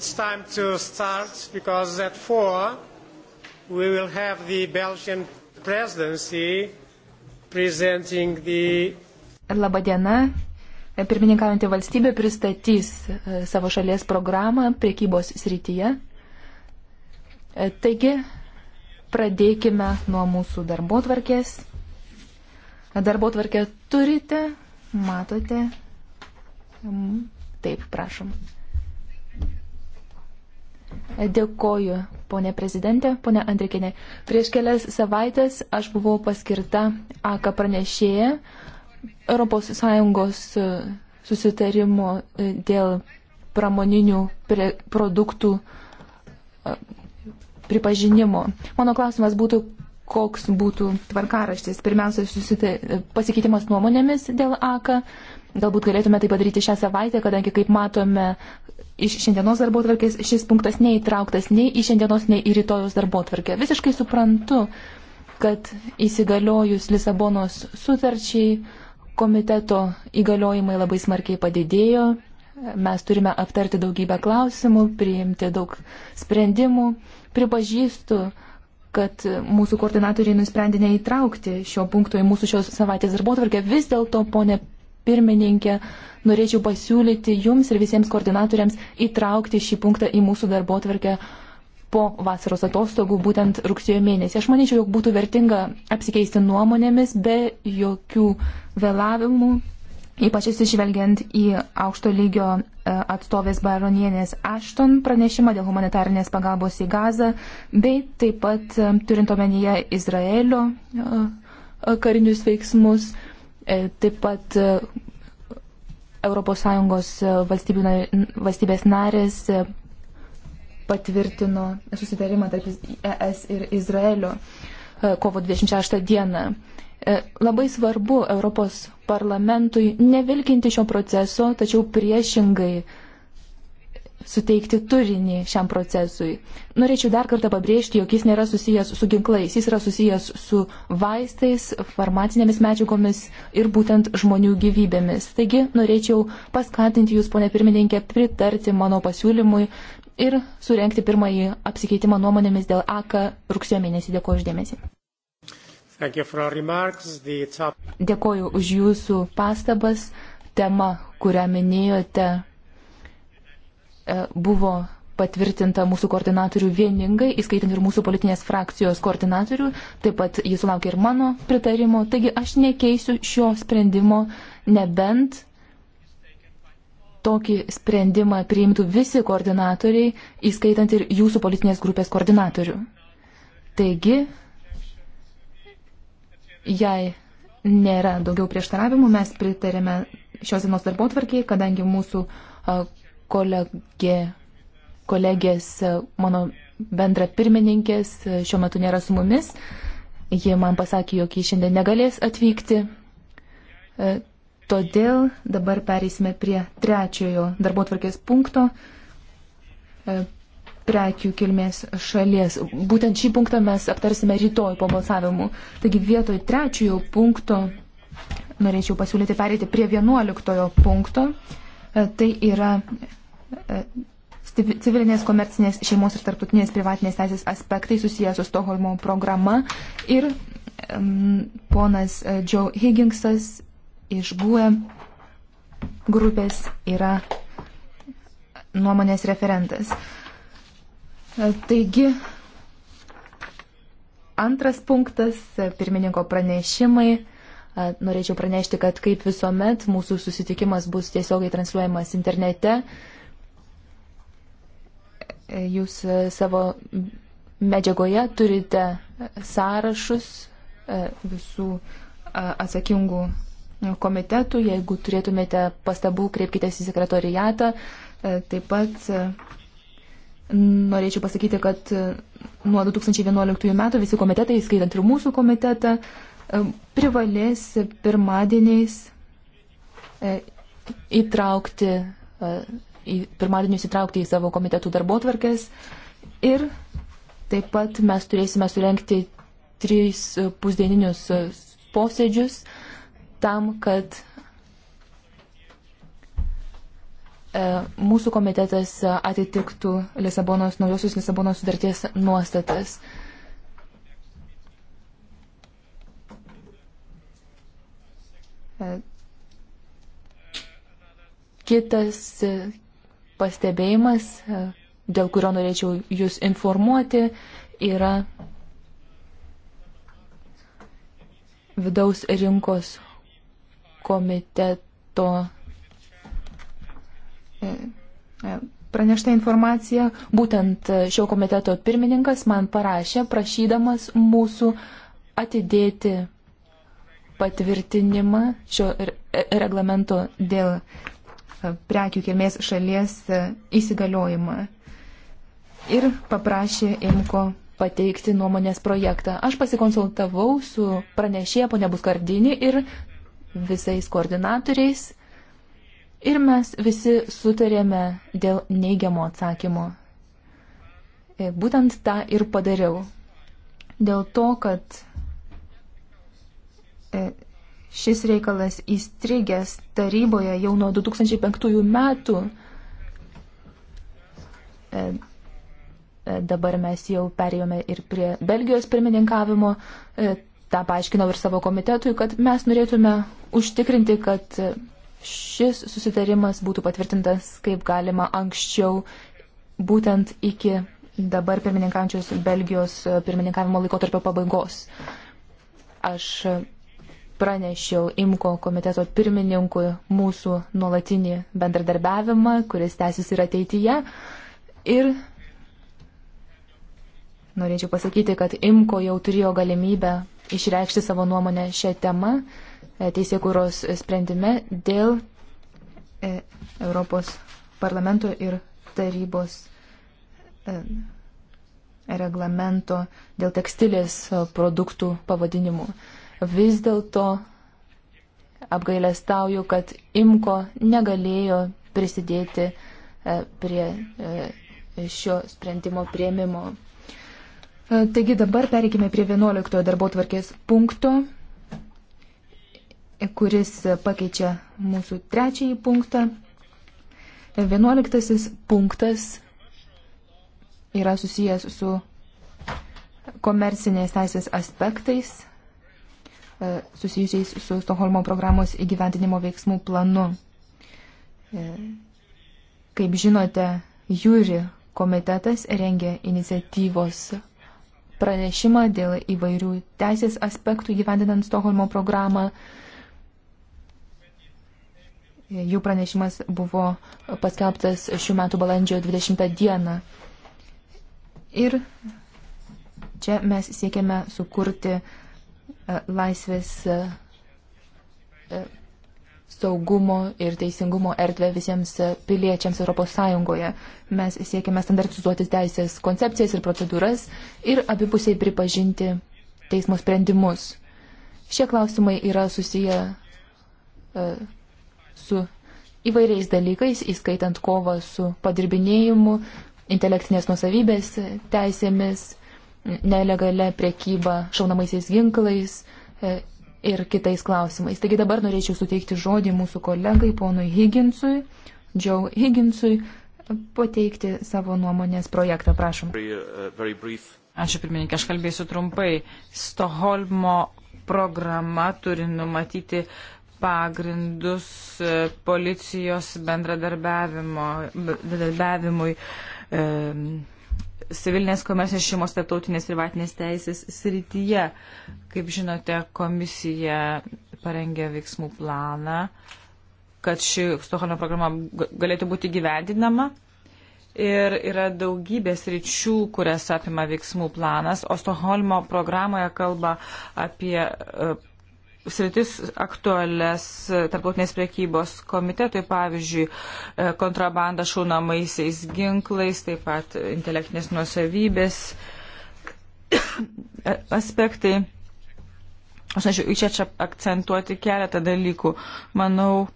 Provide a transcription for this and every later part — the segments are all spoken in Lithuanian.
It's time to start because at four we will have the Belgian presidency presenting the. Labadiena. Pirmininkaujantį valstybę pristatys e, savo šalies programą priekybos srityje. E, taigi, pradėkime nuo mūsų darbo tvarkės. Darbo tvarkę turite, matote. Mm, taip, prašom. Dėkoju, ponė prezidentė, ponė Andrikinė. Prieš kelias savaitės aš buvau paskirta AK pranešėja ES e, susitarimo e, dėl pramoninių produktų e, pripažinimo. Mano klausimas būtų, koks būtų tvarkaraštis. Pirmiausia, susite... pasikeitimas nuomonėmis dėl AK, Galbūt galėtume tai padaryti šią savaitę, kadangi, kaip matome, iš šiandienos darbo tvarkės šis punktas neįtrauktas nei į šiandienos, nei į rytojus darbo tvarkę. Visiškai suprantu, kad įsigaliojus Lisabonos sutarčiai komiteto įgaliojimai labai smarkiai padidėjo. Mes turime aptarti daugybę klausimų, priimti daug sprendimų. Pripažįstu, kad mūsų koordinatoriai nusprendė neįtraukti šio punkto į mūsų šios savaitės darbo tvarkę. Vis dėlto, ponė pirmininkė, norėčiau pasiūlyti jums ir visiems koordinatoriams įtraukti šį punktą į mūsų darbo tvarkę po vasaros atostogų, būtent rugsėjo mėnesį. Aš manyčiau, jog būtų vertinga apsikeisti nuomonėmis be jokių vėlavimų, ypač atsižvelgiant į aukšto lygio e, atstovės baronienės Ashton pranešimą dėl humanitarinės pagalbos į Gazą, bei taip pat e, turint omenyje Izraelio e, karinius veiksmus E, taip pat ES e, valstybės narės e, patvirtino susitarimą tarp ES ir Izraelio kovo 26 dieną. Labai svarbu Europos parlamentui nevilkinti šio proceso, tačiau priešingai suteikti turinį šiam procesui. Norėčiau dar kartą pabrėžti, jog jis nėra susijęs su ginklais, jis yra susijęs su vaistais, farmacinėmis medžiagomis ir būtent žmonių gyvybėmis. Taigi norėčiau paskatinti Jūs, ponė pirmininkė, pritarti mano pasiūlymui ir surenkti pirmąjį apsikeitimą nuomonėmis dėl AK rugsėjo mėnesį. Dėkuoju uždėmesi. Dėkuoju už Jūsų pastabas. Tema, kurią minėjote, E, buvo patvirtinta mūsų koordinatorių vieningai, įskaitant ir mūsų politinės frakcijos koordinatorių, taip pat jis sulaukė ir mano pritarimo, taigi aš nekeisiu šio sprendimo, nebent tokį sprendimą priimtų visi koordinatoriai, įskaitant ir jūsų politinės grupės koordinatorių. Taigi, jei nėra daugiau prieštaravimų, mes pritarėme šios dienos darbo tvarkiai, kadangi mūsų kolegė, kolegės, mano bendra pirmininkės šiuo metu nėra su mumis. Ji man pasakė, jog ji šiandien negalės atvykti. E, todėl dabar pereisime prie trečiojo darbo tvarkės punkto e, prekių kilmės šalies. Būtent šį punktą mes aptarsime rytoj po balsavimu. Taigi vietoj trečiojo punkto norėčiau pasiūlyti pereiti prie vienuoliktojo punkto. E, tai yra E, civilinės, komercinės, šeimos ir tarptautinės privatinės teisės aspektai susijęs su Stoholmo programa. Ir um, ponas e, Joe Higginsas iš GUE grupės yra nuomonės referentas. E, taigi, antras punktas - pirmininko pranešimai. Norėčiau pranešti, kad kaip visuomet mūsų susitikimas bus tiesiogiai transliuojamas internete. Jūs e, savo medžiagoje turite sąrašus e, visų e, atsakingų komitetų. Jeigu turėtumėte pastabų, kreipkite į sekretorijatą. Taip pat norėčiau pasakyti, kad nuo 2011 metų visi komitetai, skaitant ir mūsų komitetą, privalės pirmadieniais įtraukti pirmadienį įsitraukti į savo komitetų darbo tvarkės. Ir taip pat mes turėsime surenkti tris pusdieninius posėdžius tam, kad e, mūsų komitetas atitiktų Lisabonos, naujosios Lisabonos sudarties nuostatas. E, kitas pastebėjimas, e, dėl kurio norėčiau Jūs informuoti, yra vidaus rinkos komiteto e, e, pranešta informacija. Būtent šio komiteto pirmininkas man parašė, prašydamas mūsų atidėti patvirtinimą šio reglamento dėl prekių kilmės šalies e, įsigaliojimą ir paprašė Imko pateikti nuomonės projektą. Aš pasikonsultavau su pranešėja ponia Buskardinį ir visais koordinatoriais ir mes visi sutarėme dėl neigiamo atsakymo. E, būtent tą ir padariau. Dėl to, kad e, Šis reikalas įstrigęs taryboje jau nuo 2005 metų. E, e, dabar mes jau perėjome ir prie Belgijos pirmininkavimo. E, Ta paaiškinau ir savo komitetui, kad mes norėtume užtikrinti, kad šis susitarimas būtų patvirtintas kaip galima anksčiau, būtent iki dabar pirmininkančios Belgijos pirmininkavimo laikotarpio pabaigos. Aš pranešiau IMKO komiteto pirmininkui mūsų nuolatinį bendradarbiavimą, kuris tęsis ir ateityje. Ir norėčiau pasakyti, kad IMKO jau turėjo galimybę išreikšti savo nuomonę šią temą e, teisėkūros sprendime dėl e, Europos parlamento ir tarybos e, reglamento dėl tekstilės produktų pavadinimų. Vis dėlto apgailestauju, kad Imko negalėjo prisidėti e, prie e, šio sprendimo prieimimo. E, taigi dabar pereikime prie 11 darbo tvarkės punkto, kuris pakeičia mūsų trečiąjį punktą. 11 punktas yra susijęs su komercinės teisės aspektais E, susijusiais su Stoholmo programos įgyventinimo veiksmų planu. E, kaip žinote, Jūri komitetas rengia iniciatyvos pranešimą dėl įvairių teisės aspektų įgyvendinant Stoholmo programą. E, jų pranešimas buvo paskelbtas šių metų balandžio 20 dieną. Ir čia mes siekiame sukurti uh, E, laisvės e, e, saugumo ir teisingumo erdvę visiems piliečiams ES. Mes siekime standartizuoti teisės koncepcijas ir procedūras ir abipusiai pripažinti teismo sprendimus. Šie klausimai yra susiję su įvairiais dalykais, įskaitant kovą su padirbinėjimu, intelektinės nusavybės teisėmis nelegalia priekyba šaunamaisiais ginklais e, ir kitais klausimais. Taigi dabar norėčiau suteikti žodį mūsų kolegai ponui Higginsui, Joe Higginsui, pateikti savo nuomonės projektą, prašom. Uh, Ačiū pirmininkė, aš kalbėsiu trumpai. Stoholmo programa turi numatyti pagrindus e, policijos bendradarbiavimui. E, civilinės komersinės šeimos tarptautinės ir vatinės teisės srityje. Kaip žinote, komisija parengė veiksmų planą, kad ši Stokholmo programa galėtų būti gyvendinama. Ir yra daugybė sričių, kurias apima veiksmų planas, o Stokholmo programoje kalba apie e, sritis aktualias tarptautinės priekybos komitetui, pavyzdžiui, e, kontrabanda šaunamaisiais ginklais, taip pat intelektinės nuosavybės aspektai. Aš nežinau, čia čia akcentuoti keletą dalykų. Manau,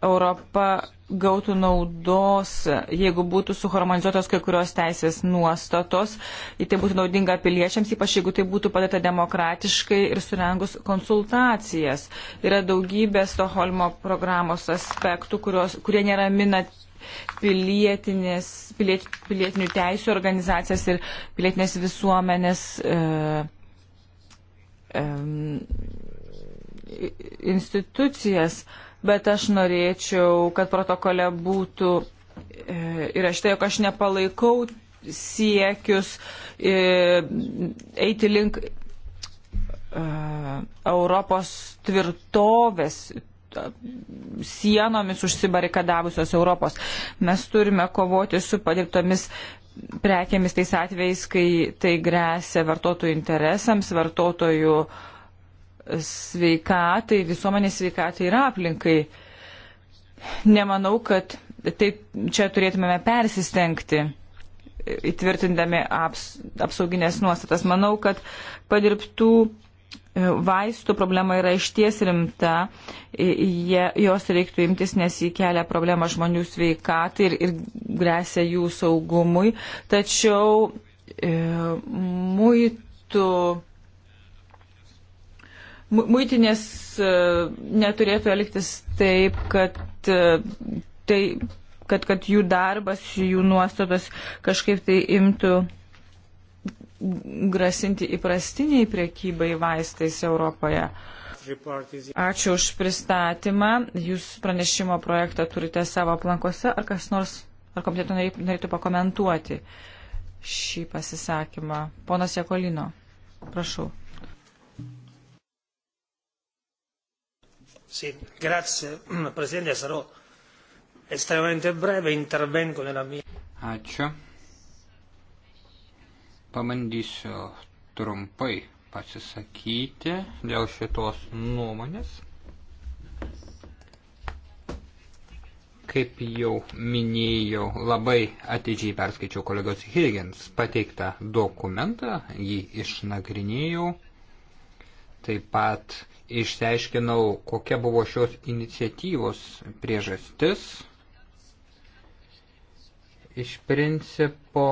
Europa gautų naudos, jeigu būtų suharmonizuotos kai kurios teisės nuostatos, į tai būtų naudinga piliečiams, ypač jeigu tai būtų padėta demokratiškai ir surengus konsultacijas. Yra daugybė Stoholmo programos aspektų, kurios, kurie neramina piliet, pilietinių teisų organizacijas ir pilietinės visuomenės. E, e, institucijas. E, bet aš norėčiau, kad protokole būtų e, įrašta, jog aš nepalaikau siekius e, eiti link e, Europos tvirtovės sienomis užsibarikadavusios Europos. Mes turime kovoti su padirbtomis prekėmis tais atvejais, kai tai grėsia vartotojų interesams, vartotojų uh, sveikatai, visuomenės sveikatai ir aplinkai. Nemanau, kad taip čia turėtumėme persistengti įtvirtindami aps, apsauginės nuostatas. Manau, kad padirbtų e, vaistų problema yra išties rimta, e, jie, jos reiktų imtis, nes jį kelia problemą žmonių sveikatai ir, ir grėsia jų saugumui. Tačiau e, muitų muitinės e, neturėtų elgtis taip, kad, e, tai, kad, kad jų darbas, jų nuostatos kažkaip tai imtų grasinti įprastiniai priekybai vaistais Europoje. Ačiū už pristatymą. Jūs pranešimo projektą turite savo aplankose. Ar kas nors, ar komiteto norėtų pakomentuoti šį pasisakymą? Ponas Jekolino, prašau. signor sì, presidente sarò estremamente breve intervengo nella mia. ačiū pabandysiu trumpai pasisakyti dėl šitos nuomonės. Kaip jau minėjau, labai atidžiai perskaičiau kolegos Higgins pateiktą dokumentą, jį išnagrinėjau. Taip pat išsiaiškinau, kokia buvo šios iniciatyvos priežastis. Iš principo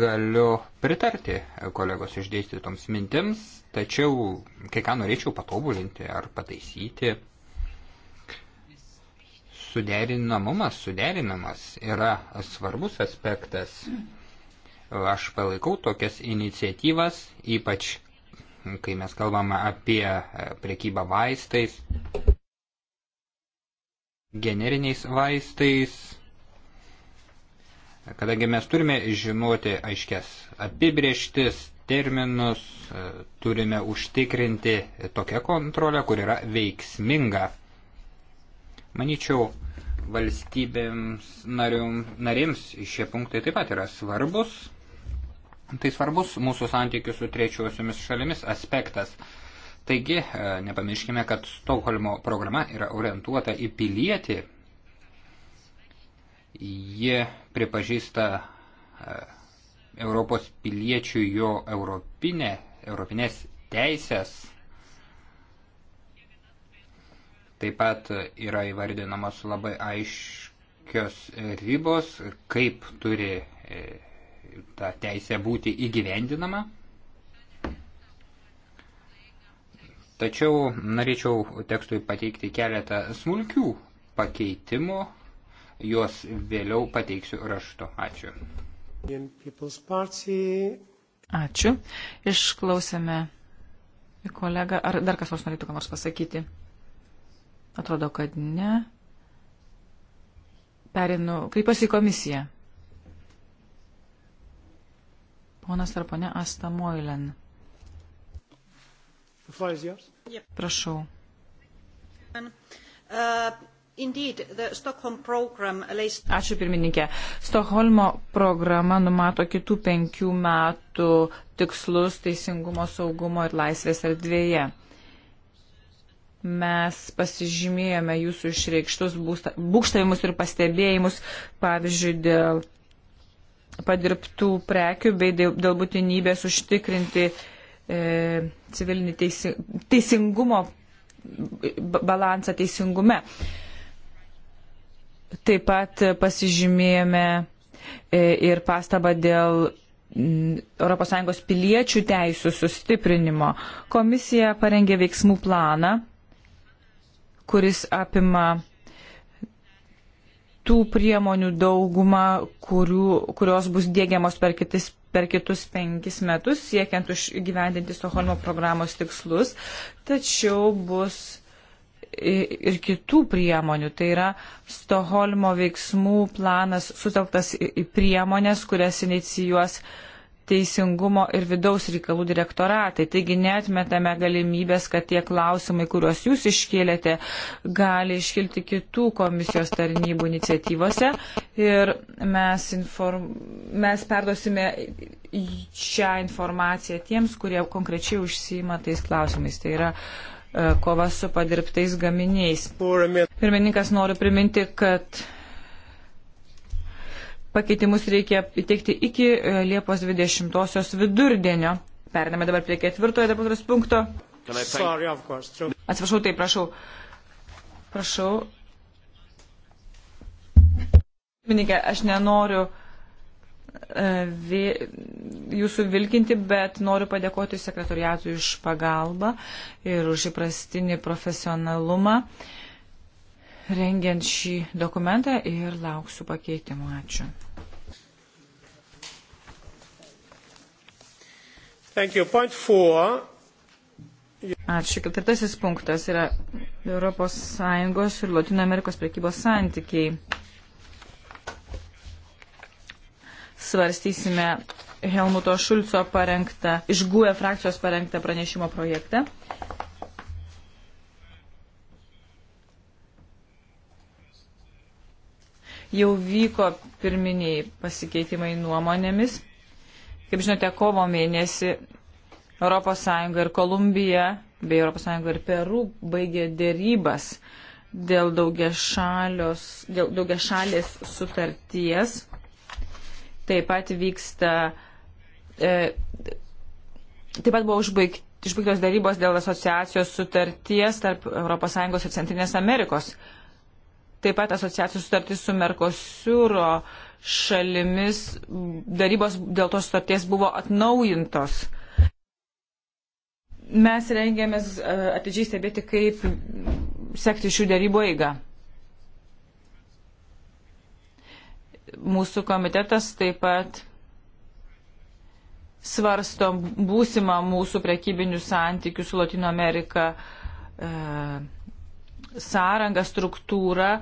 galiu pritarti kolegos išdėstytoms mintims, tačiau kai ką norėčiau patobulinti ar pataisyti. Suderinamumas, suderinamas yra svarbus aspektas. Aš palaikau tokias iniciatyvas, ypač kai mes kalbame apie e, priekybą vaistais, generiniais vaistais, kadangi mes turime žinoti aiškės apibrieštis, terminus, e, turime užtikrinti tokią kontrolę, kur yra veiksminga. Maničiau, valstybėms narium, narims šie punktai taip pat yra svarbus. Tai svarbus mūsų santykių su trečiosiomis šalimis aspektas. Taigi, e, nepamirškime, kad Stokholmo programa yra orientuota į pilietį. Ji pripažįsta e, Europos piliečių jo europinė, europinės teisės. Taip pat yra įvardinamos labai aiškios ribos, kaip turi e, ta teisė būti įgyvendinama. Tačiau norėčiau tekstui pateikti keletą smulkių pakeitimų, juos vėliau pateiksiu raštu. Ačiū. Ačiū. Išklausėme kolegą. Ar dar kas nors norėtų ką nors pasakyti? Atrodo, kad ne. Perinu, kreipiuosi į komisiją. ponas ar ponė Asta Moilen. Prašau. Uh, Ačiū pirmininkė. Stokholmo programa numato kitų penkių metų tikslus teisingumo, saugumo ir laisvės erdvėje. Mes pasižymėjome jūsų išreikštus būkštavimus ir pastebėjimus, pavyzdžiui, dėl padirbtų prekių bei dėl būtinybės užtikrinti e, civilinį teisi, teisingumo balansą teisingume. Taip pat pasižymėjome e, ir pastabą dėl mm, ES piliečių teisų sustiprinimo. Komisija parengė veiksmų planą, kuris apima tų priemonių daugumą, kurių, kurios bus dėgiamos per, kitis, per kitus penkis metus, siekiant išgyvendinti Stokholmo programos tikslus, tačiau bus ir kitų priemonių. Tai yra Stoholmo veiksmų planas sutelktas į priemonės, kurias inicijuos uh, teisingumo ir vidaus reikalų direktoratai. Taigi netmetame galimybės, kad tie klausimai, kuriuos jūs iškėlėte, gali iškilti kitų komisijos tarnybų iniciatyvose ir mes, inform... mes perdosime šią informaciją tiems, kurie konkrečiai užsima tais klausimais. Tai yra e, kova su padirbtais gaminiais. Pirmininkas noriu priminti, kad Pakeitimus reikia įteikti iki e, Liepos 20-osios vidurdienio. Periname dabar prie ketvirtojo darbotvarkės punkto. Atsiprašau, tai prašau. Prašau. Pirmininkė, aš nenoriu e, jūsų vilkinti, bet noriu padėkoti sekretoriatui už pagalbą ir už įprastinį profesionalumą. Uh, rengiant šį dokumentą ir lauksiu pakeitimų. Ačiū. Ačiū. Ketvirtasis punktas yra ES ir Latino Amerikos prekybos santykiai. Svarstysime Helmuto Šulco parengtą, iš GUE frakcijos parengtą pranešimo projektą. jau vyko pirminiai pasikeitimai nuomonėmis. Kaip žinote, kovo mėnesį ES ir Kolumbija bei ES ir Peru baigė dėrybas dėl daugiašalės daugia sutarties. Taip pat vyksta, e, taip pat buvo užbaigti išbaigtos darybos dėl asociacijos sutarties tarp ES ir Centrinės Amerikos taip pat asociacijų sutartis su Merkosiūro šalimis, darybos dėl tos sutarties buvo atnaujintos. Mes rengėmės e, atidžiai stebėti, kaip sekti šių darybų eigą. Mūsų komitetas taip pat svarsto būsimą mūsų prekybinių santykių su Latino Amerika. E, sąrangą, struktūrą,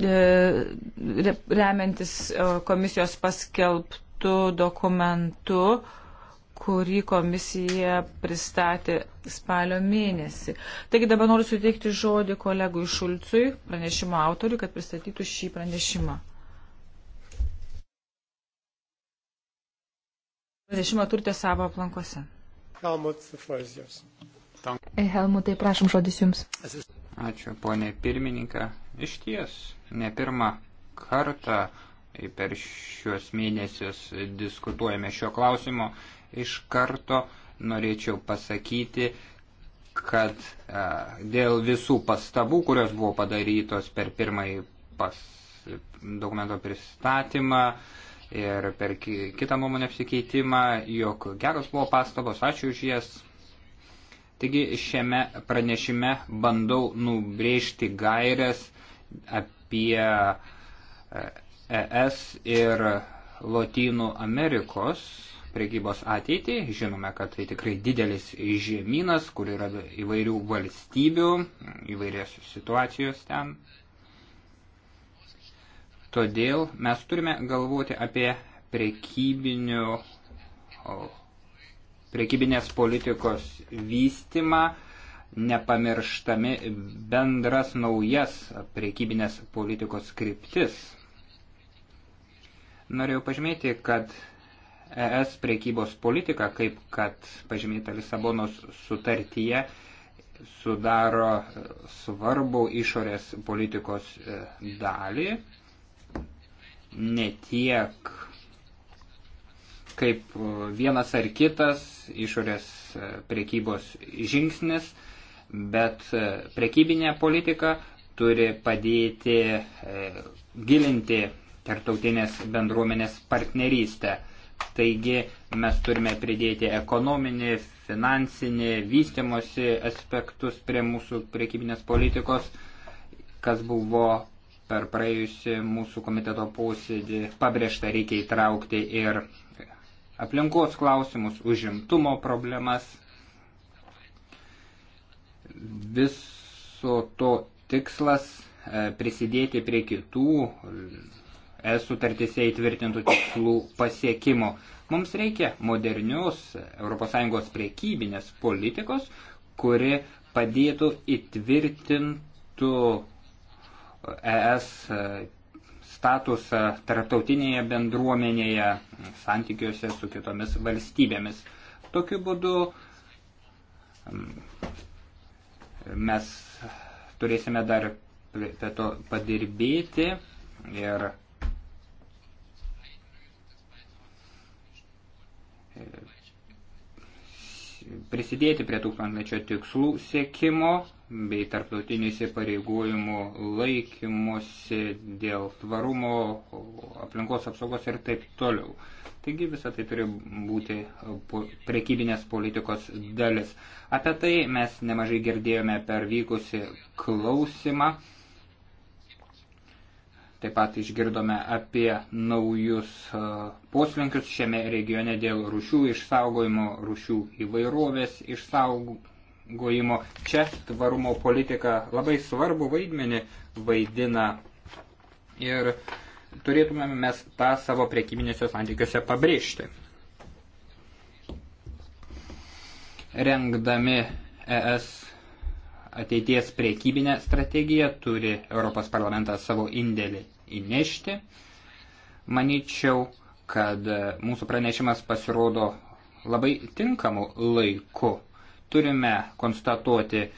e, remiantis e, komisijos paskelbtų dokumentų, kurį komisija pristatė spalio mėnesį. Taigi dabar noriu suteikti žodį kolegui Šulcui, pranešimo autoriui, kad pristatytų šį pranešimą. Pranešimą turite savo aplankose. Helmut, Helmutai, prašom žodis jums. Ačiū, ponė pirmininką. Iš ties, ne pirmą kartą per šiuos mėnesius diskutuojame šio klausimo. Iš karto norėčiau pasakyti, kad a, e, dėl visų pastabų, kurios buvo padarytos per pirmąjį pas, dokumento pristatymą ir per kitą nuomonę apsikeitimą, jog geros buvo pastabos, ačiū už jas, Taigi šiame pranešime bandau nubrėžti gairias apie ES e ir Lotynų Amerikos prekybos ateitį. Žinome, kad tai tikrai didelis žemynas, kur yra įvairių valstybių, įvairios situacijos ten. Todėl mes turime galvoti apie prekybinių priekybinės politikos vystimą, nepamirštami bendras naujas priekybinės politikos kryptis. Norėjau pažymėti, kad ES priekybos politika, kaip kad pažymėta Lisabonos sutartyje, sudaro svarbų išorės politikos e, dalį, ne tiek kaip e, vienas ar kitas išorės e, prekybos žingsnis, bet e, prekybinė politika turi padėti gilinti tarptautinės bendruomenės partnerystę. Taigi mes turime pridėti ekonominį, finansinį, vystimosi aspektus prie mūsų priekybinės politikos, kas buvo per praėjusi mūsų komiteto posėdį pabrėžta reikia įtraukti ir aplinkos klausimus, užimtumo problemas. Viso to tikslas e, prisidėti prie kitų es sutartise įtvirtintų tikslų pasiekimo. Mums reikia modernios ES priekybinės politikos, kuri padėtų įtvirtintų ES statusą tarptautinėje bendruomenėje, santykiuose su kitomis valstybėmis. Tokiu būdu mm, mes turėsime dar prie to padirbėti ir e, prisidėti prie tūkstantmečio tikslų sėkimo bei tarptautinių įsipareigojimų laikymosi dėl tvarumo, aplinkos apsaugos ir taip toliau. Taigi visą tai turi būti prekybinės politikos dalis. Apie tai mes nemažai girdėjome per vykusi klausimą. Taip pat išgirdome apie naujus poslinkius šiame regione dėl rušių išsaugojimo, rušių įvairovės išsaugojimo gojimo. Čia tvarumo politika labai svarbu vaidmenį vaidina ir turėtume mes tą savo priekyminėse santykiuose pabrėžti. Rengdami ES ateities priekybinę strategiją turi Europos parlamentas savo indėlį įnešti. Manyčiau, kad mūsų pranešimas pasirodo labai tinkamu laiku turime konstatuoti, e,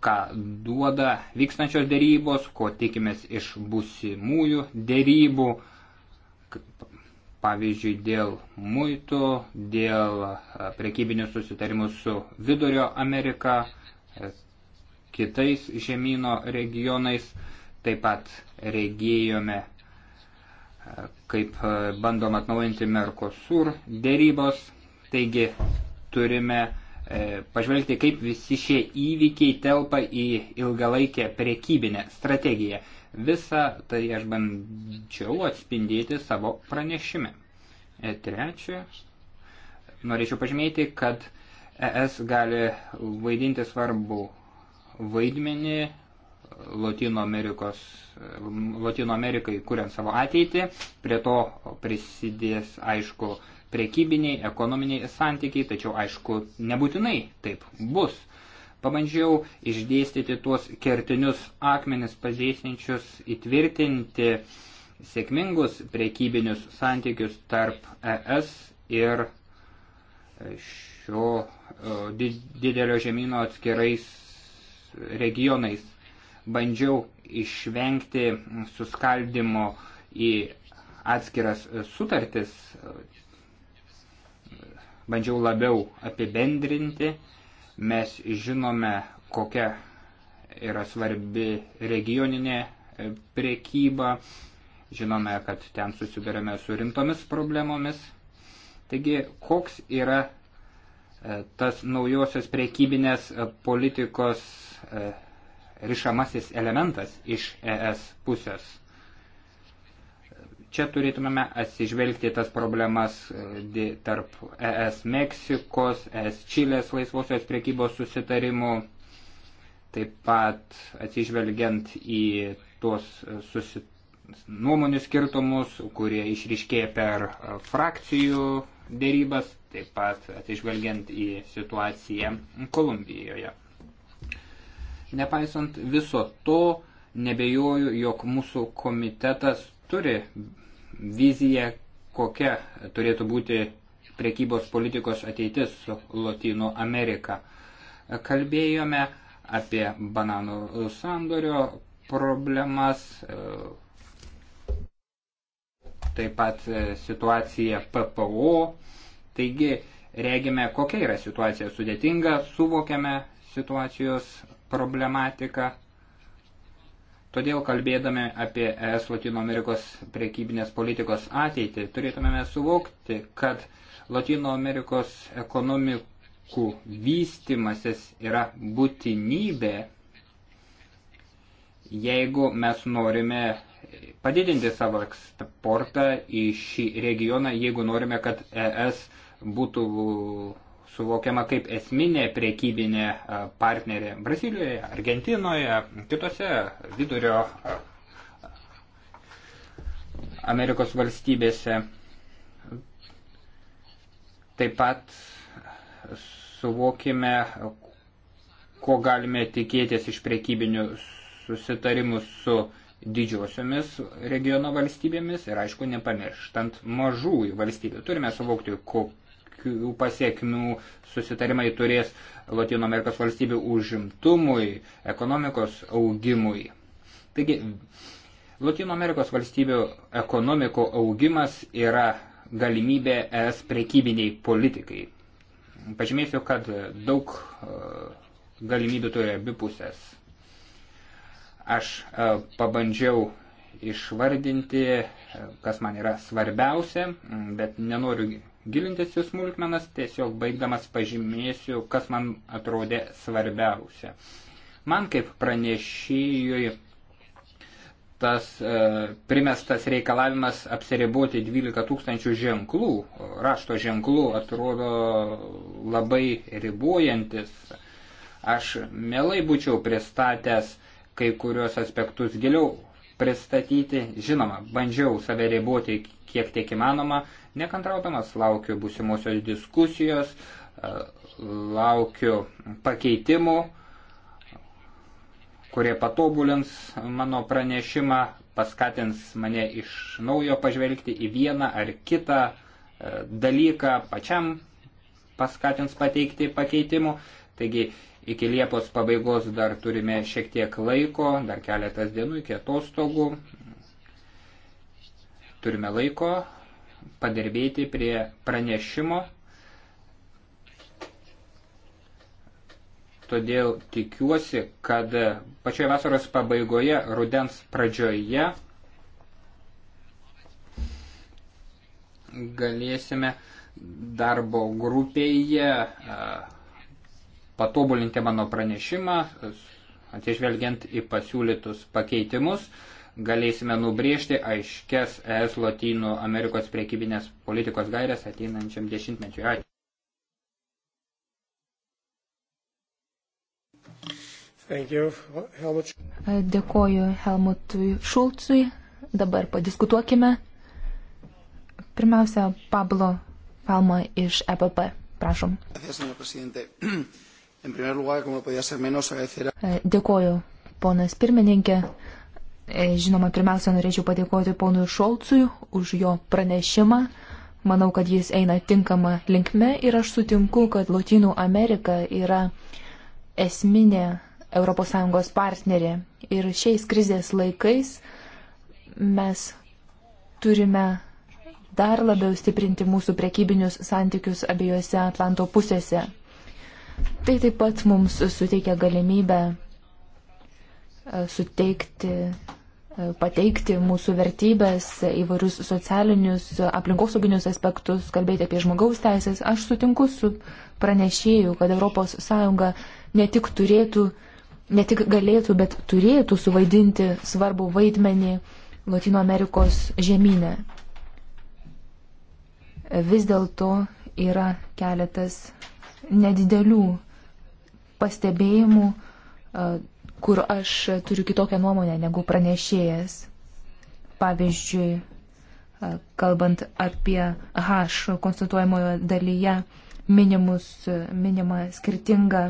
ką duoda vykstančios dėrybos, ko tikimės iš būsimųjų dėrybų, pavyzdžiui, dėl muitų, dėl e, prekybinių susitarimų su Vidurio Amerika, e, kitais žemynų regionais. Taip pat regėjome, kaip bandom atnaujinti Merkosur dėrybos. Taigi turime E, pažvelgti, kaip visi šie įvykiai telpa į ilgalaikę prekybinę strategiją. Visą tai aš bandžiau atspindėti savo pranešime. E, trečia, norėčiau pažymėti, kad ES gali vaidinti svarbu vaidmenį Latino, Amerikos, Latino Amerikai, kuriant savo ateitį. Prie to prisidės, aišku, prekybiniai, ekonominiai santykiai, tačiau aišku, nebūtinai taip bus. Pabandžiau išdėstyti tuos kertinius akmenis pažeisinčius, įtvirtinti sėkmingus prekybinius santykius tarp ES ir šio e, didelio žemynų atskirais regionais. Bandžiau išvengti suskaldimo į atskiras sutartis, bandžiau labiau apibendrinti. Mes žinome, kokia yra svarbi regioninė e, priekyba, žinome, kad ten susidurėme su rimtomis problemomis. Taigi, koks yra e, tas naujosios priekybinės e, politikos rišamasis elementas iš ES pusės? čia turėtumėme atsižvelgti tas problemas e, tarp ES Meksikos, ES Čilės laisvosios priekybos susitarimų, taip pat atsižvelgiant į tuos e, susi... nuomonių skirtumus, kurie išriškėja per e, frakcijų dėrybas, taip pat atsižvelgiant į situaciją Kolumbijoje. Nepaisant viso to, nebejoju, jog mūsų komitetas turi viziją, kokia turėtų būti priekybos politikos ateitis su Latino Amerika. Kalbėjome apie bananų sandorio problemas, taip pat situacija PPO. Taigi, regime, kokia yra situacija sudėtinga, suvokiame situacijos problematiką, Todėl kalbėdami apie ES Latino Amerikos prekybinės politikos ateitį, turėtumėme suvokti, kad Latino Amerikos ekonomikų vystimasis yra būtinybė, jeigu mes norime padidinti savo eksportą į šį regioną, jeigu norime, kad ES būtų suvokiama kaip esminė priekybinė partnerė Brazilijoje, Argentinoje, kitose vidurio Amerikos valstybėse. Taip pat suvokime, ko galime tikėtis iš priekybinių susitarimų su didžiosiomis regiono valstybėmis ir aišku nepamirštant mažųjų valstybių. Turime suvokti, kokiu kokių pasiekmių susitarimai turės Latino Amerikos valstybių užimtumui, ekonomikos augimui. Taigi, Latino Amerikos valstybių ekonomikų augimas yra galimybė es prekybiniai politikai. Pažymėsiu, kad daug e, galimybių turi abi pusės. Aš e, pabandžiau išvardinti, e, kas man yra svarbiausia, bet nenoriu gilintis į smulkmenas, tiesiog baigdamas pažymėsiu, kas man atrodė svarbiausia. Man kaip pranešėjui tas e, primestas reikalavimas apsiriboti 12 tūkstančių ženklų, rašto ženklų atrodo labai ribojantis. Aš mielai būčiau pristatęs kai kurios aspektus giliau pristatyti. Žinoma, bandžiau save riboti kiek tiek įmanoma, Nekantraudamas laukiu būsimosios diskusijos, e, laukiu pakeitimų, kurie patobulins mano pranešimą, paskatins mane iš naujo pažvelgti į vieną ar kitą e, dalyką, pačiam paskatins pateikti pakeitimų. Taigi iki Liepos pabaigos dar turime šiek tiek laiko, dar keletas dienų iki atostogų. Turime laiko padirbėti prie pranešimo. Todėl tikiuosi, kad pačioje vasaros pabaigoje, rudens pradžioje galėsime darbo grupėje patobulinti mano pranešimą, atsižvelgiant į pasiūlytus pakeitimus galėsime nubriežti aiškes ES Lotynų Amerikos priekybinės politikos gairias ateinančiam dešimtmečiui. Ačiū. Helmut. Dėkoju Helmutui Šulcui. Dabar padiskutuokime. Pirmiausia, Pablo Palma iš EPP. Prašom. Dėkoju, ponas pirmininkė. E, žinoma, pirmiausia, norėčiau padėkoti ponui Šolcui už jo pranešimą. Manau, kad jis eina tinkama linkme ir aš sutinku, kad Latinų Amerika yra esminė ES partnerė. Ir šiais krizės laikais mes turime dar labiau stiprinti mūsų prekybinius santykius abiejose Atlanto pusėse. Tai taip pat mums suteikia galimybę e, suteikti pateikti mūsų vertybės, įvairius socialinius, aplinkosauginius aspektus, kalbėti apie žmogaus teisės. Aš sutinku su pranešėju, kad ES ne tik turėtų, ne tik galėtų, bet turėtų suvaidinti svarbų vaidmenį Latino Amerikos žemynę. Vis dėlto yra keletas nedidelių pastebėjimų kur aš turiu kitokią nuomonę negu pranešėjas. Pavyzdžiui, kalbant apie H konstatuojamojo dalyje minimus, minimą skirtingą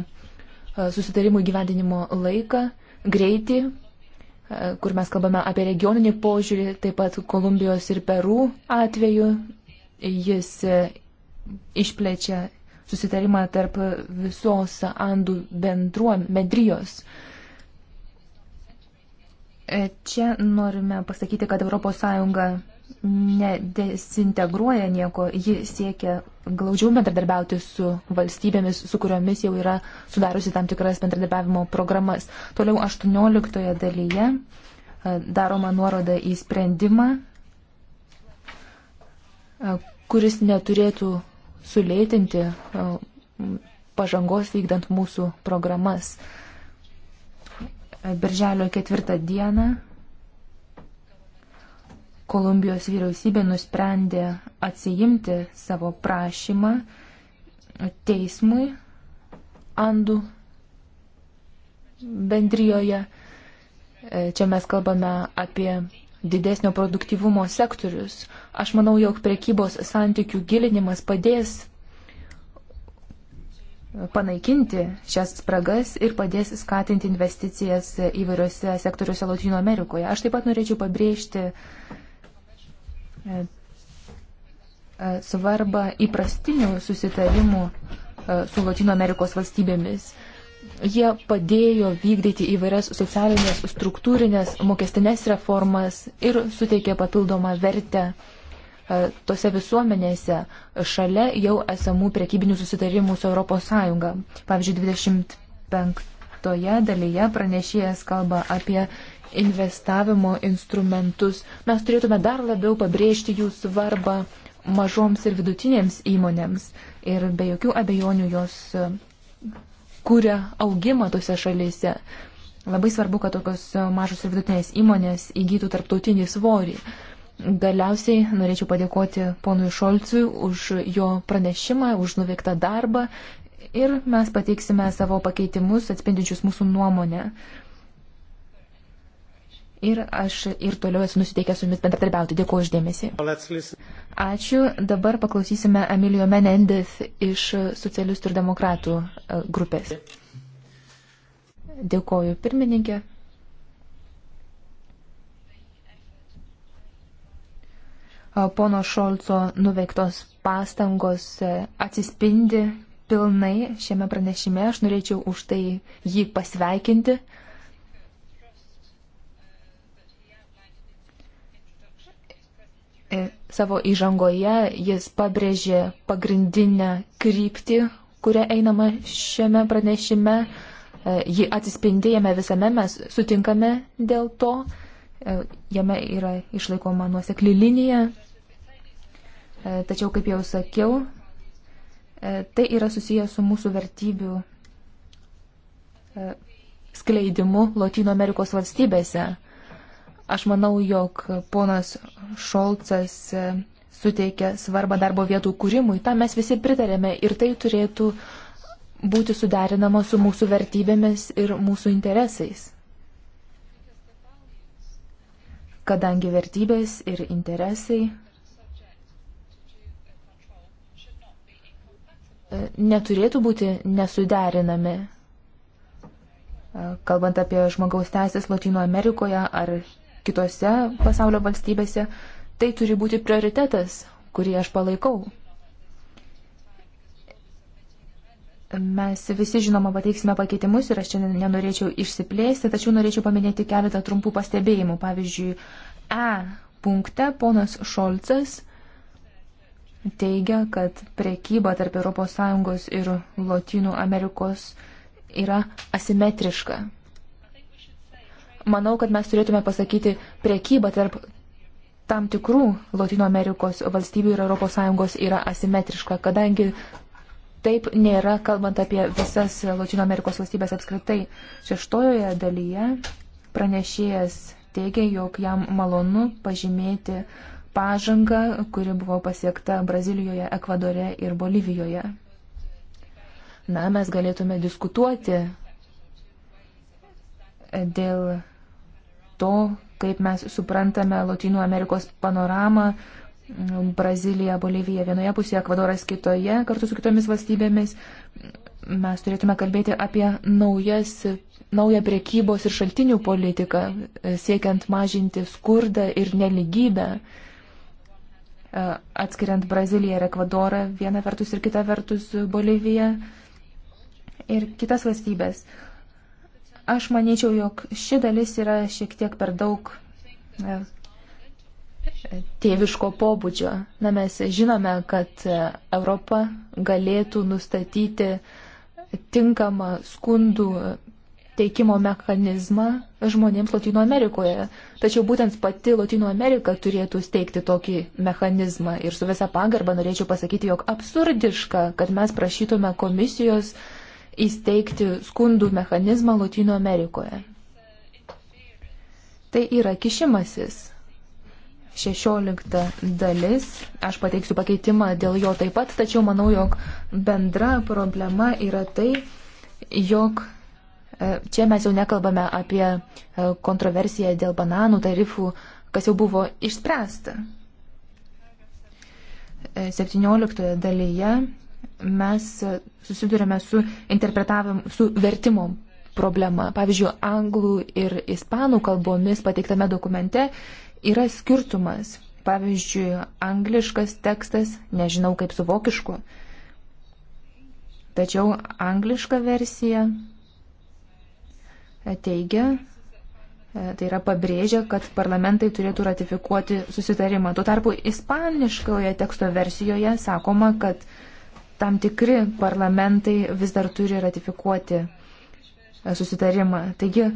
susitarimų gyvendinimo laiką, greitį, kur mes kalbame apie regioninį požiūrį, taip pat Kolumbijos ir Perų atveju. Jis išplečia susitarimą tarp visos Andų bendruom, bendrijos. Uh, E, čia norime pasakyti, kad ES nedesintegruoja nieko, ji siekia glaudžiau bendradarbiauti su valstybėmis, su kuriomis jau yra sudariusi tam tikras bendradarbiavimo programas. Toliau 18 dalyje e, daroma nuoroda į sprendimą, e, kuris neturėtų sulėtinti pažangos vykdant mūsų programas. Birželio ketvirtą dieną Kolumbijos vyriausybė nusprendė atsijimti savo prašymą teismui Andų bendrijoje. E, čia mes kalbame apie didesnio produktyvumo sektorius. Aš manau, jog prekybos santykių gilinimas padės panaikinti šias spragas ir padės skatinti investicijas įvairiose sektoriuose Latino Amerikoje. Aš taip pat norėčiau pabrėžti e, e, svarbą įprastinių susitarimų e, su Latino Amerikos valstybėmis. Jie padėjo vykdyti įvairias socialinės, struktūrinės, mokestinės reformas ir suteikė papildomą vertę uh, E, tose visuomenėse šalia jau esamų priekybinių susitarimų su ES. Pavyzdžiui, 25 dalyje pranešėjas kalba apie investavimo instrumentus. Mes turėtume dar labiau pabrėžti jų svarbą mažoms ir vidutinėms įmonėms ir be jokių abejonių jos e, kuria augimą tose šalyse. Labai svarbu, kad tokios mažos ir vidutinės įmonės įgytų tarptautinį svorį. Uh, Galiausiai norėčiau padėkoti ponui Šolcui už jo pranešimą, už nuveiktą darbą ir mes pateiksime savo pakeitimus atspindinčius mūsų nuomonę. Ir aš ir toliau esu nusiteikęs su jumis bendradarbiauti. Dėkuoju uždėmesi. Ačiū. Dabar paklausysime Emilio Menendez iš socialistų ir demokratų e, grupės. Dėkuoju pirmininkė. pono Šolco nuveiktos pastangos e, atsispindi pilnai šiame pranešime. Aš norėčiau už tai jį pasveikinti. E, savo įžangoje jis pabrėžė pagrindinę kryptį, kuria einama šiame pranešime. E, ji atsispindi jame visame, mes sutinkame dėl to. Jame yra išlaikoma nuosekli linija, E, tačiau, kaip jau sakiau, e, tai yra susijęs su mūsų vertybių e, skleidimu Latino Amerikos valstybėse. Aš manau, jog ponas Šolcas suteikia svarbą darbo vietų kūrimui, tam mes visi pritarėme ir tai turėtų būti suderinama su mūsų vertybėmis ir mūsų interesais. Kadangi vertybės ir interesai neturėtų būti nesuderinami, kalbant apie žmogaus teisės Latino Amerikoje ar kitose pasaulio valstybėse, tai turi būti prioritetas, kurį aš palaikau. Mes visi, žinoma, pateiksime pakeitimus ir aš čia nenorėčiau išsiplėsti, tačiau norėčiau paminėti keletą trumpų pastebėjimų. Pavyzdžiui, E punkte ponas Šolcas teigia, kad prekyba tarp ES ir Latinų Amerikos yra asimetriška. Manau, kad mes turėtume pasakyti, prekyba tarp tam tikrų Latino Amerikos valstybių ir ES yra asimetriška, kadangi taip nėra, kalbant apie visas Latino Amerikos valstybės apskritai. Šeštojoje dalyje pranešėjas teigia, jog jam malonu pažymėti pažangą, kuri buvo pasiekta Brazilijoje, Ekvadore ir Bolivijoje. Na, mes galėtume diskutuoti dėl to, kaip mes suprantame Latino Amerikos panoramą, Brazilija, Bolivija vienoje pusėje, Ekvadoras kitoje, kartu su kitomis valstybėmis, mes turėtume kalbėti apie naujas, naują priekybos ir šaltinių politiką, siekiant mažinti skurdą ir neligybę. E, atskiriant Braziliją ir Ekvadorą vieną vertus ir kitą vertus Boliviją ir kitas valstybės. Aš manyčiau, jog ši dalis yra šiek tiek per daug e, tėviško pobūdžio. Na, mes žinome, kad e, Europa galėtų nustatyti tinkamą skundų teikimo mechanizmą žmonėms Latino Amerikoje. Tačiau būtent pati Latino Amerika turėtų steigti tokį mechanizmą. Ir su visa pagarba norėčiau pasakyti, jog absurdiška, kad mes prašytume komisijos įsteigti skundų mechanizmą Latino Amerikoje. Tai yra kišimasis. 16 dalis. Aš pateiksiu pakeitimą dėl jo taip pat, tačiau manau, jog bendra problema yra tai, jog Čia mes jau nekalbame apie e, kontroversiją dėl bananų tarifų, kas jau buvo išspręsta. 17 e, dalyje mes susidurėme su interpretavimu, su vertimo problema. Pavyzdžiui, anglų ir ispanų kalbomis pateiktame dokumente yra skirtumas. Pavyzdžiui, angliškas tekstas, nežinau kaip su vokišku, tačiau angliška versija teigia, e, tai yra pabrėžia, kad parlamentai turėtų ratifikuoti susitarimą. Tuo tarpu ispaniškoje teksto versijoje sakoma, kad tam tikri parlamentai vis dar turi ratifikuoti e, susitarimą. Taigi,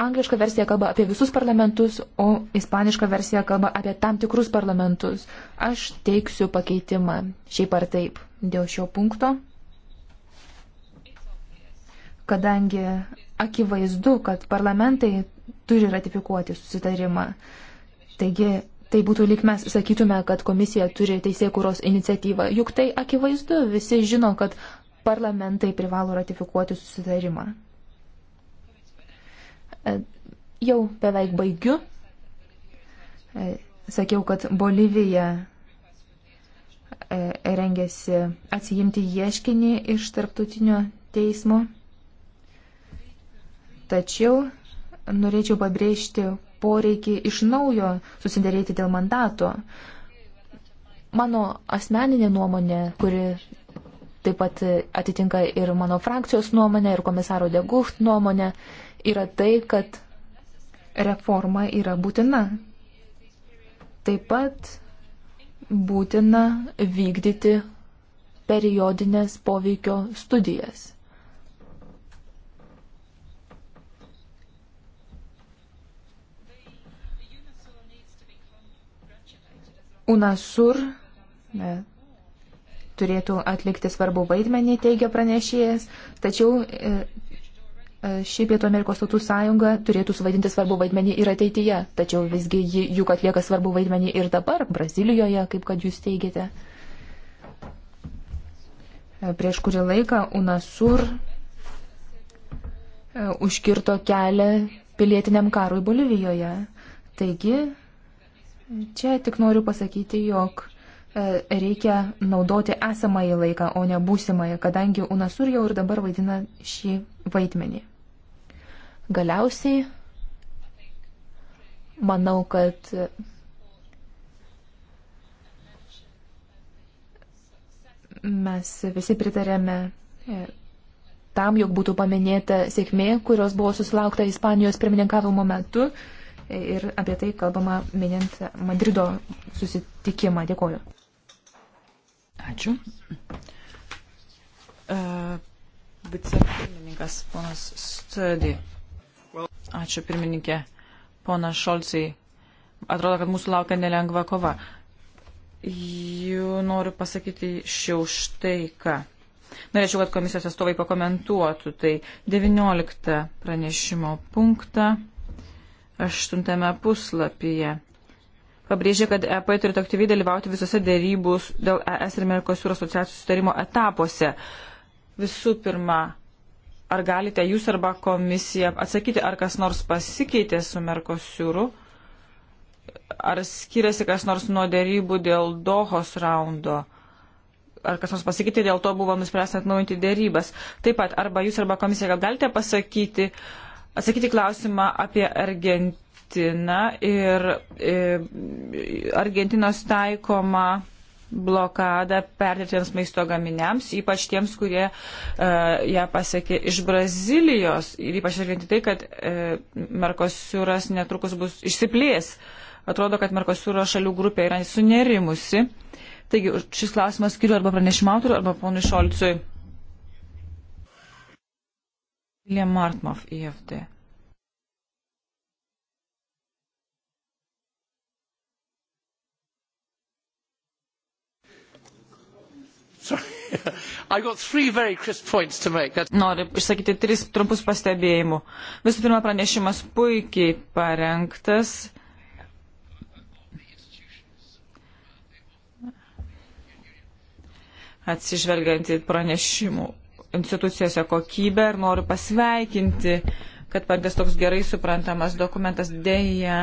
angliška versija kalba apie visus parlamentus, o ispaniška versija kalba apie tam tikrus parlamentus. Aš teiksiu pakeitimą šiaip ar taip dėl šio punkto, kadangi akivaizdu, kad parlamentai turi ratifikuoti susitarimą. Taigi, tai būtų lyg mes sakytume, kad komisija turi teisėkūros iniciatyvą. Juk tai akivaizdu, visi žino, kad parlamentai privalo ratifikuoti susitarimą. E, jau beveik baigiu. E, sakiau, kad Bolivija e, rengėsi atsijimti ieškinį iš tarptautinio teismo Tačiau norėčiau pabrėžti poreikį iš naujo susidėrėti dėl mandato. Mano asmeninė nuomonė, kuri taip pat atitinka ir mano frakcijos nuomonė, ir komisaro Degucht nuomonė, yra tai, kad reforma yra būtina. Taip pat būtina vykdyti periodinės poveikio studijas. UNASUR turėtų atlikti svarbų vaidmenį, teigia pranešėjas, tačiau e, e, ši Pietų Amerikos tautų sąjunga turėtų suvaidinti svarbų vaidmenį ir ateityje, tačiau visgi ji juk atlieka svarbų vaidmenį ir dabar Brazilijoje, kaip kad jūs teigiate. E, prieš kurį laiką UNASUR užkirto kelią pilietiniam karui Bolivijoje. Taigi, Čia tik noriu pasakyti, jog e, reikia naudoti esamąjį laiką, o ne būsimąjį, kadangi UNASUR jau ir dabar vaidina šį vaidmenį. Galiausiai, manau, kad mes visi pritarėme e, tam, jog būtų paminėta sėkmė, kurios buvo susilaukta Ispanijos pirmininkavimo metu ir apie tai kalbama minint Madrido susitikimą. Dėkoju. Ačiū. Uh, Vicepirmininkas ponas Studi. Ačiū pirmininkė. Pona Šolcai, atrodo, kad mūsų laukia nelengva kova. Jų noriu pasakyti šiauštai ką. Norėčiau, kad komisijos atstovai pakomentuotų tai 19 pranešimo punktą aštuntame puslapyje. Pabrėžė, kad EP turėtų aktyviai dalyvauti visose dėrybų dėl ES ir Merkosūro asociacijos sustarimo etapuose. Visų pirma, ar galite jūs arba komisija atsakyti, ar kas nors pasikeitė su Merkosūru, ar skiriasi kas nors nuo dėrybų dėl Dohos raundo, ar kas nors pasikeitė, dėl to buvo nuspręsta atnaujinti dėrybas. Taip pat, arba jūs arba komisija gal galite pasakyti, uh, atsakyti klausimą apie Argentiną ir e, Argentinos taikomą blokadą perdėtiems maisto gaminiams, ypač tiems, kurie uh, ją pasiekė iš Brazilijos ir ypač žvelgiant į tai, kad uh, e, Merkosiūras netrukus bus išsiplės. Atrodo, kad Merkosiūro šalių grupė yra sunerimusi. Taigi šis klausimas skiriu arba pranešimautoriu, arba ponui Šolcui. William Martmov, EFD. Noriu išsakyti tris trumpus pastebėjimus. Visų pirma, pranešimas puikiai parengtas. Atsižvelgiant į pranešimų institucijose kokybę ir noriu pasveikinti, kad parengtas toks gerai suprantamas dokumentas dėja.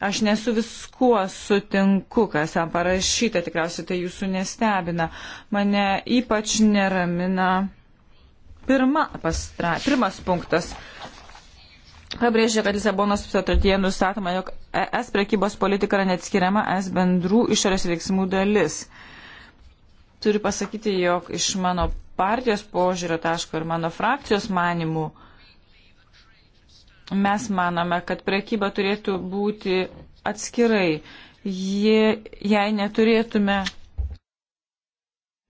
Aš nesu viskuo sutinku, kas ten parašyta, tikriausiai tai jūsų nestebina. Mane ypač neramina pirma pastra, pirmas punktas. Pabrėžia, kad Lisabonos sutartyje nustatoma, jog ES prekybos politika yra neatskiriama ES bendrų išorės veiksmų dalis. Turiu pasakyti, jog iš mano partijos požiūrio taško ir mano frakcijos manimų, mes manome, kad prekyba turėtų būti atskirai. Jie, jei neturėtume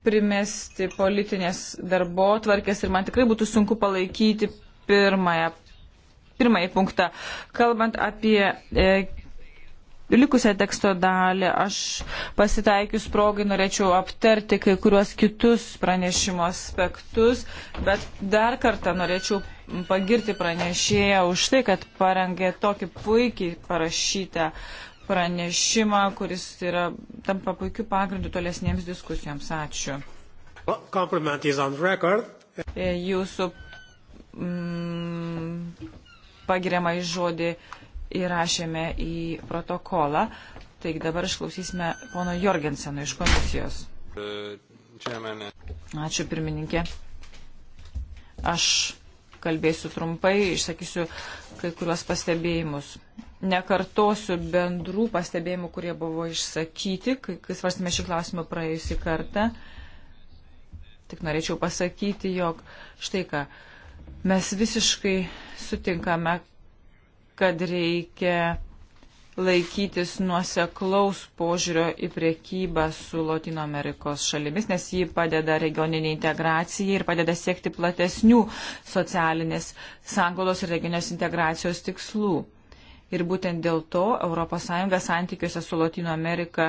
primesti politinės darbo tvarkės ir man tikrai būtų sunku palaikyti pirmąją, pirmąjį punktą. Kalbant apie e, likusią teksto dalį aš pasitaikius progai norėčiau aptarti kai kuriuos kitus pranešimo aspektus, bet dar kartą norėčiau pagirti pranešėją už tai, kad parengė tokį puikiai parašytą pranešimą, kuris yra tampa puikiu pagrindu tolesniems diskusijoms. Ačiū. E, jūsų mm, pagiriamą į žodį įrašėme į protokolą. Taigi dabar išklausysime pono Jorgenseno iš komisijos. Ačiū pirmininkė. Aš kalbėsiu trumpai, išsakysiu kai kuriuos pastebėjimus. Nekartosiu bendrų pastebėjimų, kurie buvo išsakyti, kai svarstėme šį klausimą praėjusį kartą. Tik norėčiau pasakyti, jog štai ką, mes visiškai sutinkame, kad reikia laikytis nuoseklaus požiūrio į priekybą su Latino Amerikos šalimis, nes ji padeda regioniniai integracijai ir padeda siekti platesnių socialinės sangolos ir regionės integracijos tikslų. Ir būtent dėl to ES santykiuose su Latino Amerika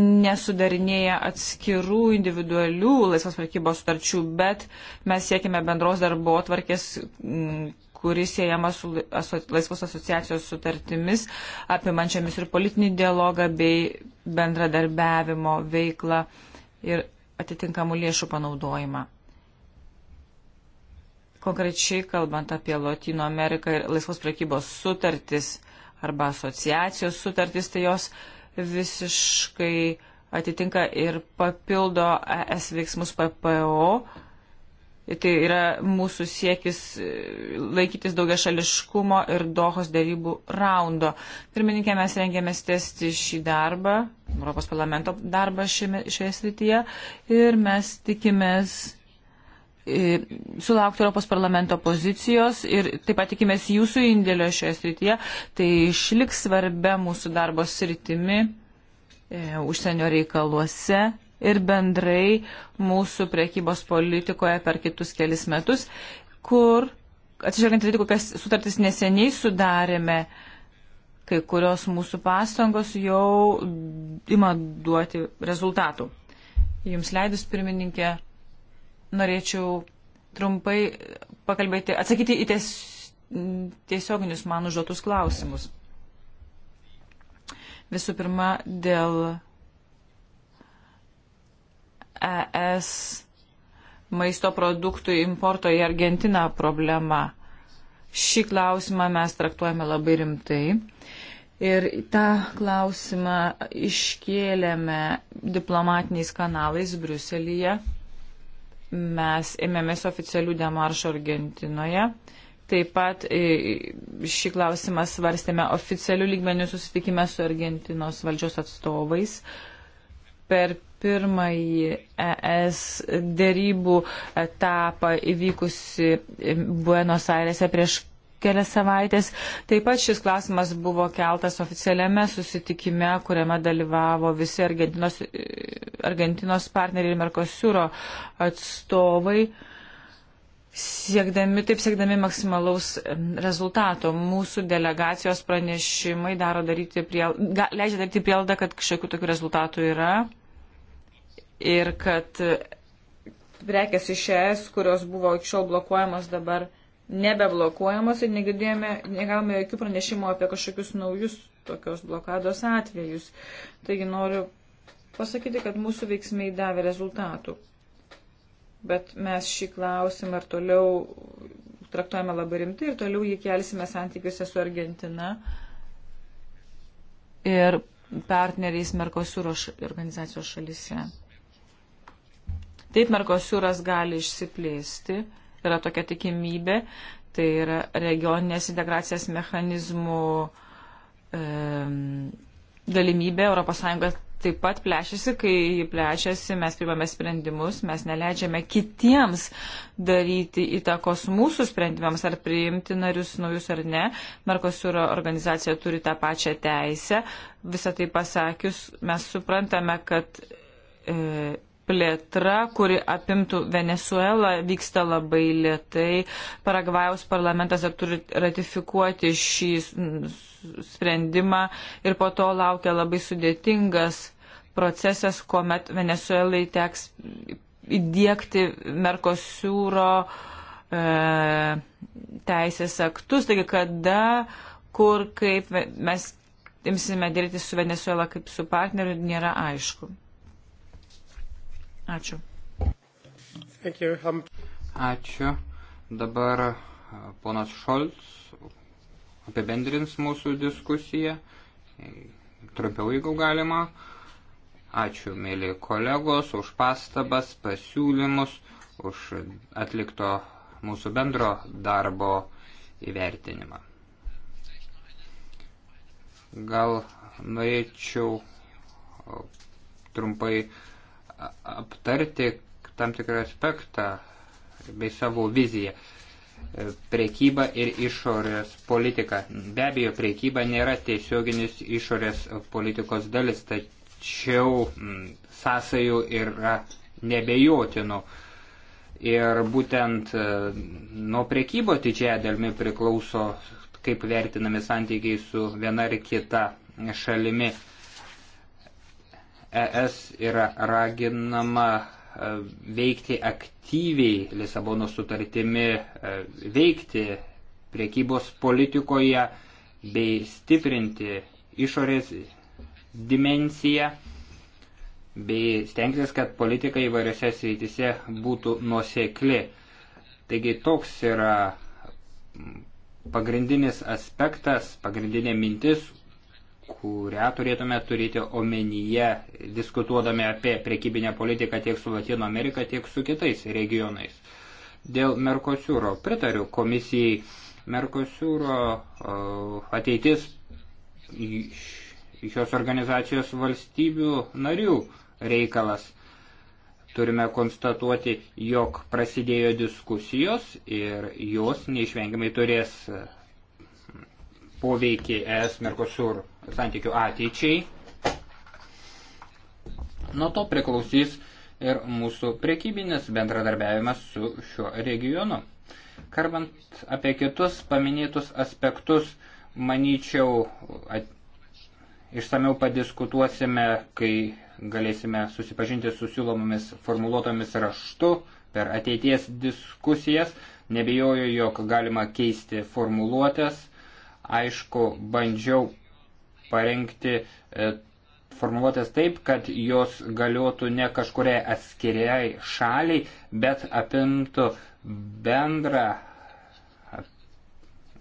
nesudarinėja atskirų individualių laisvos prekybos sutarčių, bet mes siekime bendros darbo atvarkės kuris siejama su laisvos asociacijos sutartimis, apimančiamis ir politinį dialogą bei bendradarbiavimo veiklą ir atitinkamų lėšų panaudojimą. Konkrečiai kalbant apie Latino Ameriką ir laisvos prekybos sutartis arba asociacijos sutartis, tai jos visiškai atitinka ir papildo ES veiksmus PPO Tai yra mūsų siekis e, laikytis daugia šališkumo ir dohos darybų raundo. Pirmininkė, mes rengėmės testi šį darbą, Europos parlamento darbą šiame, šioje srityje ir mes tikimės e, sulaukti Europos parlamento pozicijos ir taip pat tikimės jūsų indėlio šioje srityje. Tai išliks svarbia mūsų darbo sritimi e, užsienio reikaluose ir bendrai mūsų priekybos politikoje per kitus kelis metus, kur, atsižvelgiant į tai, kokias sutartis neseniai sudarėme, kai kurios mūsų pastangos jau ima duoti rezultatų. Jums leidus, pirmininkė, norėčiau trumpai pakalbėti, atsakyti į ties, tiesioginius man užduotus klausimus. Visų pirma, dėl ES maisto produktų importo į Argentiną problema. Šį klausimą mes traktuojame labai rimtai. Ir tą klausimą iškėlėme diplomatiniais kanalais Bruselėje. Mes ėmėmės oficialių demaršų Argentinoje. Taip pat e, šį klausimą svarstėme oficialių lygmenių susitikime su Argentinos valdžios atstovais. Per pirmąjį ES dėrybų etapą įvykusi Buenos Airese prieš kelias savaitės. Taip pat šis klausimas buvo keltas oficialiame susitikime, kuriame dalyvavo visi Argentinos, Argentinos partneriai ir Merkosiūro atstovai. Siekdami, taip siekdami maksimalaus rezultato, mūsų delegacijos pranešimai daro daryti priel, ga, leidžia daryti prielaidą, kad kažkokių tokių rezultatų yra ir kad prekes iš ES, kurios buvo iki šiol blokuojamos, dabar nebeblokuojamos ir negirdėjome, negavome jokių pranešimų apie kažkokius naujus tokios blokados atvejus. Taigi noriu pasakyti, kad mūsų veiksmai davė rezultatų. Bet mes šį klausimą ir toliau traktuojame labai rimtai ir toliau jį kelsime santykiuose su Argentina ir partneriais Merkosūro organizacijos šalise. Taip Merkosiūras gali išsiplėsti, yra tokia tikimybė, tai yra regioninės integracijos mechanizmų e, galimybė. ES taip pat plešiasi, kai jį plešiasi, mes primame sprendimus, mes neleidžiame kitiems daryti įtakos mūsų sprendimams, ar priimti narius naujus ar ne. Merkosūro organizacija turi tą pačią teisę. Visą tai pasakius, mes suprantame, kad. E, plėtra, kuri apimtų Venezuelą, vyksta labai lietai. Paragvajaus parlamentas turi ratifikuoti šį sprendimą ir po to laukia labai sudėtingas procesas, kuomet Venezuelai teks įdėkti Merkosiūro e, teisės aktus. Taigi, kada, kur, kaip mes imsime dirbti su Venezuela kaip su partneriu, nėra aišku. Ačiū. Um, Ačiū. Dabar ponas Šolts apibendrins mūsų diskusiją. Trumpiau, jeigu galima. Ačiū, mėly kolegos, už pastabas, pasiūlymus, už atlikto mūsų bendro darbo įvertinimą. Gal norėčiau trumpai aptarti tam tikrą aspektą bei savo viziją. E, prekyba ir išorės politika. Be abejo, prekyba nėra tiesioginis išorės politikos dalis, tačiau mm, sąsajų yra nebejotinų. Ir būtent e, nuo prekybo didžiąją dalimi priklauso, kaip vertinami santykiai su viena ar kita šalimi. ES yra raginama e, veikti aktyviai Lisabono sutartimi, e, veikti priekybos politikoje bei stiprinti išorės dimensiją bei stengtis, kad politika įvairiose srityse būtų nuosekli. Taigi toks yra pagrindinis aspektas, pagrindinė mintis, kurią turėtume turėti omenyje, diskutuodami apie prekybinę politiką tiek su Latino Amerika, tiek su kitais regionais. Dėl Merkosiūro pritariu komisijai. Merkosiūro ateitis šios organizacijos valstybių narių reikalas. Turime konstatuoti, jog prasidėjo diskusijos ir jos neišvengiamai turės poveikį ES Mercosur santykių ateičiai. Nuo to priklausys ir mūsų prekybinis bendradarbiavimas su šiuo regionu. Karbant apie kitus paminėtus aspektus, manyčiau, at, išsameu padiskutuosime, kai galėsime susipažinti su siūlomomis formuluotomis raštu per ateities diskusijas. Nebijoju, jog galima keisti formuluotės Aišku, bandžiau parengti e, formuluotės taip, kad jos galiotų ne kažkuriai atskiriai šaliai, bet apimtų bendrą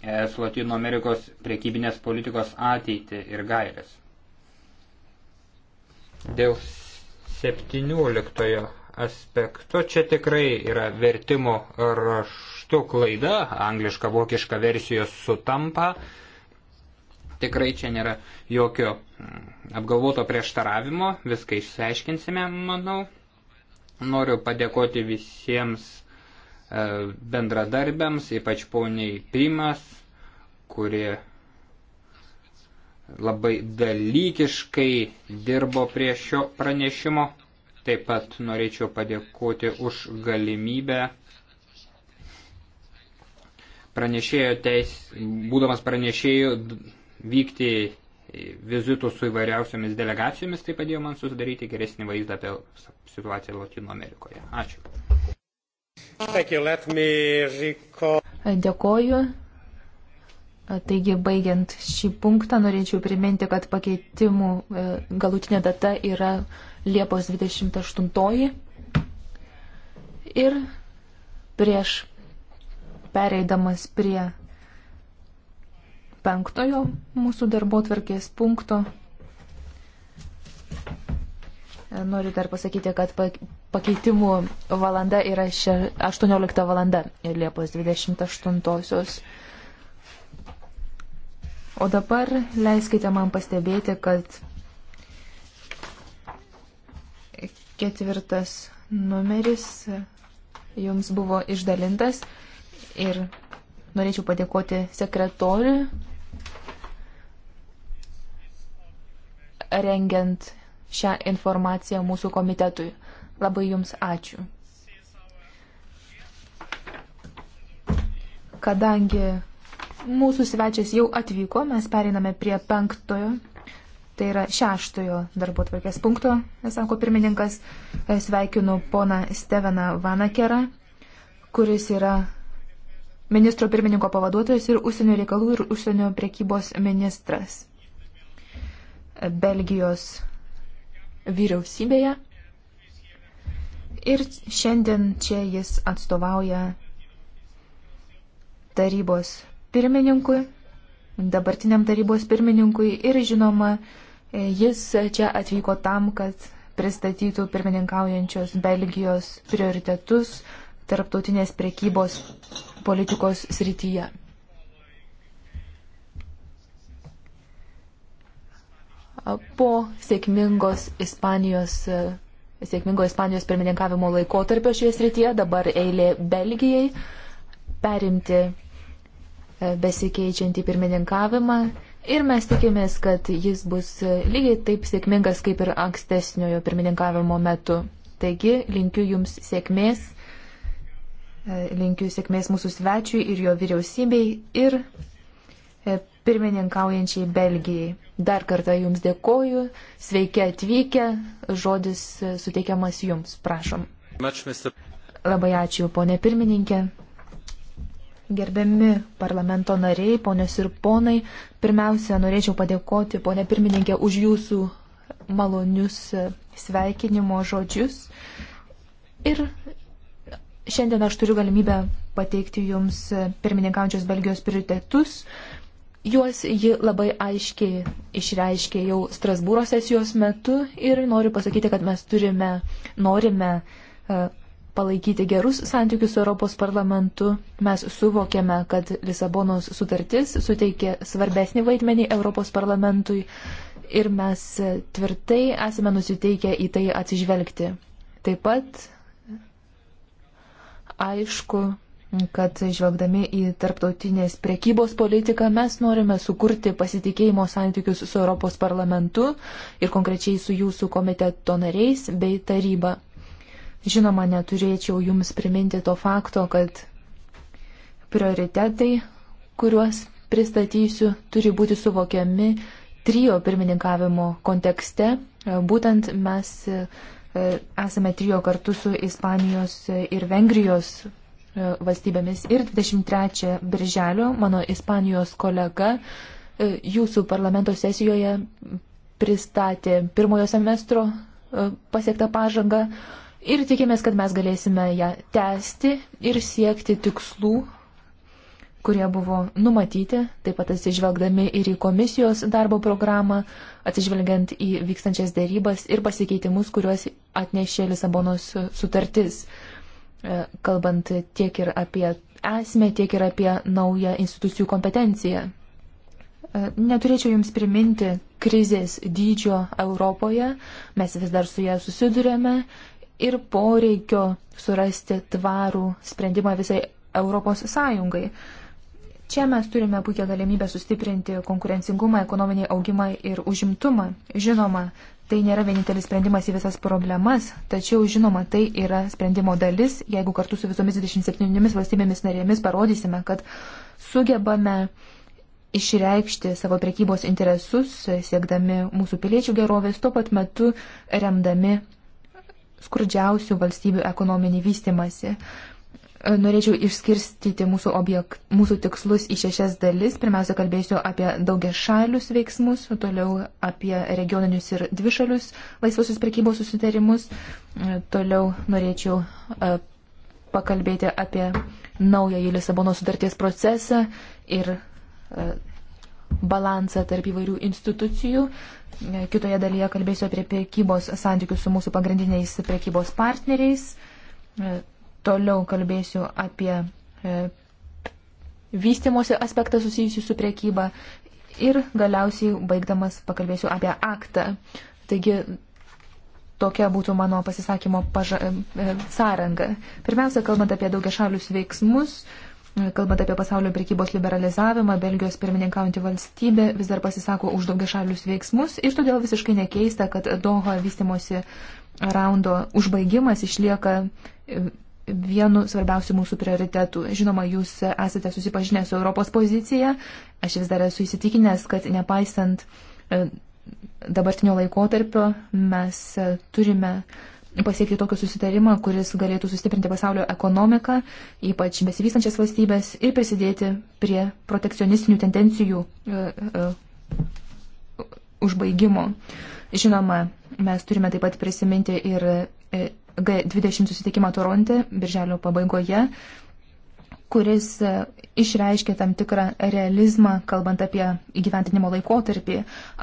ES Latino Amerikos priekybinės politikos ateitį ir gairės. Dėl 17 aspekto čia tikrai yra vertimo raštų tekstu klaida, angliška vokiška versijos sutampa. Tikrai čia nėra jokio mm, apgalvoto prieštaravimo, viską išsiaiškinsime, manau. Noriu padėkoti visiems e, bendradarbiams, ypač poniai Primas, kurie labai dalykiškai dirbo prie šio pranešimo. Taip pat norėčiau padėkoti už galimybę pranešėjo teis, būdamas pranešėjų vykti vizitų su įvairiausiamis delegacijomis, tai padėjo man susidaryti geresnį vaizdą apie situaciją Latino Amerikoje. Ačiū. Dėkoju. Taigi, baigiant šį punktą, norėčiau priminti, kad pakeitimų e, galutinė data yra Liepos 28. Ir prieš Pereidamas prie penktojo mūsų darbo tvarkės punkto, noriu dar pasakyti, kad pakeitimų valanda yra 18 valanda Liepos 28-osios. O dabar leiskite man pastebėti, kad ketvirtas numeris jums buvo išdalintas ir norėčiau padėkoti sekretoriui, rengiant šią informaciją mūsų komitetui. Labai Jums ačiū. Kadangi mūsų svečias jau atvyko, mes periname prie penktojo, tai yra šeštojo darbo tvarkės punkto, sako pirmininkas, sveikinu poną Steveną Vanakerą, kuris yra ministro pirmininko pavaduotojas ir užsienio reikalų ir užsienio priekybos ministras Belgijos vyriausybėje. Ir šiandien čia jis atstovauja tarybos pirmininkui, dabartiniam tarybos pirmininkui ir žinoma, jis čia atvyko tam, kad pristatytų pirmininkaujančios Belgijos prioritetus tarptautinės prekybos politikos srityje. Po sėkmingos Ispanijos, sėkmingo Ispanijos pirmininkavimo laikotarpio šioje srityje dabar eilė Belgijai perimti e, besikeičiantį pirmininkavimą ir mes tikimės, kad jis bus lygiai taip sėkmingas kaip ir ankstesniojo pirmininkavimo metu. Taigi, linkiu Jums sėkmės E, linkiu sėkmės mūsų svečiui ir jo vyriausybei ir e, pirmininkaujančiai Belgijai. Dar kartą Jums dėkoju, sveiki atvykę, žodis e, suteikiamas Jums, prašom. Labai ačiū, ponė pirmininkė. Gerbiami parlamento nariai, ponios ir ponai, pirmiausia, norėčiau padėkoti, ponė pirmininkė, už Jūsų malonius sveikinimo žodžius ir Šiandien aš turiu galimybę pateikti Jums pirmininkaujančios Belgijos prioritetus. Juos ji labai aiškiai išreiškė jau Strasbūro sesijos metu ir noriu pasakyti, kad mes turime, norime e, palaikyti gerus santykius su Europos parlamentu. Mes suvokėme, kad Lisabonos sutartis suteikė svarbesnį vaidmenį Europos parlamentui ir mes tvirtai esame nusiteikę į tai atsižvelgti. Taip pat aišku, kad žvelgdami į tarptautinės priekybos politiką mes norime sukurti pasitikėjimo santykius su Europos parlamentu ir konkrečiai su jūsų komiteto nariais bei taryba. Žinoma, neturėčiau jums priminti to fakto, kad prioritetai, kuriuos pristatysiu, turi būti suvokiami trijo pirmininkavimo kontekste. Būtent mes E, esame trijo kartu su Ispanijos ir Vengrijos e, valstybėmis. Ir 23 birželio mano Ispanijos kolega e, jūsų parlamento sesijoje pristatė pirmojo semestro pasiektą pažangą ir tikimės, kad mes galėsime ją tęsti ir siekti tikslų, kurie buvo numatyti, taip pat atsižvelgdami ir į komisijos darbo programą, atsižvelgiant į vykstančias dėrybas ir pasikeitimus, kuriuos atnešė Lisabonos sutartis, e, kalbant tiek ir apie esmę, tiek ir apie naują institucijų kompetenciją. E, neturėčiau Jums priminti krizės dydžio Europoje, mes vis dar su ją susidurėme ir poreikio surasti tvarų sprendimą visai Europos Sąjungai. Čia mes turime puikią galimybę sustiprinti konkurencingumą, ekonominį augimą ir užimtumą. Žinoma, tai nėra vienintelis sprendimas į visas problemas, tačiau žinoma, tai yra sprendimo dalis, jeigu kartu su visomis 27 valstybėmis narėmis parodysime, kad sugebame išreikšti savo prekybos interesus, siekdami mūsų piliečių gerovės, tuo pat metu remdami skurdžiausių valstybių ekonominį vystimasi. Norėčiau išskirstyti mūsų, objekt, mūsų tikslus į šešias dalis. Pirmiausia, kalbėsiu apie daugia šalius veiksmus, toliau apie regioninius ir dvišalius laisvosios prekybos susitarimus. Toliau norėčiau e, pakalbėti apie naująjį Lisabono sutarties procesą ir e, balansą tarp įvairių institucijų. E, kitoje dalyje kalbėsiu apie prekybos santykius su mūsų pagrindiniais prekybos partneriais Toliau kalbėsiu apie e, vystimosi aspektą susijusiu su priekyba ir galiausiai baigdamas pakalbėsiu apie aktą. Taigi tokia būtų mano pasisakymo paža, e, e, sąranga. Pirmiausia, kalbant apie daugia šalius veiksmus, kalbant apie pasaulio prekybos liberalizavimą, Belgijos pirmininkaujantį valstybę vis dar pasisako už daugia šalius veiksmus ir todėl visiškai nekeista, kad Doho vystimosi raundo užbaigimas išlieka vienu svarbiausių mūsų prioritetų. Žinoma, jūs esate susipažinę su Europos pozicija. Aš vis dar esu įsitikinęs, kad nepaisant e, dabartinio laikotarpio mes e, turime pasiekti tokį susitarimą, kuris galėtų sustiprinti pasaulio ekonomiką, ypač besivystančias valstybės ir prisidėti prie protekcionistinių tendencijų e, e, užbaigimo. Žinoma, mes turime taip pat prisiminti ir e, G20 susitikimą Toronte birželio pabaigoje, kuris e, išreiškė tam tikrą realizmą, kalbant apie įgyventinimo laikotarpį.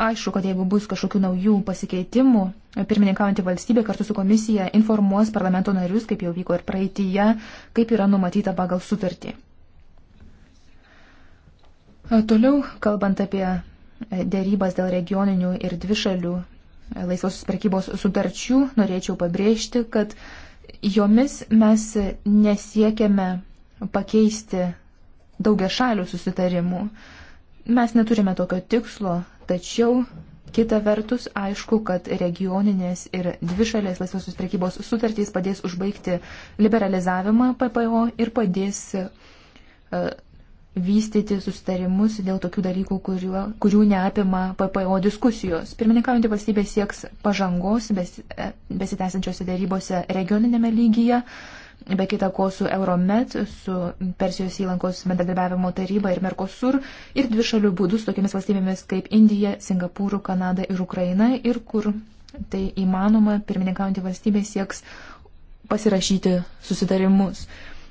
Aišku, kad jeigu bus kažkokių naujų pasikeitimų, pirmininkaujantį valstybę kartu su komisija informuos parlamento narius, kaip jau vyko ir praeitįje, kaip yra numatyta pagal sutartį. E, toliau, kalbant apie e, dėrybas dėl regioninių ir dvišalių laisvosios prekybos sutarčių, norėčiau pabrėžti, kad jomis mes nesiekiame pakeisti daugia šalių susitarimų. Mes neturime tokio tikslo, tačiau kita vertus aišku, kad regioninės ir dvišalės laisvosios prekybos sutartys padės užbaigti liberalizavimą PPO ir padės e, vystyti sustarimus dėl tokių dalykų, kuriuo, kurių neapima PPO diskusijos. Pirmininkaujantį valstybę sieks pažangos bes, e, besitęsančiose dėrybose regioninėme lygyje, be kita ko su Euromet, su Persijos įlankos bendradarbiavimo taryba ir Mercosur ir dvišalių būdų su tokiamis valstybėmis kaip Indija, Singapūrų, Kanada ir Ukraina ir kur tai įmanoma, pirmininkaujantį valstybę sieks pasirašyti susitarimus.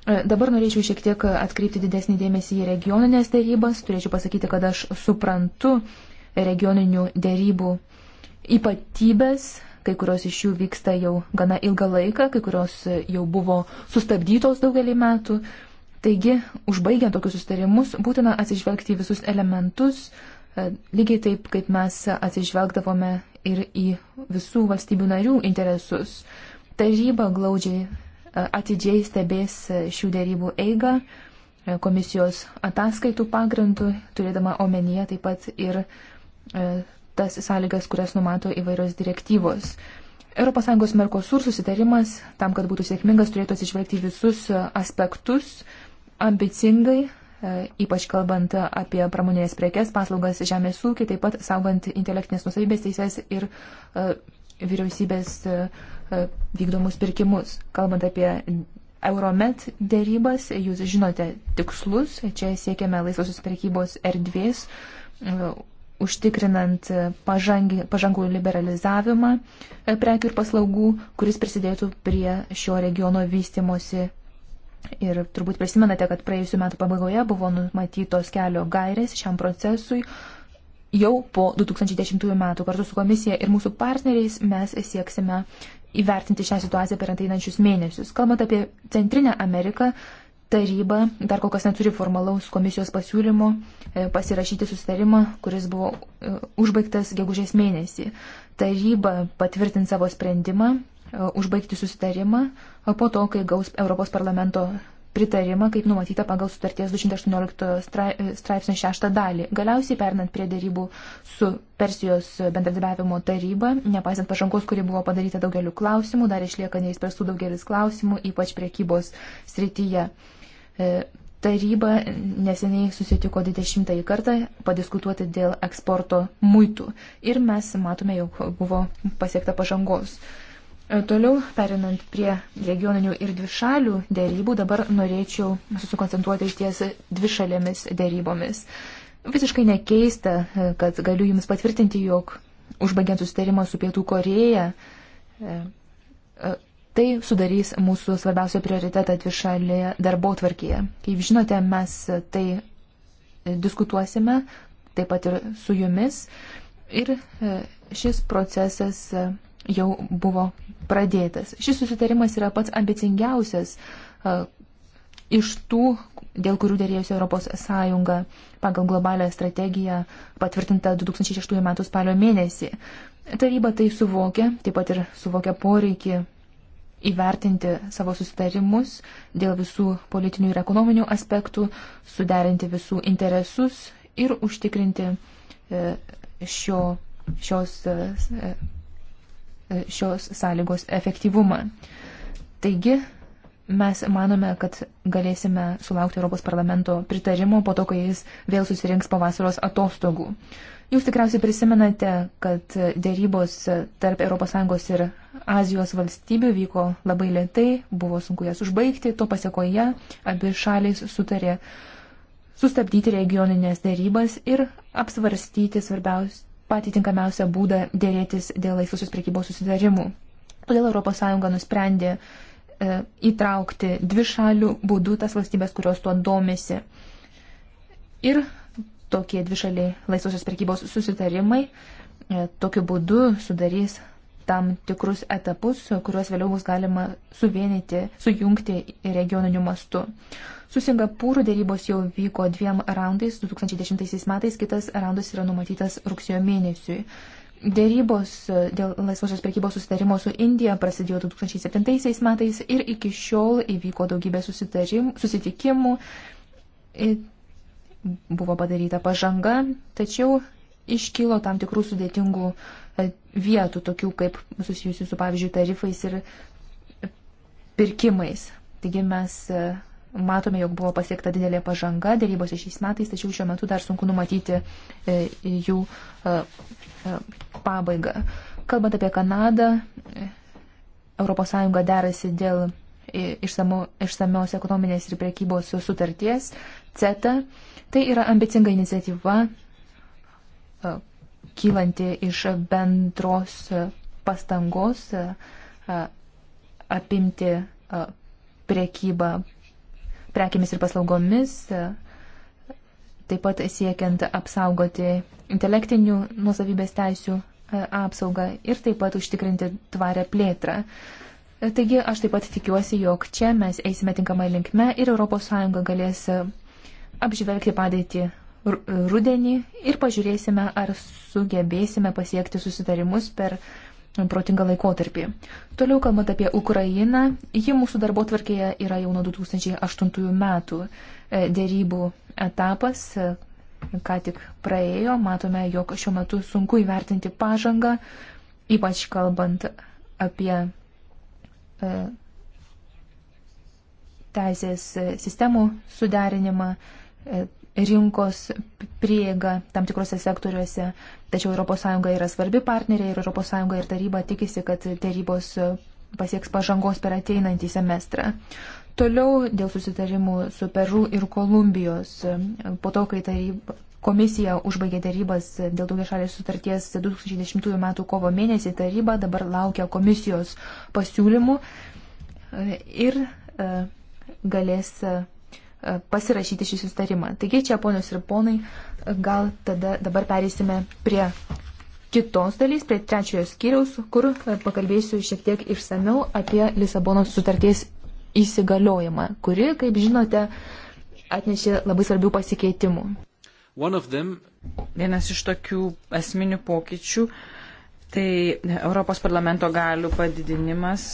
E, dabar norėčiau šiek tiek atkreipti didesnį dėmesį į regioninės dėrybas. Turėčiau pasakyti, kad aš suprantu regioninių dėrybų ypatybės. Kai kurios iš jų vyksta jau gana ilgą laiką, kai kurios jau buvo sustabdytos daugelį metų. Taigi, užbaigiant tokius sustarimus, būtina atsižvelgti į visus elementus, e, lygiai taip, kaip mes atsižvelgdavome ir į visų valstybių narių interesus. Taryba glaudžiai atidžiai stebės šių dėrybų eigą komisijos ataskaitų pagrindų, turėdama omenyje taip pat ir e, tas sąlygas, kurias numato įvairios direktyvos. ES Mercosur susitarimas, tam, kad būtų sėkmingas, turėtų atsižvelgti visus aspektus ambicingai, e, ypač kalbant apie pramoninės prekes, paslaugas žemės ūkį, taip pat saugant intelektinės nusavybės teises ir e, vyriausybės uh, E, vykdomus pirkimus. Kalbant apie Euromet dėrybas, jūs žinote tikslus, čia siekiame laisvosios prekybos erdvės, e, užtikrinant pažangi, pažangų liberalizavimą e, prekių ir paslaugų, kuris prisidėtų prie šio regiono vystimosi. Ir turbūt prisimenate, kad praėjusiu metu pabaigoje buvo numatytos kelio gairės šiam procesui. Jau po 2010 metų kartu su komisija ir mūsų partneriais mes sieksime uh, įvertinti šią situaciją per ateinančius mėnesius. Kalbant apie Centrinę Ameriką, taryba dar kol kas neturi formalaus komisijos pasiūlymo e, pasirašyti susitarimą, kuris buvo e, užbaigtas gegužės mėnesį. Taryba patvirtins savo sprendimą e, užbaigti susitarimą po to, kai gaus Europos parlamento pritarimą, kaip numatyta pagal sutarties 218 e, straipsnio 6 dalį. Galiausiai pernant prie dėrybų su Persijos bendradarbiavimo taryba, nepaisant pažangos, kuri buvo padaryta daugeliu klausimų, dar išlieka neįspręstų daugelis klausimų, ypač priekybos srityje. E, taryba neseniai susitiko 20-ąjį kartą padiskutuoti dėl eksporto muitų ir mes matome, jog buvo pasiekta pažangos. E, toliau, perinant prie regioninių ir dvišalių dėrybų, dabar norėčiau susikoncentruoti ties dvišalėmis dėrybomis. Visiškai nekeista, e, kad galiu Jums patvirtinti, jog užbaigiant susitarimą su Pietų Koreja, e, tai sudarys mūsų svarbiausią prioritetą dvišalėje darbo tvarkyje. Kaip žinote, mes tai diskutuosime, taip pat ir su Jumis. Ir šis procesas jau buvo pradėtas. Šis susitarimas yra pats ambicingiausias e, iš tų, dėl kurių dėrėjusi ES pagal globalią strategiją patvirtintą 2006 m. spalio mėnesį. Taryba tai suvokia, taip pat ir suvokia poreikį įvertinti savo susitarimus dėl visų politinių ir ekonominių aspektų, suderinti visų interesus ir užtikrinti e, šio, šios e, E, šios sąlygos efektyvumą. Taigi, mes manome, kad galėsime sulaukti Europos parlamento pritarimo po to, kai jis vėl susirinks pavasaros atostogų. Jūs tikriausiai prisimenate, kad dėrybos tarp ES ir Azijos valstybių vyko labai lietai, buvo sunku jas užbaigti, to pasiekoje abi šalis sutarė sustabdyti regioninės dėrybas ir apsvarstyti svarbiausius patį tinkamiausią būdą dėrėtis dėl laisvosios priekybos susidarimų. Todėl ES nusprendė e, įtraukti dvi šalių būdų tas valstybės, kurios tuo domisi. Ir tokie dvišaliai laisvosios prekybos susitarimai e, tokiu būdu sudarys tam tikrus etapus, kuriuos vėliau bus galima suvienyti, sujungti regioniniu mastu. Su Singapūru dėrybos jau vyko dviem raundais 2010 metais, kitas raundas yra numatytas rugsėjo mėnesiui. Dėrybos dėl laisvosios prekybos susitarimo su Indija prasidėjo 2007 metais ir iki šiol įvyko daugybė susitikimų, buvo padaryta pažanga, tačiau iškilo tam tikrų sudėtingų uh, vietų, tokių kaip susijusių su, pavyzdžiui, tarifais ir pirkimais. Taigi mes e, matome, jog buvo pasiekta didelė pažanga dėrybose šiais metais, tačiau šiuo metu dar sunku numatyti e, jų e, pabaigą. Kalbant apie Kanadą, ES derasi dėl išsamios ekonominės ir priekybos sutarties CETA. Tai yra ambicinga iniciatyva kylanti iš bendros pastangos apimti priekybą prekiamis ir paslaugomis, taip pat siekiant apsaugoti intelektinių nuosavybės teisių apsaugą ir taip pat užtikrinti tvarę plėtrą. Taigi aš taip pat tikiuosi, jog čia mes eisime tinkamai linkme ir ES galės apžvelgti padėtį rudenį ir pažiūrėsime, ar sugebėsime pasiekti susitarimus per protingą laikotarpį. Toliau kalbant apie Ukrainą, ji mūsų darbo tvarkėje yra jau nuo 2008 metų e, dėrybų etapas, e, ką tik praėjo, matome, jog šiuo metu sunku įvertinti pažangą, ypač kalbant apie e, teisės sistemų suderinimą, rinkos prieiga tam tikrose sektoriuose. Tačiau ES yra svarbi partnerė ir ES ir taryba tikisi, kad tarybos pasieks pažangos per ateinantį semestrą. Toliau dėl susitarimų su Peru ir Kolumbijos. Po to, kai taryba, komisija užbaigė darybas dėl daugiašalės sutarties 2010 m. kovo mėnesį, taryba dabar laukia komisijos pasiūlymų ir e, galės pasirašyti šį sustarimą. Taigi čia, ponios ir ponai, gal tada dabar perėsime prie kitos dalys, prie trečiojo skyriaus, kur e, pakalbėsiu šiek tiek išsameu apie Lisabonos sutarties įsigaliojimą, kuri, kaip žinote, atnešė labai svarbių pasikeitimų. Them... Vienas iš tokių esminių pokyčių tai Europos parlamento galių padidinimas,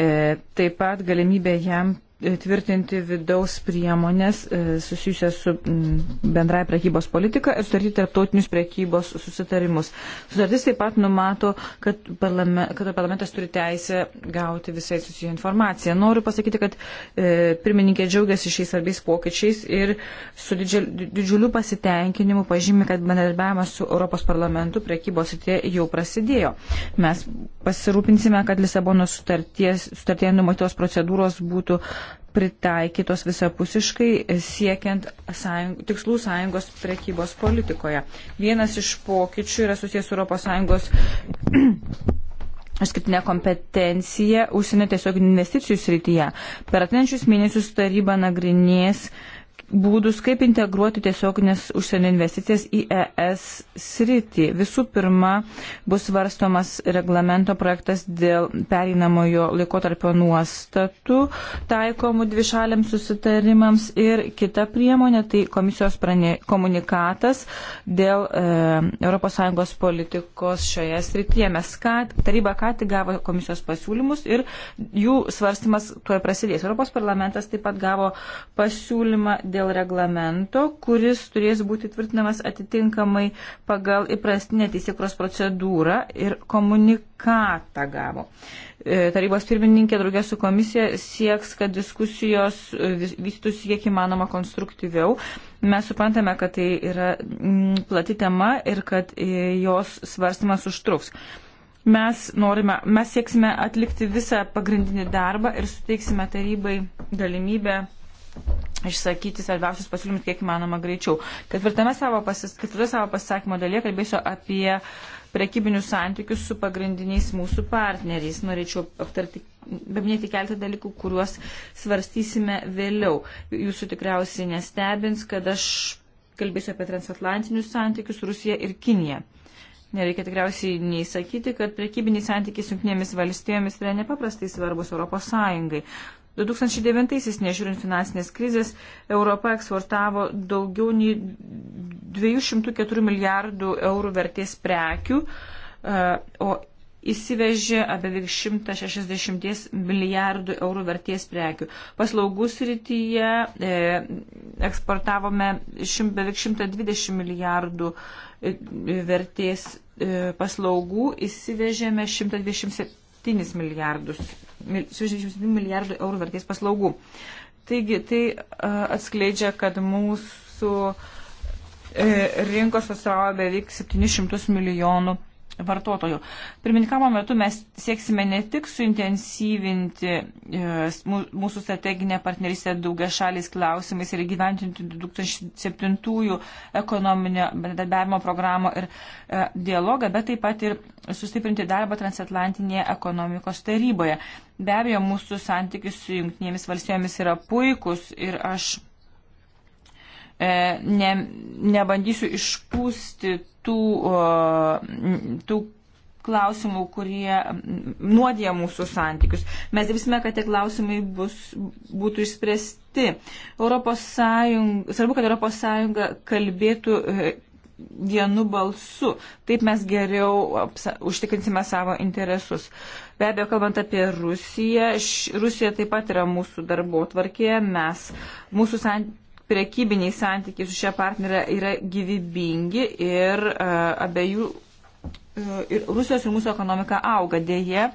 e, taip pat galimybė jam tvirtinti vidaus priemonės e, susijusias su mm, bendrai prekybos politika ir sudaryti tarptautinius prekybos susitarimus. Sutartis taip pat numato, kad, parlame, kad parlamentas turi teisę gauti visai susiję informaciją. Noriu pasakyti, kad e, pirmininkė džiaugiasi šiais svarbiais pokyčiais ir su didžiul, didžiuliu pasitenkinimu pažymė, kad bendradarbiavimas su Europos parlamentu prekybos srityje jau prasidėjo. Mes pasirūpinsime, kad Lisabono sutarties, sutartie numatytos procedūros būtų pritaikytos visapusiškai siekiant sąjung, tikslų sąjungos prekybos politikoje. Vienas iš pokyčių yra susijęs su ES išskirtinė kompetencija užsienio tiesiog investicijų srityje. Per atneščius mėnesius taryba nagrinės uh, būdus, kaip integruoti tiesioginės užsienio investicijas į ES sritį. Visų pirma, bus svarstomas reglamento projektas dėl pereinamojo laikotarpio nuostatų taikomų dvišaliams susitarimams ir kita priemonė, tai komisijos prane, komunikatas dėl e, ES politikos šioje srityje. Mes ką, taryba ką tik gavo komisijos pasiūlymus ir jų svarstymas tuoj prasidės. Europos parlamentas taip pat gavo pasiūlymą dėl reglamento, kuris turės būti tvirtinamas atitinkamai pagal įprastinę teisėkros procedūrą ir komunikatą gavo. E, tarybos pirmininkė draugė su komisija sieks, kad diskusijos e, vystytųsi kiek įmanoma konstruktyviau. Mes suprantame, kad tai yra mm, plati tema ir kad e, jos svarstymas užtruks mes norime, mes sieksime atlikti visą pagrindinį darbą ir suteiksime tarybai galimybę išsakyti svarbiausius pasiūlymus kiek įmanoma greičiau. Ketvirtame savo, pasis, savo pasisakymo dalyje kalbėsiu apie prekybinius santykius su pagrindiniais mūsų partneriais. Norėčiau aptarti, paminėti keletą dalykų, kuriuos svarstysime vėliau. Jūsų tikriausiai nestebins, kad aš kalbėsiu apie transatlantinius santykius Rusija ir Kinija. Nereikia tikriausiai nei sakyti, kad prekybiniai santykiai su jungtinėmis valstijomis yra nepaprastai svarbus Europos Sąjungai. 2009-aisiais, nežiūrint finansinės krizės, Europa eksportavo daugiau nei 204 milijardų eurų vertės prekių, e, o įsivežė apie 160 milijardų eurų vertės prekių. Paslaugų srityje e, eksportavome šim, beveik 120 milijardų e, vertės e, paslaugų, įsivežėme 127 milijardus 67 milijardų eurų vertės paslaugų. Taigi tai atskleidžia, kad mūsų e, rinkos atstovauja beveik 700 milijonų vartotojų. Pirmininkamo metu mes sieksime ne tik suintensyvinti e, mūsų strateginę partnerystę daugia šalis klausimais ir gyventinti 2007 ekonominio bendradarbiavimo programą ir e, dialogą, bet taip pat ir sustiprinti darbą transatlantinėje ekonomikos taryboje. Be abejo, mūsų santykis su jungtinėmis valstybėmis yra puikus ir aš E, ne, nebandysiu išpūsti tų, tų klausimų, kurie nuodė mūsų santykius. Mes dirbsime, kad tie klausimai bus, būtų išspręsti. Europos Sąjunga, svarbu, kad Europos Sąjunga kalbėtų e, vienu balsu. Taip mes geriau apsa, užtikrinsime savo interesus. Be abejo, kalbant apie Rusiją, š, Rusija taip pat yra mūsų darbo tvarkėje, mes, mūsų santykiai prekybiniai santykiai su šia partnerė yra gyvybingi ir uh, abiejų e, ir Rusijos ir mūsų ekonomika auga. Deja,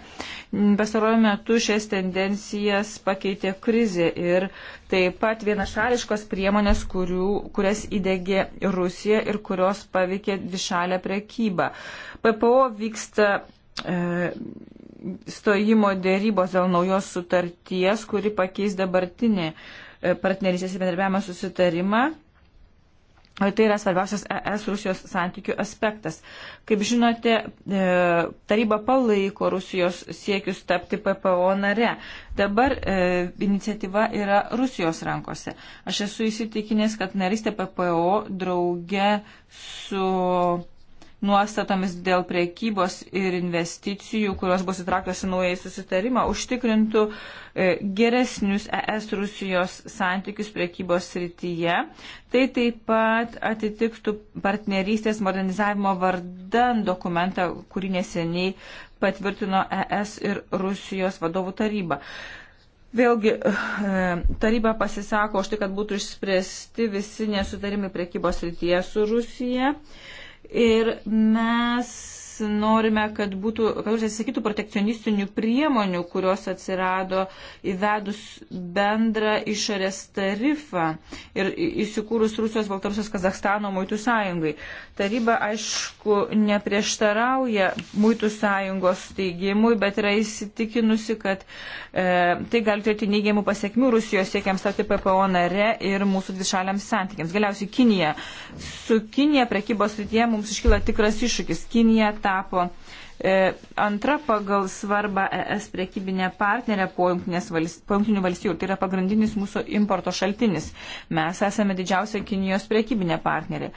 pastaruoju metu šias tendencijas pakeitė krizė ir taip pat vienašališkos priemonės, kurių, kurias įdėgė Rusija ir kurios paveikė dvišalę prekybą. PPO vyksta. E, Stojimo dėrybos dėl naujos sutarties, kuri pakeis dabartinį uh, E, partnerysės ir bendarbiavimo susitarimą. O e, tai yra svarbiausias ES-Rusijos santykių aspektas. Kaip žinote, e, taryba palaiko Rusijos siekius tapti PPO nare. Dabar e, iniciatyva yra Rusijos rankose. Aš esu įsitikinęs, kad narystė PPO drauge su nuostatomis dėl priekybos ir investicijų, kurios bus įtraktos į naują susitarimą, užtikrintų e, geresnius ES Rusijos santykius priekybos srityje. Tai taip pat atitiktų partnerystės modernizavimo vardan dokumentą, kurį neseniai patvirtino ES ir Rusijos vadovų taryba. Vėlgi, e, taryba pasisako už tai, kad būtų išspręsti visi nesutarimai priekybos rytyje su Rusija. E, ir mes norime, kad būtų, kad užsisakytų protekcionistinių priemonių, kurios atsirado įvedus bendrą išorės tarifą ir įsikūrus Rusijos, Baltarusijos, Kazakstano muitų sąjungai. Taryba, aišku, neprieštarauja muitų sąjungos steigimui, bet yra įsitikinusi, kad e, tai gali turėti neigiamų pasiekmių Rusijos siekiams tapti PPO nare ir mūsų dvišaliams santykiams. Galiausiai Kinija. Su Kinija prekybos rytyje mums iškyla tikras iššūkis. Kinija tapo e, antra pagal svarbą ES priekybinė partnerė po jungtinių valstybių. Tai yra pagrindinis mūsų importo šaltinis. Mes esame didžiausia Kinijos priekybinė partnerė.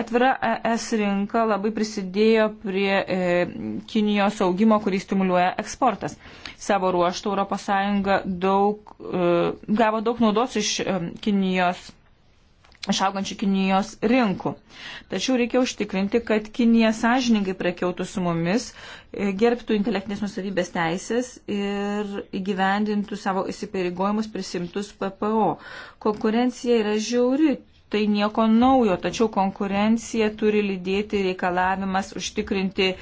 Atvira ES rinka labai prisidėjo prie e, Kinijos augimo, kurį stimuliuoja eksportas. Savo ruoštų ES daug, e, gavo daug naudos iš e, Kinijos išaugančių Kinijos rinkų. Tačiau reikia užtikrinti, kad Kinija sąžiningai prekiautų su mumis, e, gerbtų intelektinės nusavybės teisės ir įgyvendintų savo įsipareigojimus prisimtus PPO. Konkurencija yra žiauri. Tai nieko naujo, tačiau konkurencija turi lydėti reikalavimas užtikrinti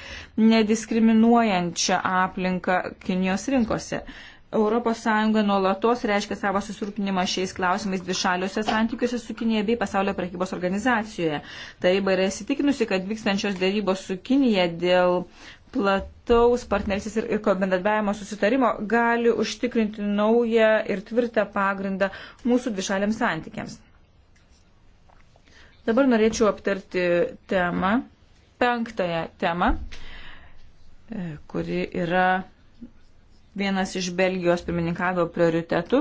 nediskriminuojančią aplinką Kinijos rinkose. ES nuolatos reiškia savo susirūpinimą šiais klausimais dvišaliuose santykiuose su Kinėje bei pasaulio prekybos organizacijoje. Taryba yra įsitikinusi, kad vykstančios dėrybos su Kinėje dėl plataus partnerystės ir, ir bendradarbiavimo susitarimo gali užtikrinti naują ir tvirtą pagrindą mūsų dvišaliams santykiams. Dabar norėčiau aptarti temą, penktąją temą, e, kuri yra vienas iš Belgijos pirmininkavimo prioritetų,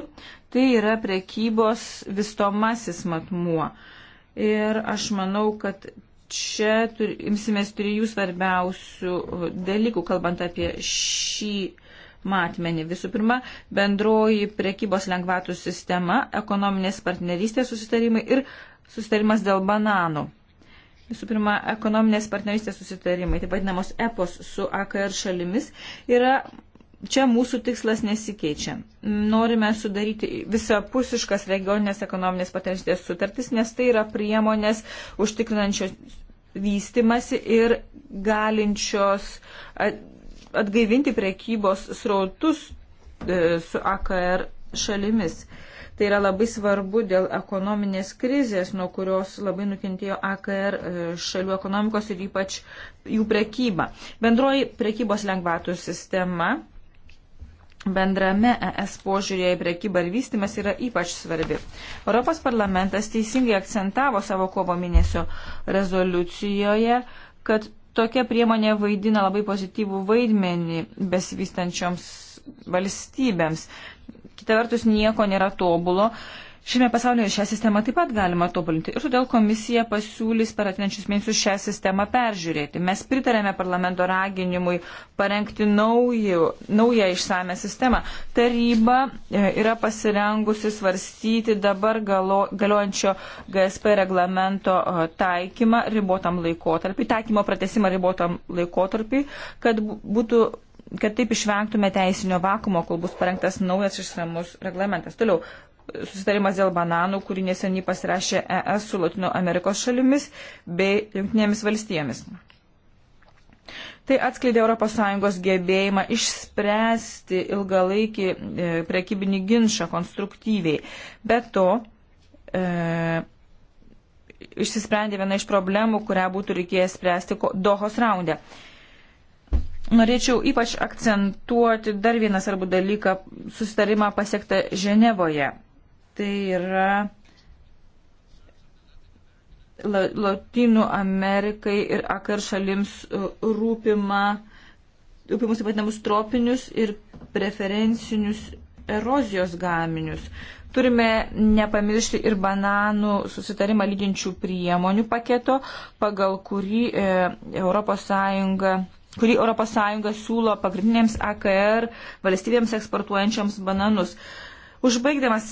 tai yra prekybos vistomasis matmuo. Ir aš manau, kad čia tur, imsimės trijų svarbiausių dalykų, kalbant apie šį matmenį. Visų pirma, bendroji prekybos lengvatų sistema, ekonominės partnerystės susitarimai ir susitarimas dėl bananų. Visų pirma, ekonominės partnerystės susitarimai, taip vadinamos EPOS su AKR šalimis, yra Čia mūsų tikslas nesikeičia. Norime sudaryti visapusiškas regioninės ekonominės patenštės sutartis, nes tai yra priemonės užtikrinančios vystimasi ir galinčios atgaivinti prekybos srautus e, su AKR šalimis. Tai yra labai svarbu dėl ekonominės krizės, nuo kurios labai nukentėjo AKR e, šalių ekonomikos ir ypač jų prekyba. Bendroji prekybos lengvatų sistema bendrame ES požiūrėje į prekybą ir vystimas yra ypač svarbi. Europos parlamentas teisingai akcentavo savo kovo mėnesio rezoliucijoje, kad tokia priemonė vaidina labai pozityvų vaidmenį besivystančioms valstybėms. Kita vertus, nieko nėra tobulo Šiame pasaulyje šią sistemą taip pat galima tobulinti ir todėl komisija pasiūlys per atinančius mėnesius šią sistemą peržiūrėti. Mes pritarėme parlamento raginimui parengti naujų, naują išsame sistemą. Taryba e, yra pasirengusi svarstyti dabar galo, galiojančio GSP reglamento e, taikymą ribotam laikotarpį, taikymo pratesimą ribotam laikotarpį, kad būtų kad taip išvengtume teisinio vakumo, kol bus parengtas naujas išsamus reglamentas. Toliau, susitarimas dėl bananų, kurį neseniai pasirašė ES su Latino Amerikos šalimis bei Junktinėmis valstijomis. Tai atskleidė ES gebėjimą išspręsti ilgalaikį e, prekybinį ginčą konstruktyviai. Be to, e, išsisprendė viena iš problemų, kurią būtų reikėjęs spręsti Dohos raunde. Norėčiau ypač akcentuoti dar vieną svarbų dalyką - susitarimą pasiektą Ženevoje tai yra Latinų Amerikai ir akar šalims e, rūpima, rūpimus taip vadinamus tropinius ir preferencinius erozijos gaminius. Turime nepamiršti ir bananų susitarimą lydinčių priemonių paketo, pagal kurį ES kurį ES siūlo pagrindinėms AKR valstybėms eksportuojančiams bananus. E, Užbaigdamas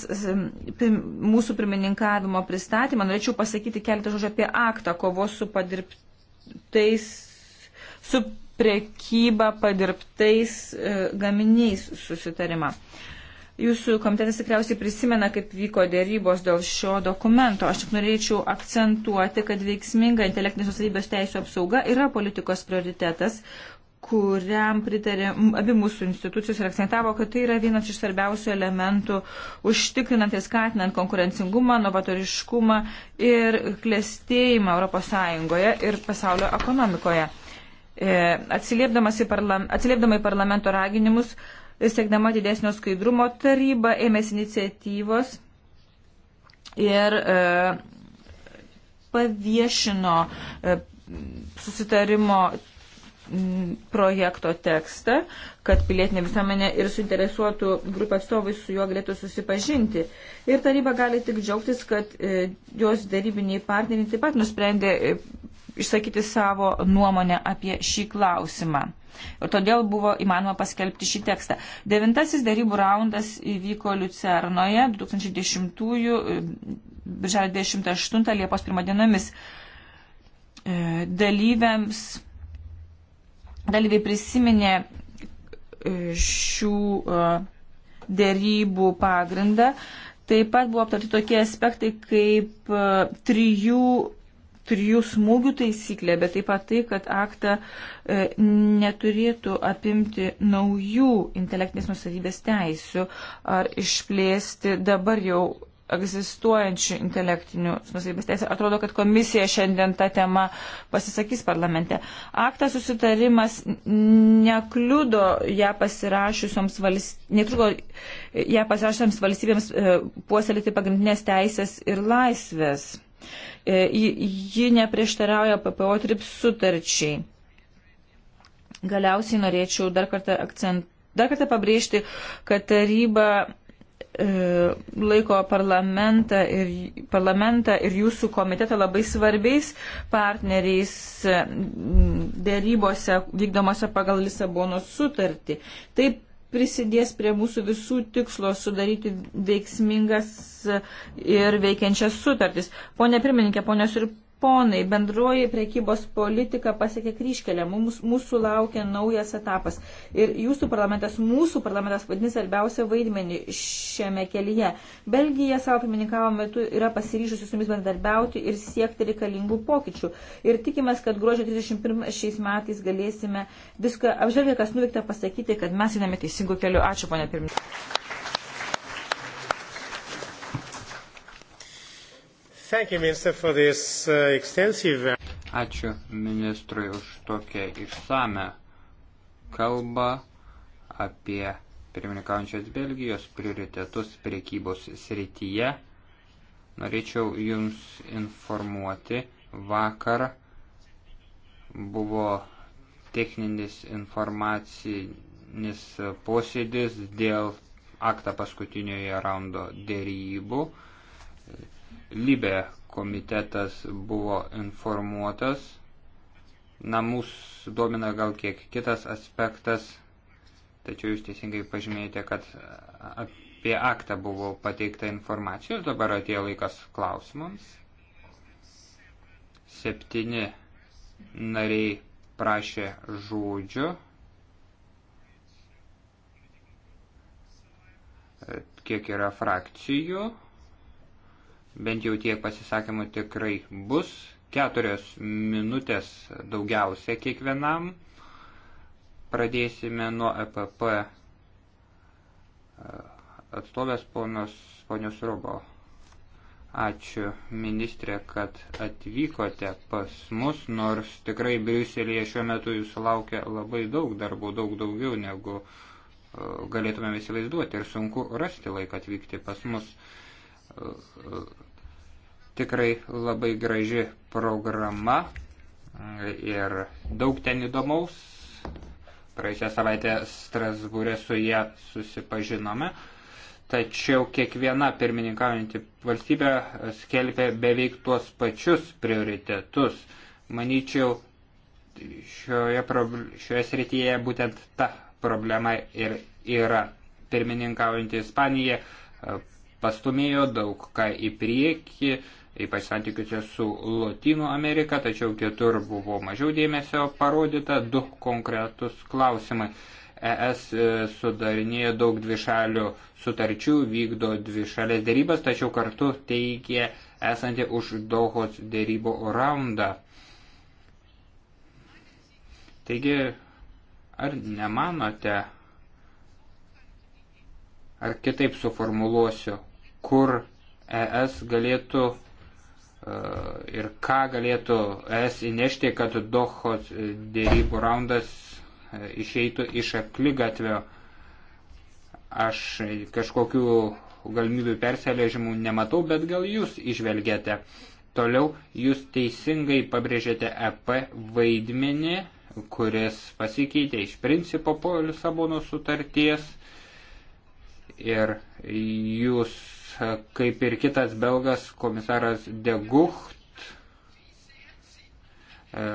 mūsų pirmininkavimo pristatymą, norėčiau pasakyti keletą žodžių apie aktą kovos su padirbtais, su prekyba padirbtais e, gaminiais susitarimą. Jūsų komitetas tikriausiai prisimena, kaip vyko dėrybos dėl šio dokumento. Aš tik norėčiau akcentuoti, kad veiksminga intelektinės nusavybės teisų apsauga yra politikos prioritetas, kuriam pritarė abi mūsų institucijos ir akcentavo, kad tai yra vienas iš svarbiausių elementų užtikrinant ir skatinant konkurencingumą, novatoriškumą ir klėstėjimą ES ir pasaulio ekonomikoje. E, atsiliepdama į, parlam, atsiliepdama į parlamento raginimus ir siekdama didesnio skaidrumo, taryba ėmėsi iniciatyvos ir e, paviešino e, susitarimo projekto tekstą, kad pilietinė visuomenė ir suinteresuotų grupė atstovai su juo galėtų susipažinti. Ir taryba gali tik džiaugtis, kad e, jos darybiniai partneriai taip pat nusprendė e, išsakyti savo nuomonę apie šį klausimą. Ir todėl buvo įmanoma paskelbti šį tekstą. Devintasis darybų raundas įvyko Lucernoje 2010. E, birželio 28 Liepos 1 dienomis. Dalyviams dalyviai prisiminė e, šių e, dėrybų pagrindą. Taip pat buvo aptarti tokie aspektai kaip e, trijų, trijų smūgių taisyklė, bet taip pat tai, kad aktą neturėtų apimti naujų intelektinės nusavybės teisių ar išplėsti dabar jau egzistuojančių intelektinių nusavybės teisė. Atrodo, kad komisija šiandien tą temą pasisakys parlamente. Aktas susitarimas nekliudo ją pasirašiusioms valstybėms, ją pasirašiusioms valstybėms e, puoselėti pagrindinės teisės ir laisvės. E, ji neprieštarauja PPO trips sutarčiai. Galiausiai norėčiau dar kartą akcentuoti. Dar kartą pabrėžti, kad taryba E, laiko parlamentą ir, parlamentą ir jūsų komitetą labai svarbiais partneriais e, dėrybose vykdomose pagal Lisabono sutartį. Taip prisidės prie mūsų visų tikslo sudaryti veiksmingas ir veikiančias sutartis. Pone pirmininkė, ponios ir Ponai, bendroji priekybos politika pasiekė kryškelę, mums, mūsų laukia naujas etapas. Ir jūsų parlamentas, mūsų parlamentas vadins svarbiausią vaidmenį šiame kelyje. Belgija savo pirmininkavo metu yra pasiryžusi su jumis bendarbiauti ir siekti reikalingų pokyčių. Ir tikimės, kad gruodžio 31 šiais metais galėsime viską apžvelgę, kas nuveikta, pasakyti, kad mes einame teisingu keliu. Ačiū, ponė pirmininkė. You, Minister, uh, extensive... Uh, Ačiū ministrui už tokią išsame kalbą apie pirmininkaujančios Belgijos prioritetus priekybos srityje. Norėčiau Jums informuoti, vakar buvo techninis informacinis posėdis dėl aktą paskutinioje raundo dėrybų. Libė komitetas buvo informuotas. Na, mūsų domina gal kiek kitas aspektas, tačiau jūs teisingai pažymėjote, kad apie aktą buvo pateikta informacijos, dabar atėjo laikas klausimams. Septyni nariai prašė žodžio. Kiek yra frakcijų? bent jau tiek pasisakymų tikrai bus. Keturios minutės daugiausia kiekvienam. Pradėsime nuo EPP e, atstovės ponios, ponios Rubo. Ačiū ministrė, kad atvykote pas mus, nors tikrai Briuselėje šiuo metu jūsų laukia labai daug darbų, daug daugiau negu e, galėtumėm įsivaizduoti ir sunku rasti laiką atvykti pas mus e, Tikrai labai graži programa ir daug ten įdomaus. Praėjusią savaitę Strasbūrė su ją susipažinome. Tačiau kiekviena pirmininkaujanti valstybė skelbė beveik tuos pačius prioritetus. Manyčiau, šioje, šioje srityje būtent ta problema ir yra. Pirmininkaujantį Ispaniją e, pastumėjo daug ką į priekį, ypač santykiuose su Lotynų Amerika, tačiau kitur buvo mažiau dėmesio parodyta du konkretus klausimai. ES e, sudarinėja daug dvišalių sutarčių, vykdo dvišalės dėrybas, tačiau kartu teigia esanti už Dohos dėrybo raundą. Taigi, ar nemanote, ar kitaip suformuluosiu, kur ES galėtų E, ir ką galėtų es įnešti, kad Dohos dėrybų raundas e, išeitų iš aklygatvio. Aš kažkokių galimybių persiležimų nematau, bet gal jūs išvelgėte. Toliau jūs teisingai pabrėžėte EP vaidmenį, kuris pasikeitė iš principo po Lisabono sutarties ir jūs kaip ir kitas belgas komisaras Degucht, e,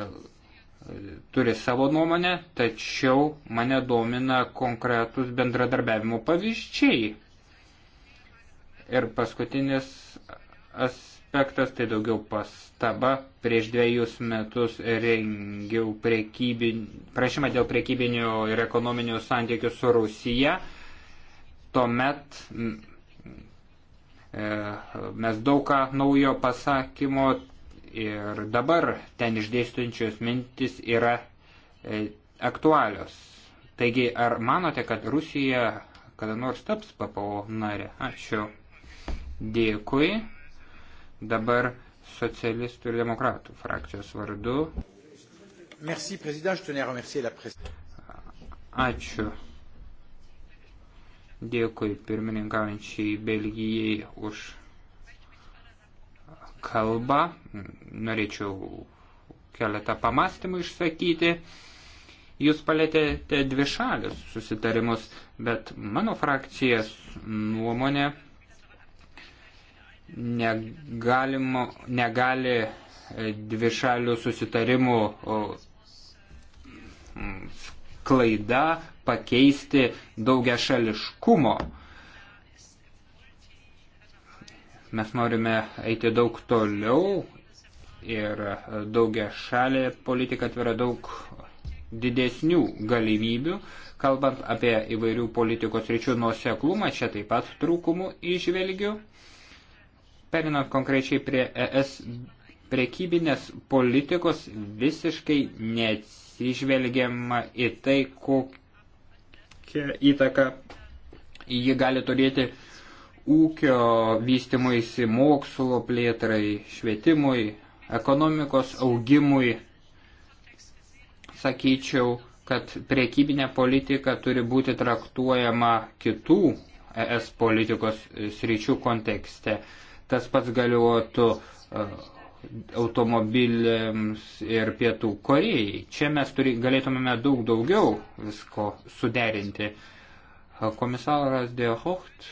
turi savo nuomonę, tačiau mane domina konkretus bendradarbiavimo pavyzdžiai. Ir paskutinis aspektas, tai daugiau pastaba, prieš dviejus metus rengiau prekybin... prašymą dėl prekybinių ir ekonominių santykių su Rusija. Tuomet E, mes daug ką naujo pasakymo ir dabar ten išdėstančios mintis yra e, aktualios. Taigi, ar manote, kad Rusija kada nors taps PPO narė? Ačiū. Dėkui. Dabar socialistų ir demokratų frakcijos vardu. Merci, Ačiū. Dėkui pirmininkaujančiai Belgijai už kalbą. Norėčiau keletą pamastymų išsakyti. Jūs palėtėte dvi šalius susitarimus, bet mano frakcijas nuomonė negalimo, negali dvi šalių susitarimų klaida pakeisti daugia šališkumo. Mes norime eiti daug toliau ir daugia šalė politika atveria daug didesnių galimybių. Kalbant apie įvairių politikos ryčių nuoseklumą, čia taip pat trūkumų išvelgiu. Perinant konkrečiai prie ES prekybinės politikos visiškai neatsižvelgiama į tai, kokiu kokią įtaką ji gali turėti ūkio vystimuisi, mokslo plėtrai, švietimui, ekonomikos augimui. Sakyčiau, kad priekybinė politika turi būti traktuojama kitų ES politikos sričių kontekste. Tas pats galiotų e, automobiliams ir pietų Korejai. Čia mes turi, galėtumėme daug daugiau visko suderinti. Komisaras De Hocht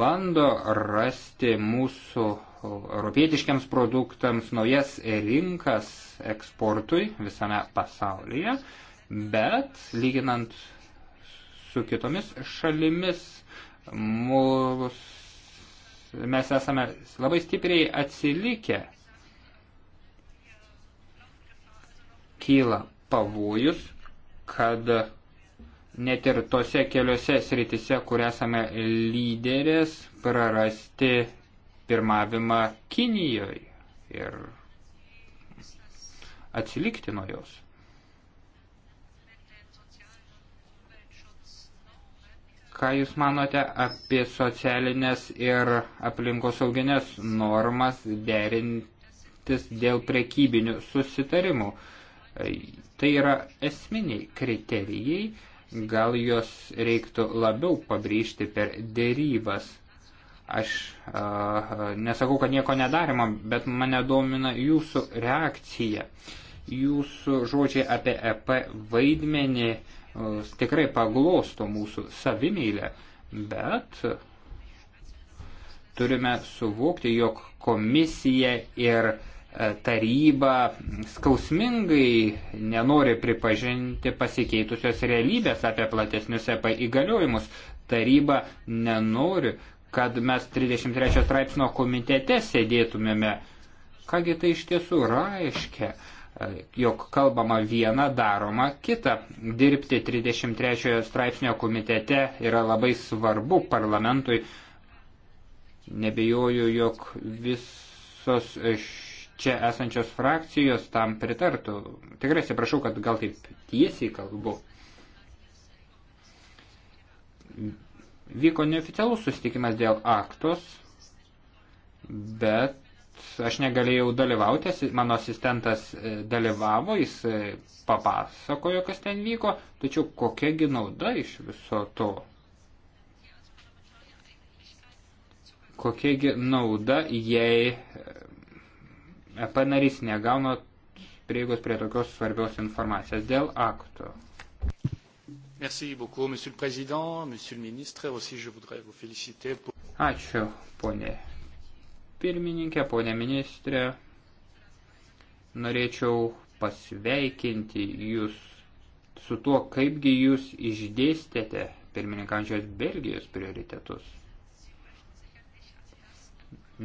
bando rasti mūsų europietiškiams produktams naujas rinkas eksportui visame pasaulyje, bet lyginant su kitomis šalimis, mūsų mes esame labai stipriai atsilikę. Kyla pavojus, kad net ir tose keliose sritise, kur esame lyderės, prarasti pirmavimą Kinijoje ir atsilikti nuo jos. ką Jūs manote apie socialinės ir aplinkosauginės normas derintis dėl prekybinių susitarimų? Tai yra esminiai kriterijai, gal juos reiktų labiau pabrėžti per dėrybas. Aš a, nesakau, kad nieko nedarimo, bet mane domina jūsų reakcija. Jūsų žodžiai apie EP vaidmenį a, E, tikrai paglosto mūsų savimylę, bet turime suvokti, jog komisija ir e, taryba skausmingai nenori pripažinti pasikeitusios realybės apie platesnius EP įgaliojimus. Taryba nenori, kad mes 33 straipsnio komitete sėdėtumėme. Kągi tai iš tiesų reiškia? jog kalbama viena, daroma kita. Dirbti 33 straipsnio komitete yra labai svarbu parlamentui. Nebejoju, jog visos čia esančios frakcijos tam pritartų. Tikrai atsiprašau, kad gal taip tiesiai kalbu. Vyko neoficialus susitikimas dėl aktos, bet aš negalėjau dalyvauti, mano asistentas e, dalyvavo, jis e, papasakojo, kas ten vyko, tačiau kokiagi nauda iš viso to? Kokiagi nauda, jei EP narys negauna prieigos prie tokios svarbios informacijos dėl akto? Merci beaucoup, monsieur le président, monsieur le ministre, aussi je voudrais vous féliciter pour... Ačiū, ponė pirmininkė, ponė ministrė, norėčiau pasveikinti jūs su tuo, kaipgi jūs išdėstėte pirmininkančios Belgijos prioritetus.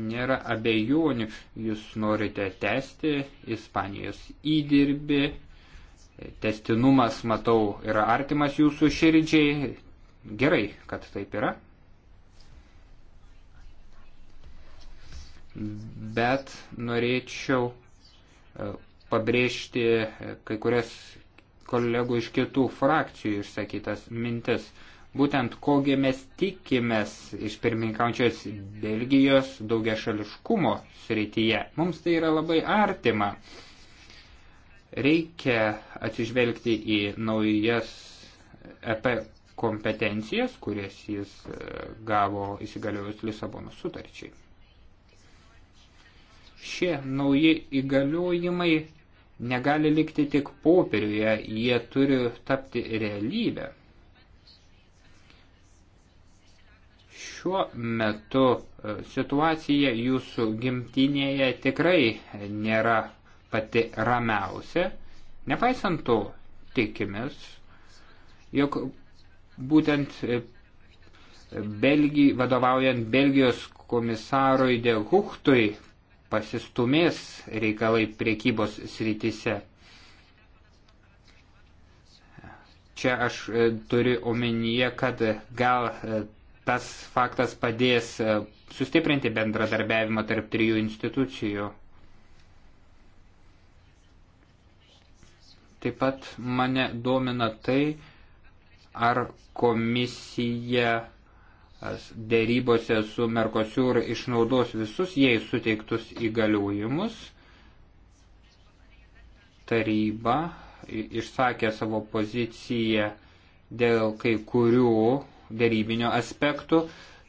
Nėra abejonių, jūs norite tęsti Ispanijos įdirbį, testinumas, matau, yra artimas jūsų širdžiai. Gerai, kad taip yra. bet norėčiau e, pabrėžti e, kai kurias kolegų iš kitų frakcijų išsakytas mintis. Būtent kogi mes tikimės iš pirmininkaujančios Belgijos daugia šališkumo srityje. Mums tai yra labai artima. Reikia atsižvelgti į naujas EP kompetencijas, kurias jis e, gavo įsigaliojus Lisabono sutarčiai. Šie nauji įgaliojimai negali likti tik popieriuje, jie turi tapti realybę. Šiuo metu e, situacija jūsų gimtinėje tikrai nėra pati ramiausia. Nepaisant to, tikimės, jog būtent e, Belgijai, vadovaujant Belgijos komisarui De Huchtui pasistumės reikalai priekybos srityse. Čia aš e, turiu omenyje, kad gal e, tas faktas padės e, sustiprinti bendradarbiavimą tarp trijų institucijų. Taip pat mane domina tai, ar komisija dėrybose su Merkosiūr išnaudos visus jai suteiktus įgaliojimus. Taryba išsakė savo poziciją dėl kai kurių dėrybinio aspektų,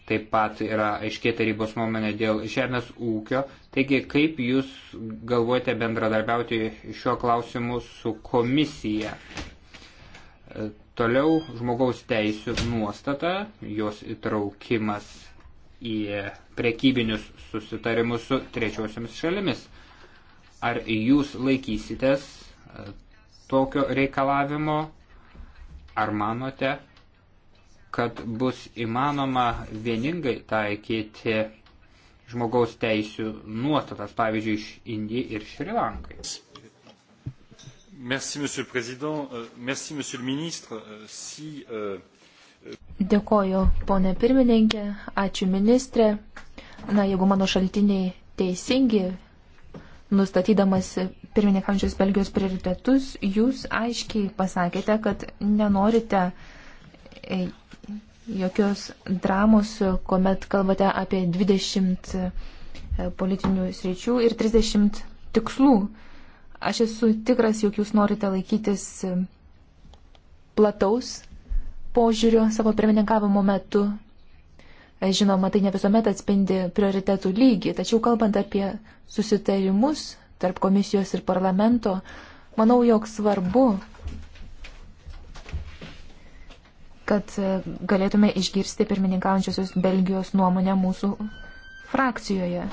taip pat yra aiškiai tarybos nuomonė dėl žemės ūkio. Taigi, kaip jūs galvojate bendradarbiauti šiuo klausimu su komisija? Toliau žmogaus teisų nuostata, jos įtraukimas į prekybinius susitarimus su trečiosiamis šalimis. Ar jūs laikysitės e, tokio reikalavimo, ar manote, kad bus įmanoma vieningai taikyti žmogaus teisų nuostatas, pavyzdžiui, iš Indijai ir Šrilankai? Merci, Monsieur le Président. Euh, merci, Monsieur le Ministre. Euh, si, uh... Dėkoju, ponė pirmininkė. Ačiū, ministrė. Na, jeigu mano šaltiniai teisingi, nustatydamas pirmininkančios Belgijos prioritetus, jūs aiškiai pasakėte, kad nenorite e, jokios dramos, kuomet kalbate apie 20 e, politinių sričių ir 30 tikslų. Aš esu tikras, jog jūs norite laikytis plataus požiūrio savo pirmininkavimo metu. E, žinoma, tai ne visuomet atspindi prioritetų lygį, tačiau kalbant apie susitarimus tarp komisijos ir parlamento, manau, jog svarbu, kad e, galėtume išgirsti pirmininkaujančiosios Belgijos nuomonę mūsų frakcijoje.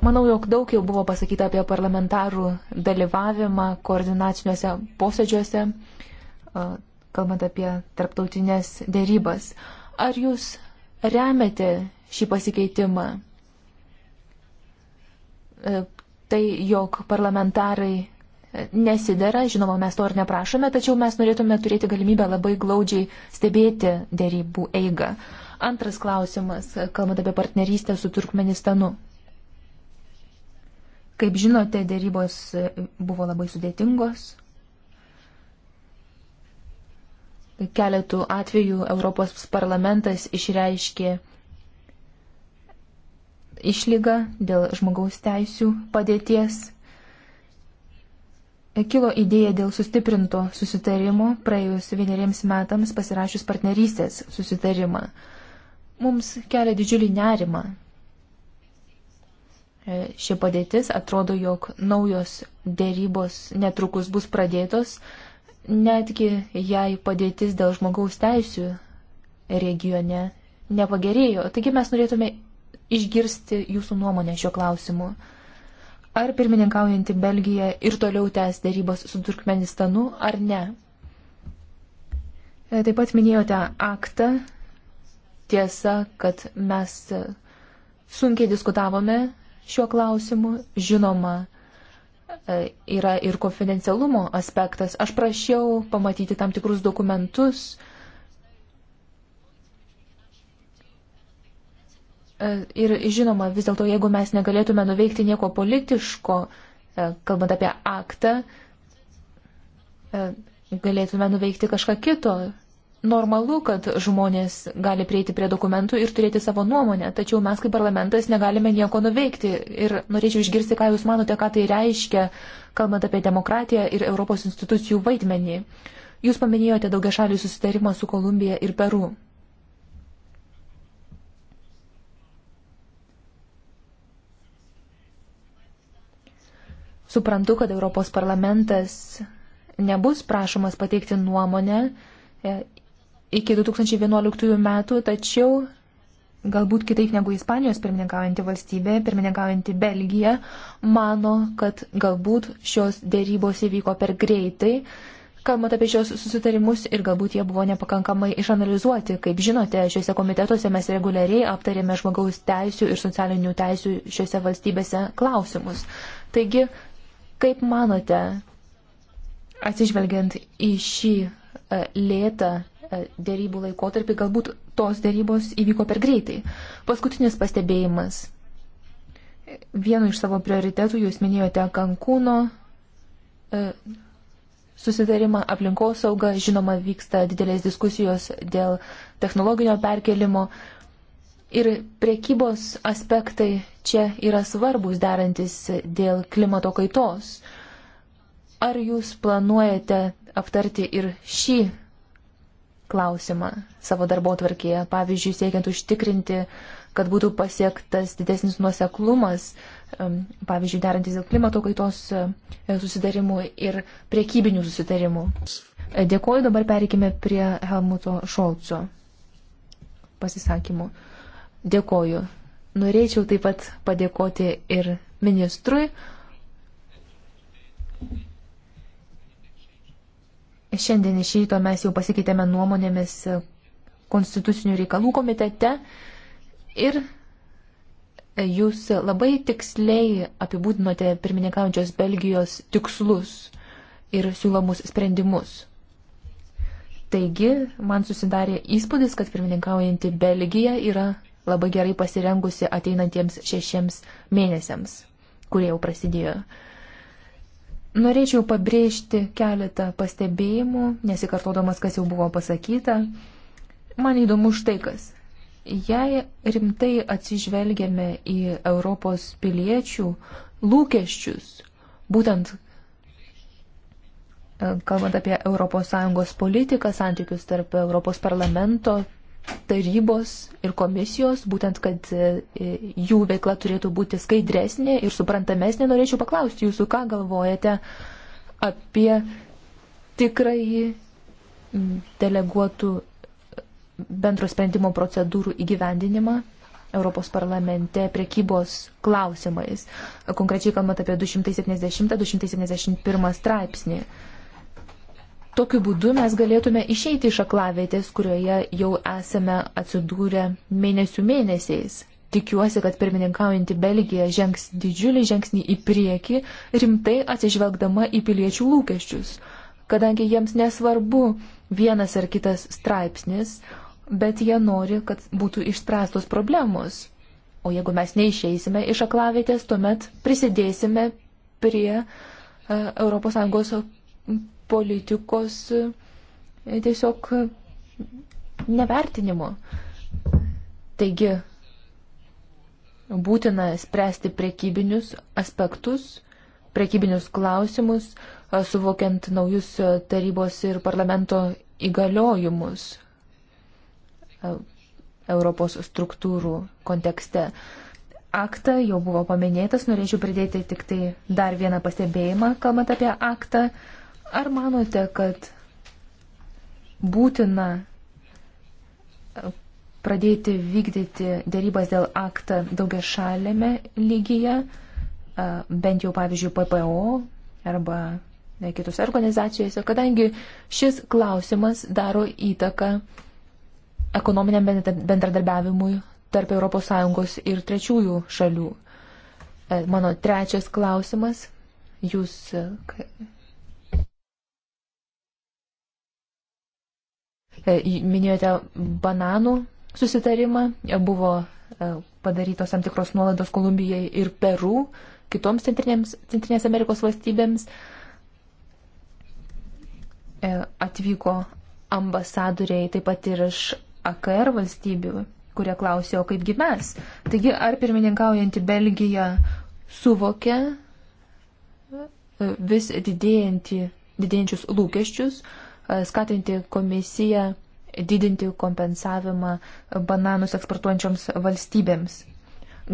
Manau, jog daug jau buvo pasakyta apie parlamentarų dalyvavimą koordinaciniuose posėdžiuose, kalbant apie tarptautinės dėrybas. Ar jūs remiate šį pasikeitimą? E, tai, jog parlamentarai nesidera, žinoma, mes to ir neprašome, tačiau mes norėtume turėti galimybę labai glaudžiai stebėti dėrybų eigą. Antras klausimas, kalbant apie partnerystę su Turkmenistanu. Kaip žinote, dėrybos e, buvo labai sudėtingos. Keletų atvejų Europos parlamentas išreiškė išlygą dėl žmogaus teisių padėties. Kilo idėja dėl sustiprinto susitarimo praėjus vieneriems metams pasirašius partnerystės susitarimą. Mums kelia didžiulį nerimą E, ši padėtis. Atrodo, jog naujos dėrybos netrukus bus pradėtos, netgi jei padėtis dėl žmogaus teisių regione nepagerėjo. Taigi mes norėtume išgirsti jūsų nuomonę šiuo klausimu. Ar pirmininkaujanti Belgija ir toliau tęs dėrybas su Turkmenistanu ar ne? E, taip pat minėjote aktą. Tiesa, kad mes sunkiai diskutavome šiuo klausimu. Žinoma, e, yra ir konfidencialumo aspektas. Aš prašiau pamatyti tam tikrus dokumentus. E, ir žinoma, vis dėlto, jeigu mes negalėtume nuveikti nieko politiško, e, kalbant apie aktą, galėtume nuveikti kažką kito normalu, kad žmonės gali prieiti prie dokumentų ir turėti savo nuomonę, tačiau mes kaip parlamentas negalime nieko nuveikti. Ir norėčiau išgirsti, ką Jūs manote, ką tai reiškia, kalbant apie demokratiją ir Europos institucijų vaidmenį. Jūs paminėjote daugia šalių susitarimą su Kolumbija ir Peru. Suprantu, kad Europos parlamentas nebus prašomas pateikti nuomonę e, iki 2011 metų, tačiau galbūt kitaip negu Ispanijos pirmininkaujanti valstybė, pirmininkaujanti Belgija, mano, kad galbūt šios dėrybos įvyko per greitai. Kalbant apie šios susitarimus ir galbūt jie buvo nepakankamai išanalizuoti, kaip žinote, šiuose komitetuose mes reguliariai aptarėme žmogaus teisų ir socialinių teisų šiuose valstybėse klausimus. Taigi, kaip manote, atsižvelgiant į šį e, lėtą E, dėrybų laikotarpį, galbūt tos dėrybos įvyko per greitai. Paskutinis pastebėjimas. Vienu iš savo prioritetų jūs minėjote Kankūno e, susitarimą aplinkosaugą, žinoma, vyksta didelės diskusijos dėl technologinio perkelimo ir priekybos aspektai čia yra svarbus derantis dėl klimato kaitos. Ar jūs planuojate aptarti ir šį klausimą savo darbo tvarkėje, pavyzdžiui, siekiant užtikrinti, kad būtų pasiektas didesnis nuoseklumas, pavyzdžiui, derantis dėl klimato kaitos e, susitarimų ir priekybinių susitarimų. E, Dėkuoju, dabar pereikime prie Helmuto Šolco pasisakymų. Dėkuoju. Norėčiau taip pat padėkoti ir ministrui Šiandien iš ryto mes jau pasikeitėme nuomonėmis konstitucinių reikalų komitete ir jūs labai tiksliai apibūdinote pirmininkaujančios Belgijos tikslus ir siūlomus sprendimus. Taigi, man susidarė įspūdis, kad pirmininkaujanti Belgija yra labai gerai pasirengusi ateinantiems šešiems mėnesiams, kurie jau prasidėjo. Uh, Norėčiau pabrėžti keletą pastebėjimų, nesikartodamas, kas jau buvo pasakyta. Man įdomu štai kas. Jei rimtai atsižvelgiame į Europos piliečių lūkesčius, būtent e, kalbant apie ES politiką, santykius tarp ES parlamento, tarybos ir komisijos, būtent, kad e, jų veikla turėtų būti skaidresnė ir suprantamesnė, norėčiau paklausti jūsų, ką galvojate apie tikrąjį deleguotų bendro sprendimo procedūrų įgyvendinimą Europos parlamente prekybos klausimais, konkrečiai kalbant apie 270-271 straipsnį. Tokiu būdu mes galėtume išeiti iš aklavietės, kurioje jau esame atsidūrę mėnesių mėnesiais. Tikiuosi, kad pirmininkaujanti Belgija žengs didžiulį žingsnį į priekį, rimtai atsižvelgdama į piliečių lūkesčius, kadangi jiems nesvarbu vienas ar kitas straipsnis, bet jie nori, kad būtų išspręstos problemos. O jeigu mes neišeisime iš aklavietės, tuomet prisidėsime prie uh, e, ES politikos e, tiesiog nevertinimo. Taigi, būtina spręsti prekybinius aspektus, prekybinius klausimus, e, suvokiant naujus tarybos ir parlamento įgaliojimus e, Europos struktūrų kontekste. Aktą jau buvo paminėtas, norėčiau pridėti tik tai dar vieną pastebėjimą, kalbant apie aktą. Ar manote, kad būtina e, pradėti vykdyti dėrybas dėl aktą daugia šalėme lygyje, e, bent jau pavyzdžiui PPO arba kitose organizacijose, kadangi šis klausimas daro įtaką ekonominiam bendradarbiavimui tarp ES ir trečiųjų šalių. E, mano trečias klausimas. Jūs E, minėjote bananų susitarimą, e, buvo e, padarytos tam tikros nuolaidos Kolumbijai ir Peru, kitoms Centrinės Amerikos valstybėms. Atvyko ambasadoriai taip pat ir iš AKR valstybių, kurie klausė, o kaipgi mes. Taigi, ar pirmininkaujantį Belgiją suvokia vis didėjantį, didėjančius lūkesčius, E, skatinti komisiją didinti kompensavimą bananus eksportuojančioms valstybėms.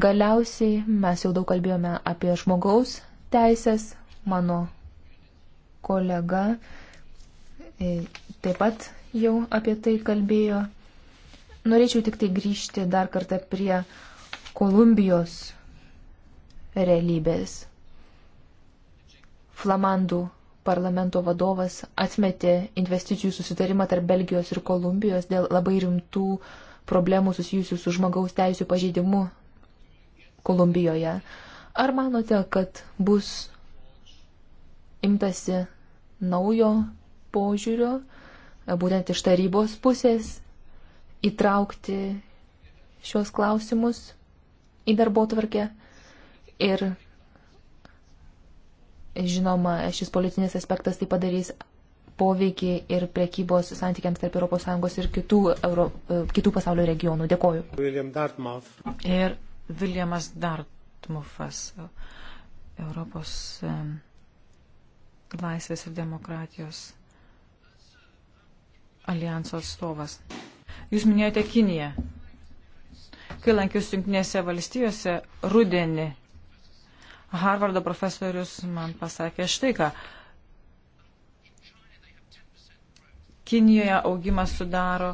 Galiausiai mes jau daug kalbėjome apie žmogaus teisės, mano kolega e, taip pat jau apie tai kalbėjo. Norėčiau tik tai grįžti dar kartą prie Kolumbijos realybės. Flamandų parlamento vadovas atmetė investicijų susitarimą tarp Belgijos ir Kolumbijos dėl labai rimtų problemų susijusių su žmogaus teisų pažeidimu Kolumbijoje. Ar manote, kad bus imtasi naujo požiūrio, būtent iš tarybos pusės, įtraukti šios klausimus į darbo tvarkę ir Žinoma, šis politinis aspektas tai padarys poveikį ir prekybos santykiams tarp ES ir kitų, Euro, e, kitų pasaulio regionų. Dėkoju. William Dartmouth. Ir Viljamas Dartmouthas, Europos e, laisvės ir demokratijos alijanso atstovas. Jūs minėjote Kiniją. Kai lankiausi Junktinėse valstijose rudenį, Harvardo profesorius man pasakė štai ką. Kinijoje augimas sudaro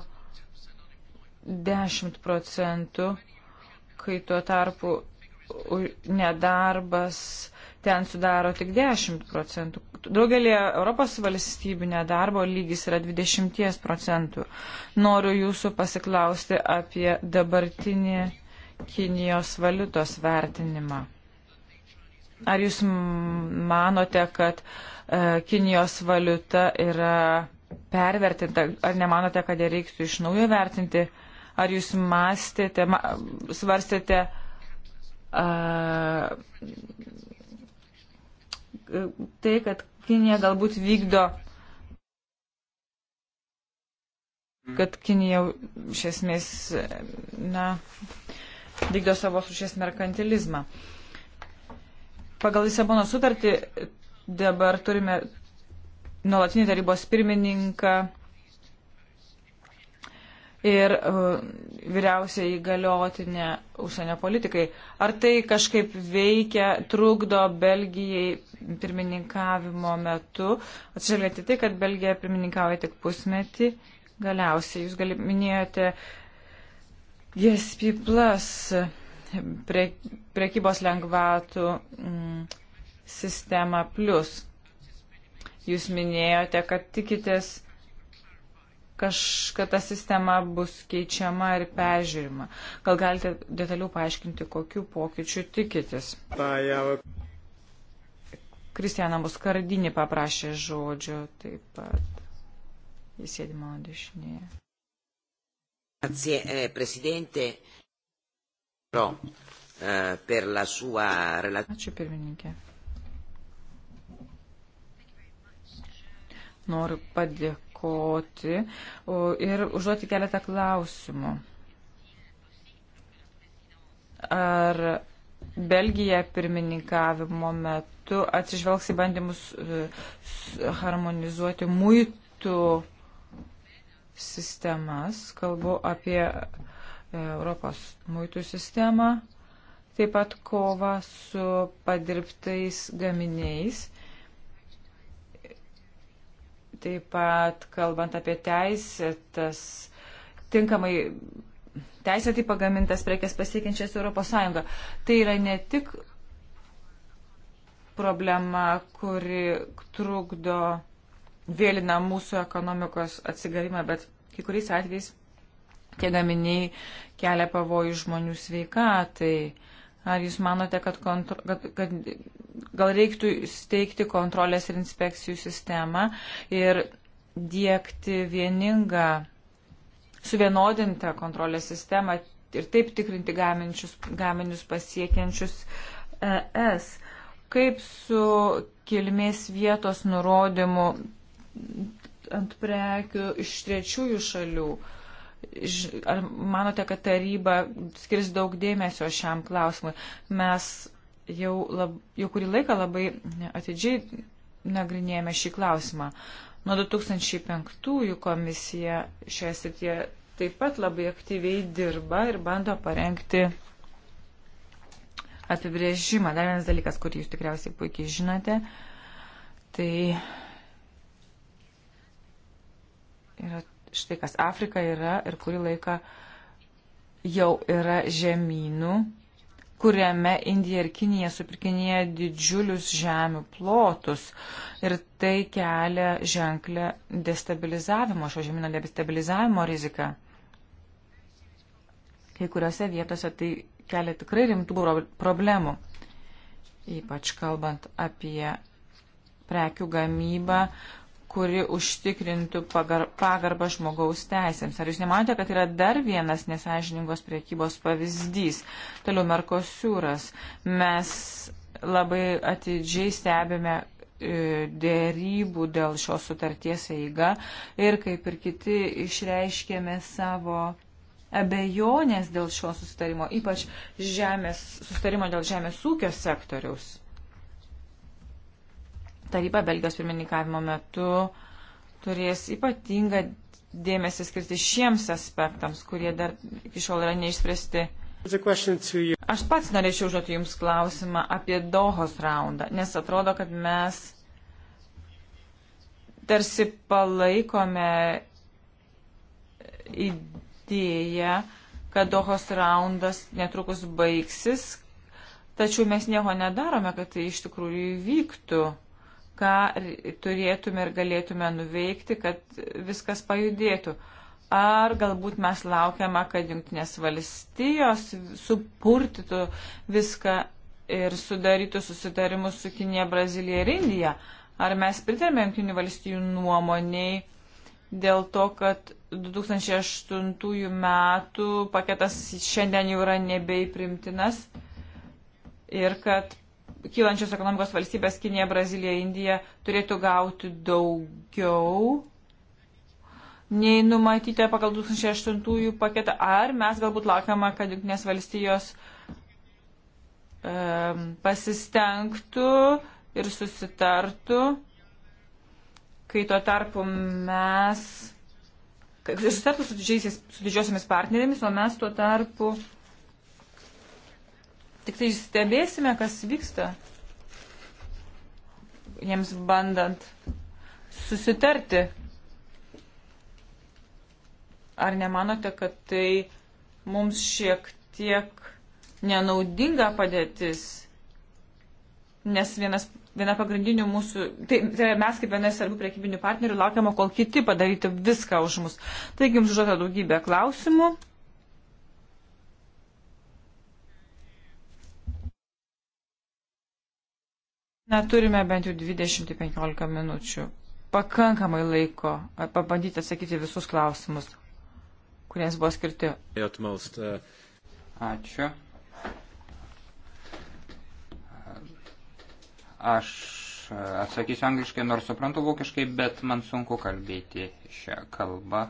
10 procentų, kai tuo tarpu nedarbas ten sudaro tik 10 procentų. Daugelį Europos valstybių nedarbo lygis yra 20 procentų. Noriu jūsų pasiklausti apie dabartinį Kinijos valiutos vertinimą. Ar jūs manote, kad e, Kinijos valiuta yra pervertinta? Ar nemanote, kad ją reiktų iš naujo vertinti? Ar jūs mąstėte, ma, svarstėte, a, tai, kad Kinija galbūt vykdo, kad Kinija iš esmės, na, vykdo savo sušės merkantilizmą. Uh, Pagal Lisabono sutartį dabar turime nuolatinį tarybos pirmininką ir uh, vyriausiai įgaliotinė užsienio politikai. Ar tai kažkaip veikia, trukdo Belgijai pirmininkavimo metu, atsižvelgiant į tai, kad Belgija pirmininkauja tik pusmetį, galiausiai jūs gali, minėjote GSP Plus pre, prekybos lengvatų mm, sistemą plus. Jūs minėjote, kad tikitės, kaž, kad ta sistema bus keičiama ir peržiūrima. Gal galite detaliau paaiškinti, kokiu pokyčiu tikitės? Kristijana Muskardinį paprašė žodžio taip pat. Jis sėdi mano dešinėje. Grazie, eh, Presidente. Pro, eh, per la sua relazione. Ačiū pirmininkė. Noriu padėkoti ir užduoti keletą klausimų. Ar Belgija pirmininkavimo metu atsižvelgs į bandymus e, harmonizuoti muitų sistemas, kalbu apie Europos muitų sistemą, taip pat kova su padirbtais gaminiais, taip pat kalbant apie teisėtas, tinkamai teisėtai pagamintas prekes pasiekiančias ES. Tai yra ne tik problema, kuri trukdo vėlina mūsų ekonomikos atsigavimą, bet kai kuriais atvejais tie gaminiai kelia pavojų žmonių sveikatai. Ar jūs manote, kad, kontro, kad, kad gal reiktų steigti kontrolės ir inspekcijų sistemą ir dėkti vieningą, suvienodintą kontrolės sistemą ir taip tikrinti gaminčius, gaminius pasiekiančius e, ES? Kaip su kilmės vietos nurodymu ant prekių iš trečiųjų šalių? Uh, Ar manote, kad taryba skirs daug dėmesio šiam klausimui? Mes jau, lab, jau kurį laiką labai atidžiai nagrinėjame šį klausimą. Nuo 2005 komisija šioje srityje taip pat labai aktyviai dirba ir bando parengti apibrėžimą. Dar vienas dalykas, kurį jūs tikriausiai puikiai žinote, tai yra štai kas Afrika yra ir kurį laiką jau yra žemynų, kuriame Indija ir Kinija supirkinėja didžiulius žemių plotus ir tai kelia ženklę destabilizavimo, šio žemyno destabilizavimo riziką. Kai kuriuose vietose tai kelia tikrai rimtų problemų, ypač kalbant apie prekių gamybą, kuri užtikrintų pagar, pagarbą žmogaus teisėms. Ar jūs nemanote, kad yra dar vienas nesažiningos priekybos pavyzdys? Toliau Merkosiūras. Mes labai atidžiai stebime e, dėrybų dėl šios sutarties eiga ir kaip ir kiti išreiškėme savo abejonės dėl šio sustarimo, ypač žemės, sustarimo dėl žemės ūkio sektoriaus taryba Belgijos pirmininkavimo metu turės ypatingą dėmesį skirti šiems aspektams, kurie dar iki šiol yra neišspręsti. Aš pats norėčiau užduoti Jums klausimą apie Dohos raundą, nes atrodo, kad mes tarsi palaikome idėją, kad Dohos raundas netrukus baigsis, tačiau mes nieko nedarome, kad tai iš tikrųjų vyktų ką turėtume ir galėtume nuveikti, kad viskas pajudėtų. Ar galbūt mes laukiame, kad jungtinės valstijos supurtytų viską ir sudarytų susitarimus su Kinė, Brazilija ir Indija? Ar mes pritarėme jungtinių valstijų nuomoniai dėl to, kad 2008 metų paketas šiandien jau yra nebeiprimtinas ir kad kylančios ekonomikos valstybės Kinija, Brazilija, Indija turėtų gauti daugiau nei numatyta pagal 2008 paketą, ar mes galbūt laukiama, kad Junktinės valstijos um, pasistengtų ir susitartų, kai tuo tarpu mes susitartų su, didžiais, su didžiosiamis partnerėmis, o mes tuo tarpu Tik tai stebėsime, kas vyksta jiems bandant susitarti. Ar nemanote, kad tai mums šiek tiek nenaudinga padėtis? Nes vienas, viena pagrindinių mūsų, tai, tai mes kaip viena svarbių priekybinių partnerių laukiamo, kol kiti padarytų viską už mus. Taigi jums žodė daugybė klausimų. Na, turime bent jau 20-15 minučių. Pakankamai laiko pabandyti atsakyti visus klausimus, kuriems buvo skirti. Uh, Ačiū. Aš atsakysiu angliškai, nors suprantu vokiškai, bet man sunku kalbėti šią kalbą.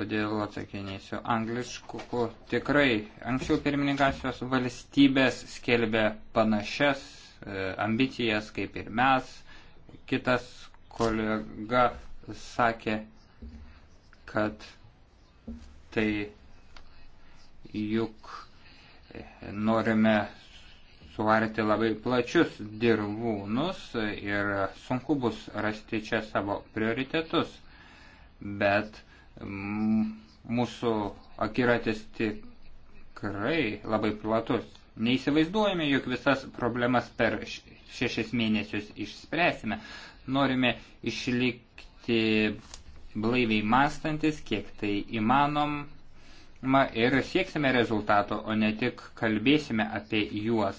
Todėl atsakinėsiu angliškų. Tikrai anksčiau pirmininkasios valstybės skelbė panašias E, ambicijas, kaip ir mes. Kitas kolega sakė, kad tai juk norime suvarti labai plačius dirvūnus ir sunku bus rasti čia savo prioritetus, bet mūsų akiratis tikrai labai platus Neįsivaizduojame, jog visas problemas per šešias mėnesius išspręsime. Norime išlikti blaiviai mąstantis, kiek tai įmanoma ir sieksime rezultato, o ne tik kalbėsime apie juos.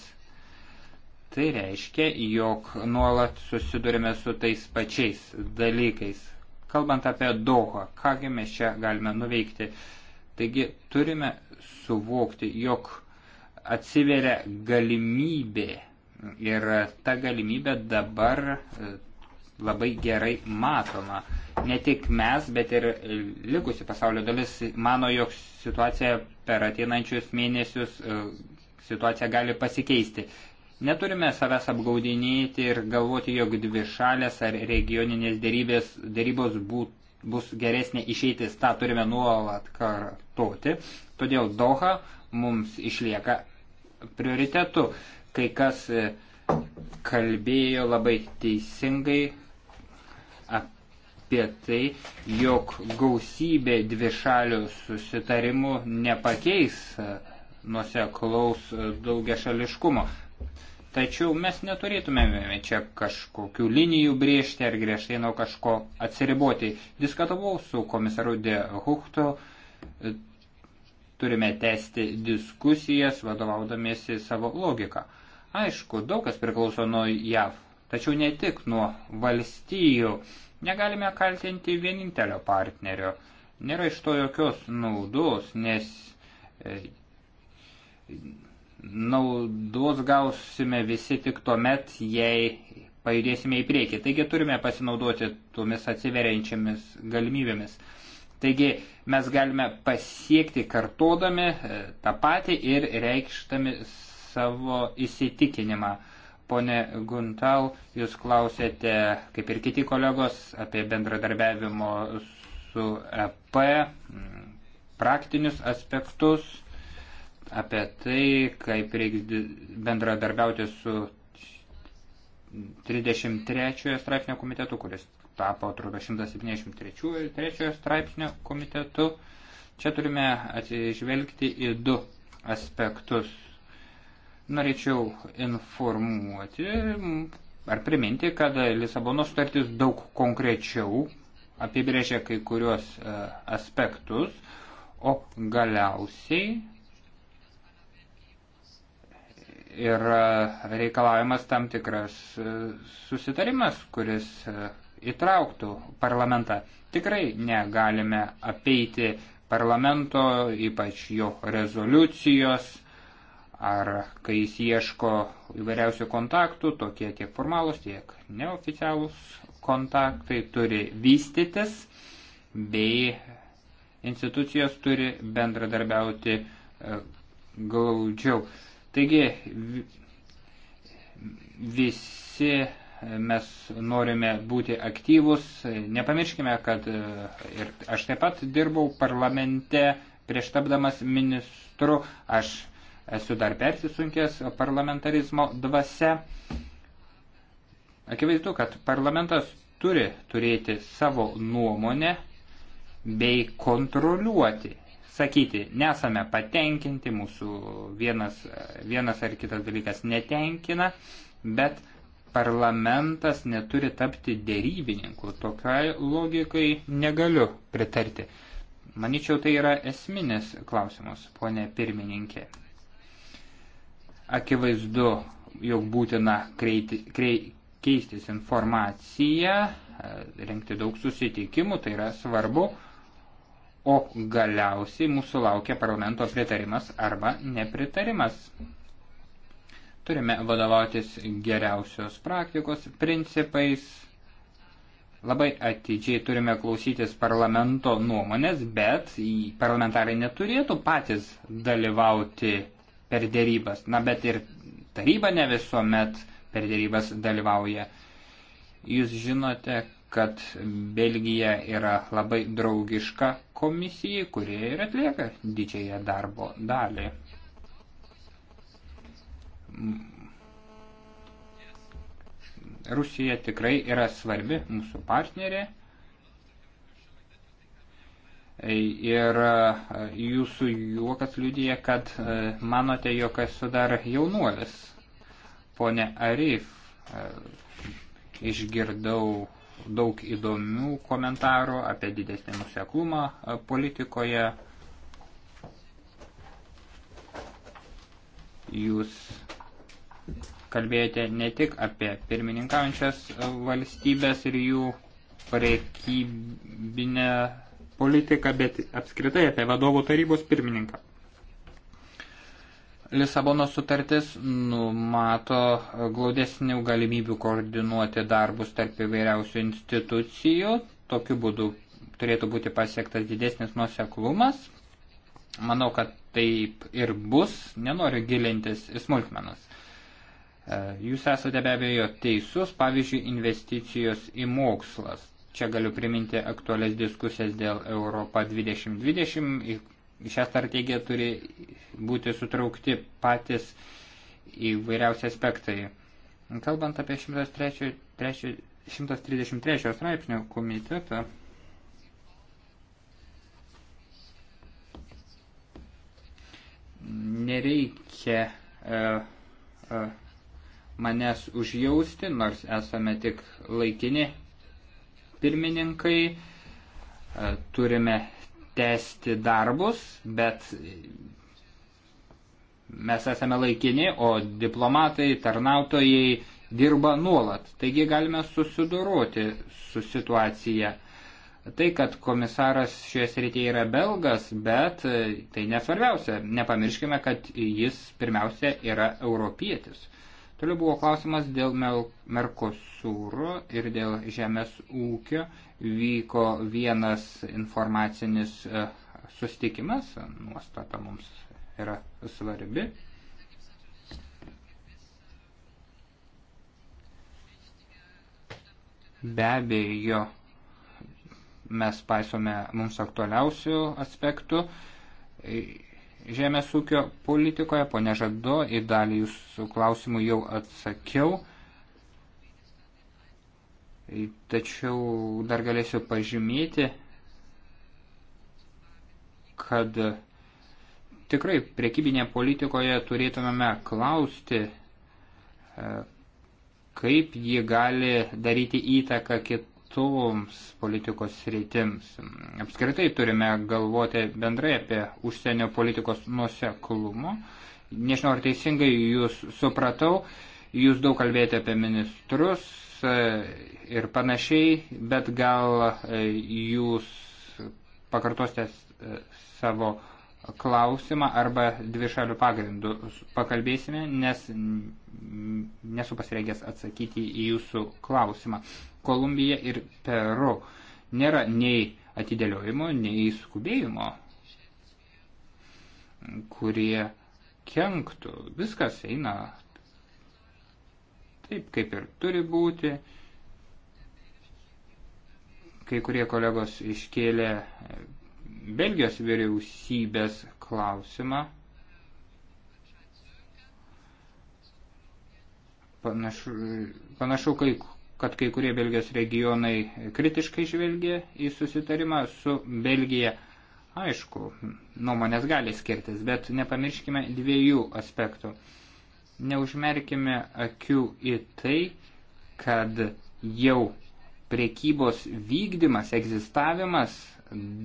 Tai reiškia, jog nuolat susidurime su tais pačiais dalykais. Kalbant apie Doha, kągi mes čia galime nuveikti. Taigi turime suvokti, jog atsiveria galimybė ir ta galimybė dabar e, labai gerai matoma. Ne tik mes, bet ir likusi pasaulio dalis mano, jog situacija per ateinančius mėnesius e, situacija gali pasikeisti. Neturime savęs apgaudinėti ir galvoti, jog dvi šalės ar regioninės dėrybės, dėrybos būt, bus geresnė išeitis. Ta turime nuolat kartoti. Todėl Doha mums išlieka prioritetų. Kai kas e, kalbėjo labai teisingai apie tai, jog gausybė dvišalių susitarimų nepakeis e, nuseklaus e, daugia šališkumo. Tačiau mes neturėtumėme čia kažkokių linijų briežti ar griežtai nuo kažko atsiriboti. Diskutavau su komisaru De Huchto, turime tęsti diskusijas, vadovaudomėsi savo logiką. Aišku, daug kas priklauso nuo JAV, tačiau ne tik nuo valstijų. Negalime kaltinti vienintelio partnerio. Nėra iš to jokios naudos, nes e, naudos gausime visi tik tuo met, jei pajudėsime į priekį. Taigi turime pasinaudoti tomis atsiveriančiamis galimybėmis. Taigi mes galime pasiekti kartodami e, tą patį ir reikštami savo įsitikinimą. Pone Guntal, jūs klausėte, kaip ir kiti kolegos, apie bendradarbiavimo su EP praktinius aspektus, apie tai, kaip reikia bendradarbiauti su 33 straipsnio komitetu, kuris tapo atrodo 173 straipsnio komitetu. Čia turime atsižvelgti į du aspektus. Norėčiau informuoti ar priminti, kad Lisabono sutartis daug konkrečiau apibrėžia kai kuriuos e, aspektus, o galiausiai yra reikalavimas tam tikras e, susitarimas, kuris e, įtrauktų parlamentą. Tikrai negalime apeiti parlamento, ypač jo rezoliucijos, ar kai jis ieško įvairiausių kontaktų, tokie tiek formalūs, tiek neoficialūs kontaktai turi vystytis, bei institucijos turi bendradarbiauti e, glaudžiau. Taigi visi mes norime būti aktyvus. Nepamirškime, kad e, ir aš taip pat dirbau parlamente prieš tapdamas ministru. Aš esu dar persisunkęs parlamentarizmo dvasia. Akivaizdu, kad parlamentas turi turėti savo nuomonę bei kontroliuoti. Sakyti, nesame patenkinti, mūsų vienas, vienas ar kitas dalykas netenkina, bet parlamentas neturi tapti dėrybininku. Tokiai logikai negaliu pritarti. Maničiau, tai yra esminis klausimas, ponė pirmininkė. Akivaizdu, jog būtina kreiti, krei, keistis informaciją, rengti daug susitikimų, tai yra svarbu, o galiausiai mūsų laukia parlamento pritarimas arba nepritarimas. Turime vadovautis geriausios praktikos principais. Labai atidžiai turime klausytis parlamento nuomonės, bet parlamentarai neturėtų patys dalyvauti per dėrybas. Na, bet ir taryba ne visuomet per dėrybas dalyvauja. Jūs žinote, kad Belgija yra labai draugiška komisijai, kurie ir atlieka didžiąją darbo dalį. Rusija tikrai yra svarbi mūsų partnerė. Ir jūsų juokas liudija, kad e, manote, jog esu dar jaunuolis. Pone Arif, e, išgirdau daug įdomių komentarų apie didesnį nuseklumą e, politikoje. Jūs kalbėjote ne tik apie pirmininkaujančias valstybės ir jų prekybinę politiką, bet apskritai apie vadovų tarybos pirmininką. Lisabono sutartis numato glaudesnių galimybių koordinuoti darbus tarp įvairiausių institucijų. Tokiu būdu turėtų būti pasiektas didesnis nuoseklumas. Manau, kad taip ir bus. Nenoriu gilintis į smulkmenas. E, jūs esate be abejo teisus, pavyzdžiui, investicijos į mokslas. Čia galiu priminti aktualias diskusijas dėl Europa 2020. Į šią strategiją turi būti sutraukti patys įvairiausi aspektai. Kalbant apie 103, 3, 133 straipsnio komitetą, nereikia uh, uh, manęs užjausti, nors esame tik laikini pirmininkai, e, turime tęsti darbus, bet mes esame laikini, o diplomatai, tarnautojai dirba nuolat. Taigi galime susidoroti su situacija. Tai, kad komisaras šioje srityje yra belgas, bet e, tai nesvarbiausia. Nepamirškime, kad jis pirmiausia yra europietis. Toliau buvo klausimas dėl Merkosūro ir dėl žemės ūkio. Vyko vienas informacinis e, sustikimas, nuostata mums yra svarbi. Be abejo, mes paisome mums aktualiausių aspektų žemės ūkio politikoje. Pone Žado, į dalį jūsų klausimų jau atsakiau. Tačiau dar galėsiu pažymėti, kad tikrai priekybinėje politikoje turėtumėme klausti, e, kaip ji gali daryti įtaką kit, kitoms politikos sritims. Apskritai turime galvoti bendrai apie užsienio politikos nuoseklumą. Nežinau, ar teisingai jūs supratau, jūs daug kalbėjote apie ministrus e, ir panašiai, bet gal e, jūs pakartosite e, savo klausimą arba dvišalių pagrindų pakalbėsime, nes nesu pasirengęs atsakyti į jūsų klausimą. Kolumbija ir Peru. Nėra nei atidėliojimo, nei skubėjimo, kurie kenktų. Viskas eina taip, kaip ir turi būti. Kai kurie kolegos iškėlė Belgijos vyriausybės klausimą. Panašu, panašu kai kad kai kurie Belgijos regionai kritiškai žvelgia į susitarimą su Belgija. Aišku, nuomonės gali skirtis, bet nepamirškime dviejų aspektų. Neužmerkime akių į tai, kad jau priekybos vykdymas, egzistavimas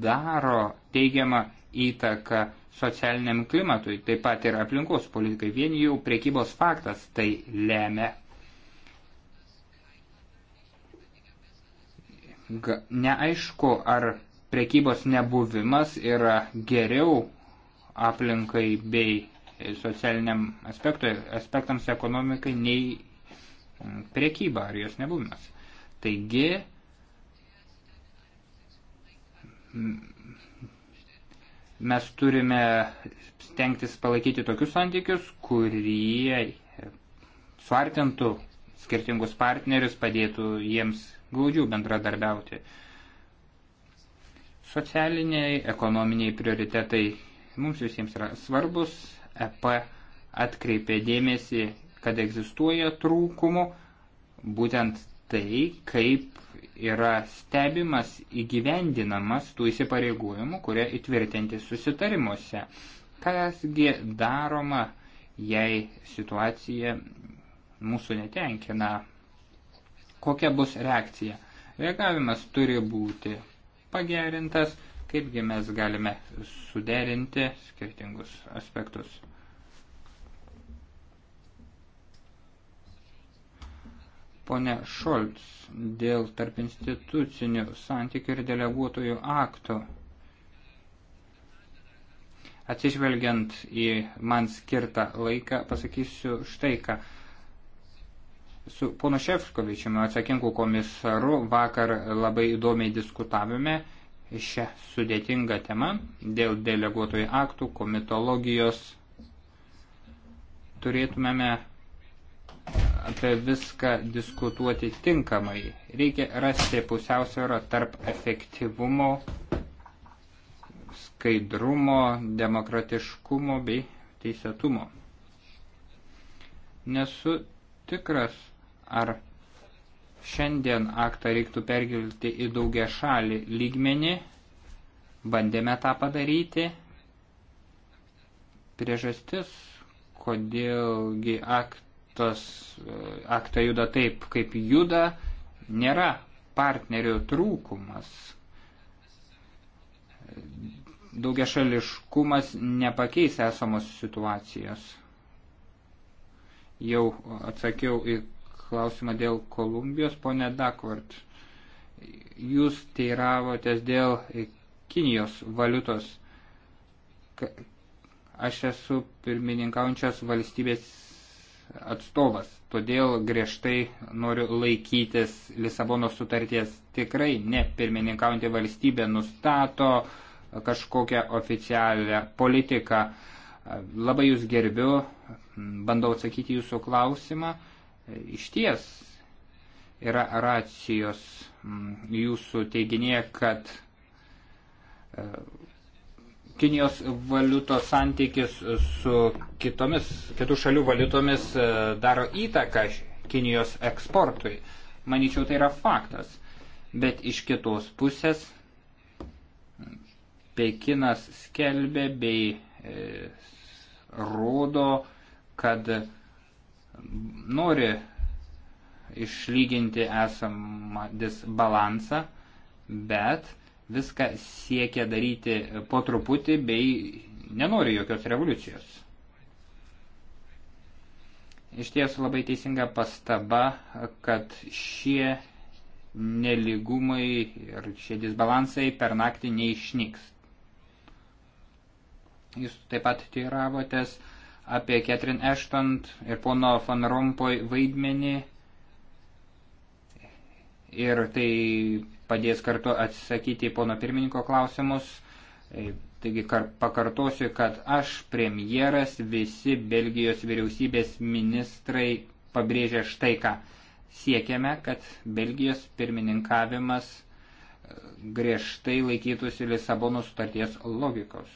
daro teigiamą įtaką socialiniam klimatui, taip pat ir aplinkos politikai. Vien jau priekybos faktas tai lemia neaišku, ar prekybos nebuvimas yra geriau aplinkai bei socialiniam aspektui, aspektams ekonomikai nei mm, prekyba ar jos nebuvimas. Taigi, mm, mes turime stengtis palaikyti tokius santykius, kurie suartintų skirtingus partnerius, padėtų jiems glaudžiau bendradarbiauti. Socialiniai, ekonominiai prioritetai mums visiems yra svarbus. EP atkreipė dėmesį, kad egzistuoja trūkumų, būtent tai, kaip yra stebimas įgyvendinamas tų įsipareigojimų, kurie įtvirtinti susitarimuose. Kasgi daroma, jei situacija mūsų netenkina kokia bus reakcija. Reagavimas turi būti pagerintas, kaipgi mes galime suderinti skirtingus aspektus. Pone Šolts, dėl tarp institucinių santykių ir deleguotojų aktų. Atsižvelgiant į man skirtą laiką, pasakysiu štai ką. Su pono Šefskovičiumi atsakingu komisaru vakar labai įdomiai diskutavome šią sudėtingą temą dėl deleguotojų aktų, komitologijos. Turėtumėme apie viską diskutuoti tinkamai. Reikia rasti pusiausvyrą tarp efektyvumo, skaidrumo, demokratiškumo bei teisėtumo. Nesu tikras, ar šiandien aktą reiktų perkelti į daugia šalį lygmenį. Bandėme tą padaryti. Priežastis, kodėlgi aktas, aktą juda taip, kaip juda, nėra partnerio trūkumas. Daugia šališkumas nepakeis esamos situacijos. Jau atsakiau į klausimą dėl Kolumbijos. Pone Dakvart, jūs teiravotės dėl Kinijos valiutos. Aš esu pirmininkaujančios valstybės atstovas, todėl griežtai noriu laikytis Lisabono sutarties. Tikrai ne pirmininkaujantį valstybę nustato kažkokią oficialią politiką. Labai jūs gerbiu, bandau atsakyti jūsų klausimą iš ties yra racijos mm, jūsų teiginėje, kad e, Kinijos valiutos santykis su kitomis, kitų šalių valiutomis e, daro įtaką Kinijos eksportui. Maničiau, tai yra faktas. Bet iš kitos pusės Pekinas skelbė bei e, rodo, kad nori išlyginti esamą disbalansą, bet viską siekia daryti po truputį bei nenori jokios revoliucijos. Iš ties labai teisinga pastaba, kad šie neligumai ir šie disbalansai per naktį neišnyks. Jūs taip pat teiravotės, apie Ketrin Ešton ir pono Van Rompoj vaidmenį ir tai padės kartu atsisakyti pono pirmininko klausimus. E, taigi kar, pakartosiu, kad aš premjeras, visi Belgijos vyriausybės ministrai pabrėžia štai ką. Siekiame, kad Belgijos pirmininkavimas e, griežtai laikytųsi Lisabono sutarties logikos.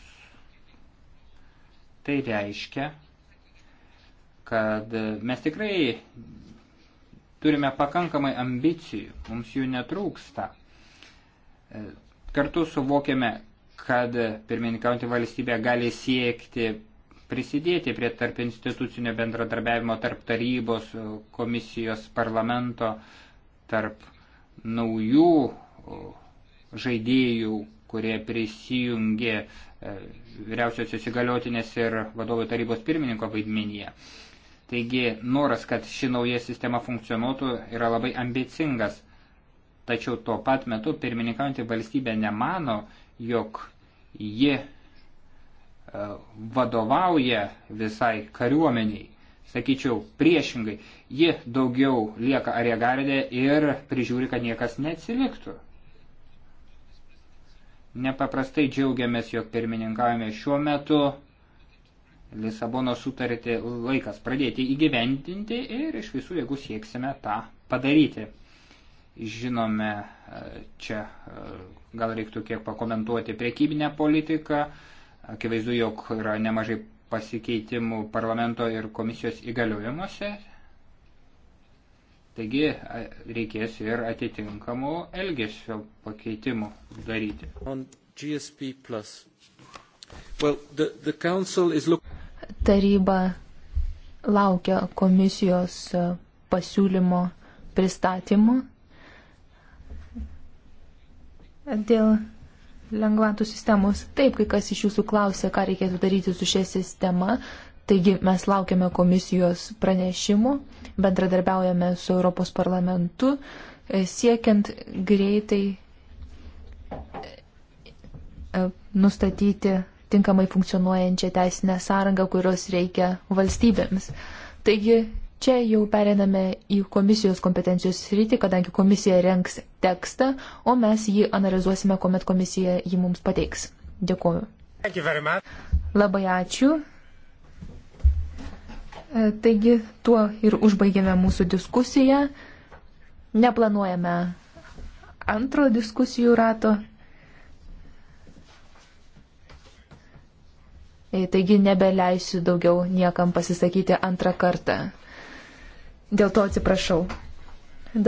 Tai reiškia, kad mes tikrai turime pakankamai ambicijų, mums jų netrūksta. Kartu suvokėme, kad pirmininkaujantį valstybę gali siekti prisidėti prie tarp institucinio bendradarbiavimo tarp tarybos, komisijos, parlamento, tarp naujų žaidėjų, kurie prisijungė vyriausios įsigaliotinės ir vadovų tarybos pirmininko vaidmenyje. Taigi noras, kad ši nauja sistema funkcionuotų, yra labai ambicingas. Tačiau tuo pat metu pirmininkaujantį valstybę nemano, jog ji e, vadovauja visai kariuomeniai. Sakyčiau, priešingai, ji daugiau lieka ariegardė ir prižiūri, kad niekas neatsiliktų. Nepaprastai džiaugiamės, jog pirmininkavome šiuo metu Lisabono sutartį laikas pradėti įgyvendinti ir iš visų jėgų sieksime tą padaryti. Žinome, čia e, gal reiktų kiek pakomentuoti priekybinę politiką. Akivaizdu, jog yra nemažai pasikeitimų parlamento ir komisijos įgaliojimuose. Taigi reikės ir atitinkamų elgesio pakeitimų daryti. Well, the, the look... Taryba laukia komisijos pasiūlymo pristatymo dėl lengvatų sistemos. Taip, kai kas iš jūsų klausė, ką reikėtų daryti su šia sistema, Taigi mes laukiame komisijos pranešimų, bendradarbiaujame su Europos parlamentu, e, siekiant greitai e, nustatyti tinkamai funkcionuojančią teisinę sąrangą, kurios reikia valstybėms. Taigi čia jau periname į komisijos kompetencijos sritį, kadangi komisija renks tekstą, o mes jį analizuosime, kuomet komisija jį mums pateiks. Dėkuoju. Labai ačiū. E, taigi tuo ir užbaigėme mūsų diskusiją. Neplanuojame antro diskusijų rato. E, taigi nebeleisiu daugiau niekam pasisakyti antrą kartą. Dėl to atsiprašau.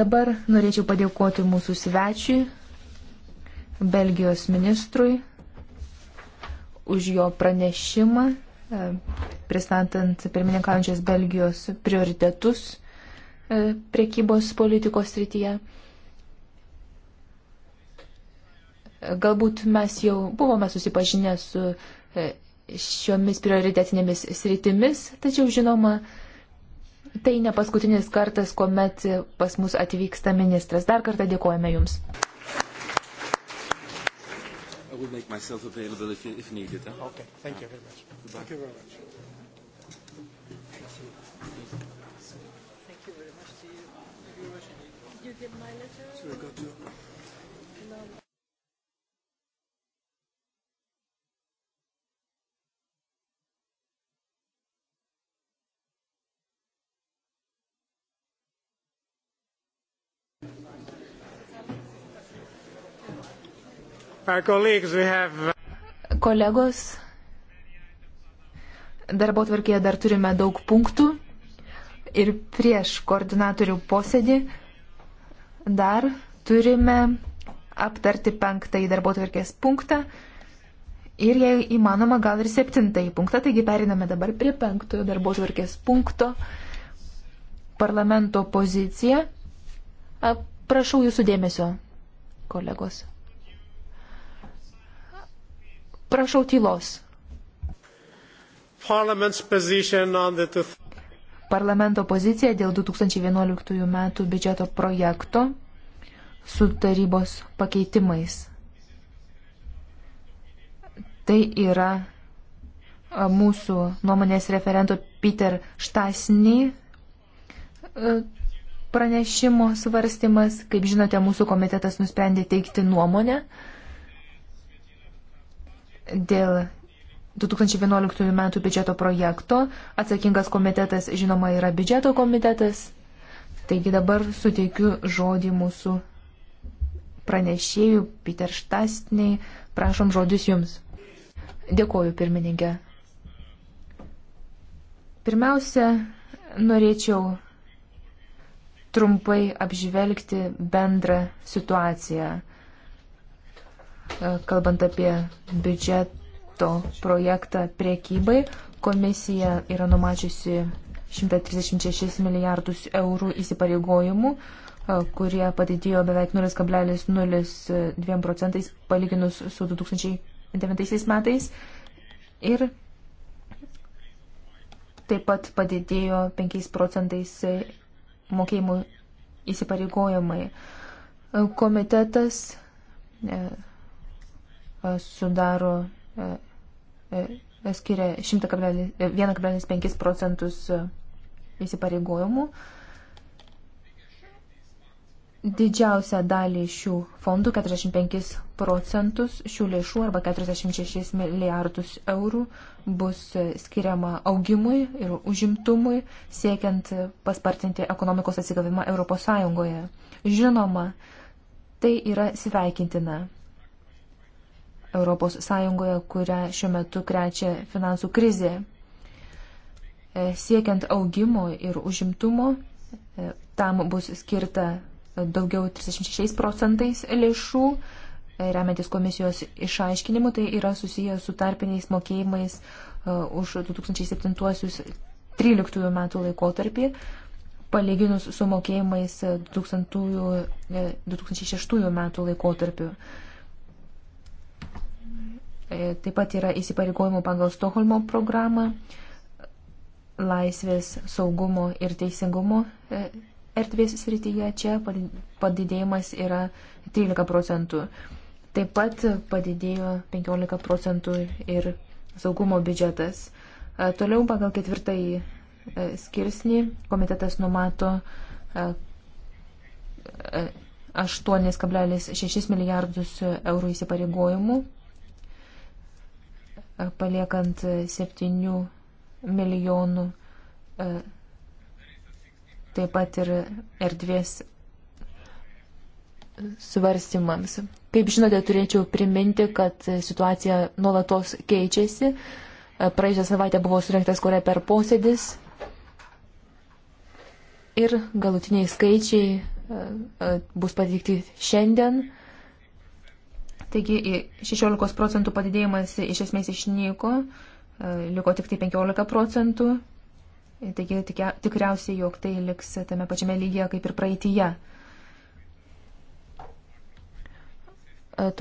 Dabar norėčiau padėkoti mūsų svečiui, Belgijos ministrui, už jo pranešimą. E, pristatant pirmininkaujančios Belgijos prioritetus e, priekybos politikos srityje. Galbūt mes jau buvome susipažinę su e, šiomis prioritetinėmis sritimis, tačiau žinoma, tai ne paskutinis kartas, kuomet pas mus atvyksta ministras. Dar kartą dėkojame Jums. I will make myself available if, if needed. Huh? Okay, thank you very much. Goodbye. Thank you very much. Thank you very much to you. Did you get my letter? Sure, I got you. No. Have... Kolegos, Darbo tvarkėje dar turime daug punktų ir prieš koordinatorių posėdį dar turime aptarti penktąjį darbo tvarkės punktą ir jei įmanoma gal ir septintąjį punktą, taigi periname dabar prie penktojo darbo tvarkės punkto parlamento poziciją. Prašau jūsų dėmesio, kolegos. Prašau tylos. Parlamento pozicija dėl 2011 m. biudžeto projekto su tarybos pakeitimais. Tai yra mūsų nuomonės referento Peter Štasny pranešimo svarstymas. Kaip žinote, mūsų komitetas nusprendė teikti nuomonę dėl 2011 m. biudžeto projekto. Atsakingas komitetas, žinoma, yra biudžeto komitetas. Taigi dabar suteikiu žodį mūsų pranešėjų, Peter Štastiniai. Prašom žodis jums. Dėkoju, pirmininkė. Pirmiausia, norėčiau trumpai apžvelgti bendrą situaciją, kalbant apie biudžetą to projektą priekybai. Komisija yra numačiusi 136 milijardus eurų įsipareigojimų, e, kurie padidėjo beveik 0,02 procentais palyginus su 2009 metais. Ir taip pat padidėjo 5 procentais mokėjimų įsipareigojimai. Komitetas e, e, sudaro E, e, skiria 1,5 e, procentus įsipareigojimų. Didžiausią dalį šių fondų, 45 procentus šių lėšų arba 46 milijardus eurų, bus skiriama augimui ir užimtumui, siekiant paspartinti ekonomikos atsigavimą ES. Žinoma, tai yra sveikintina ES, kurią šiuo metu krečia finansų krizė. E, siekiant augimo ir užimtumo, e, tam bus skirta daugiau 36 procentais lėšų, e, remiantis komisijos išaiškinimu, tai yra susijęs su tarpiniais mokėjimais už 2007-2013 metų laikotarpį, palyginus su mokėjimais 2006 metų laikotarpiu. E, taip pat yra įsipareigojimų pagal Stoholmo programą, laisvės, saugumo ir teisingumo e, erdvės srityje. Čia padidėjimas yra 13 procentų. Taip pat padidėjo 15 procentų ir saugumo biudžetas. E, toliau pagal ketvirtąjį skirsnį komitetas numato 8,6 milijardus eurų įsipareigojimų paliekant 7 milijonų e, taip pat ir erdvės svarstymams. Kaip žinote, turėčiau priminti, kad situacija nuolatos keičiasi. E, praėjusią savaitę buvo surinktas kuria per posėdis ir galutiniai skaičiai e, bus pateikti šiandien. Taigi 16 procentų padidėjimas iš esmės išnyko, e, liko tik tai 15 procentų. Taigi tikriausiai, jog tai liks tame pačiame lygyje kaip ir praeitįje. E,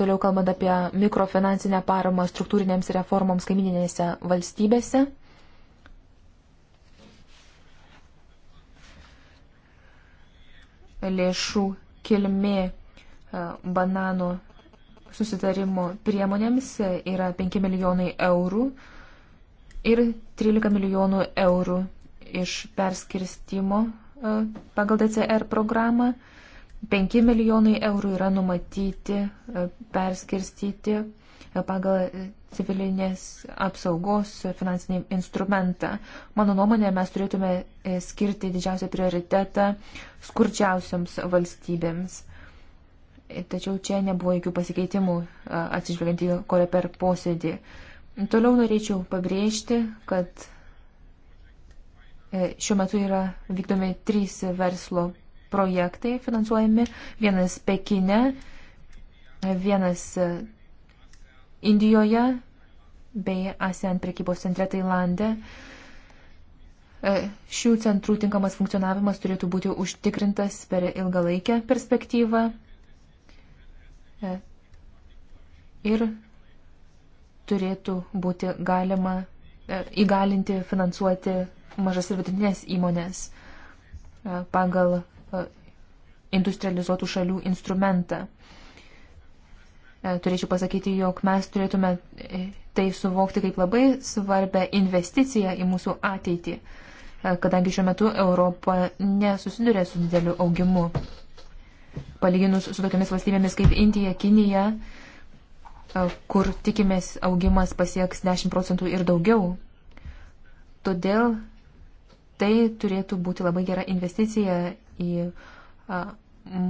toliau kalbant apie mikrofinansinę paramą struktūrinėms reformoms kaimininėse valstybėse. Lėšų kilmė e, bananų susitarimo priemonėms yra 5 milijonai eurų ir 13 milijonų eurų iš perskirstimo e, pagal DCR programą. 5 milijonai eurų yra numatyti e, perskirstyti e, pagal civilinės apsaugos finansinį instrumentą. Mano nuomonė, mes turėtume skirti didžiausią prioritetą skurčiausiams valstybėms tačiau čia nebuvo jokių pasikeitimų atsižvelgiant į korę per posėdį. Toliau norėčiau pabrėžti, kad e, šiuo metu yra vykdomi trys verslo projektai finansuojami. Vienas Pekine, vienas e, Indijoje bei ASEAN prekybos centre Tailandė. E, šių centrų tinkamas funkcionavimas turėtų būti užtikrintas per ilgalaikę perspektyvą ir turėtų būti galima e, įgalinti finansuoti mažas ir vidutinės įmonės e, pagal e, industrializuotų šalių instrumentą. Turėčiau pasakyti, jog mes turėtume tai suvokti kaip labai svarbę investiciją į mūsų ateitį, kadangi šiuo metu Europa nesusiduria su dideliu augimu palyginus su tokiamis valstybėmis kaip Indija, Kinija, e, kur tikimės augimas pasieks 10 procentų ir daugiau. Todėl tai turėtų būti labai gera investicija į e,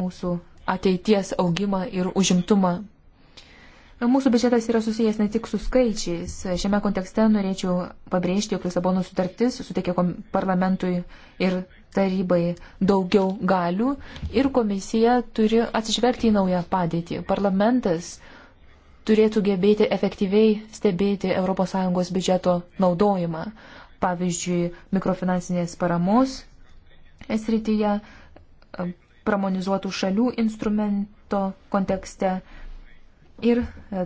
mūsų ateities augimą ir užimtumą. E, mūsų biudžetas yra susijęs ne tik su skaičiais. Šiame kontekste norėčiau pabrėžti, jog Lisabono sutartis suteikė parlamentui ir tarybai daugiau galių ir komisija turi atsižvelgti į naują padėtį. Parlamentas turėtų gebėti efektyviai stebėti ES biudžeto naudojimą, pavyzdžiui, mikrofinansinės paramos esrityje, pramonizuotų šalių instrumento kontekste ir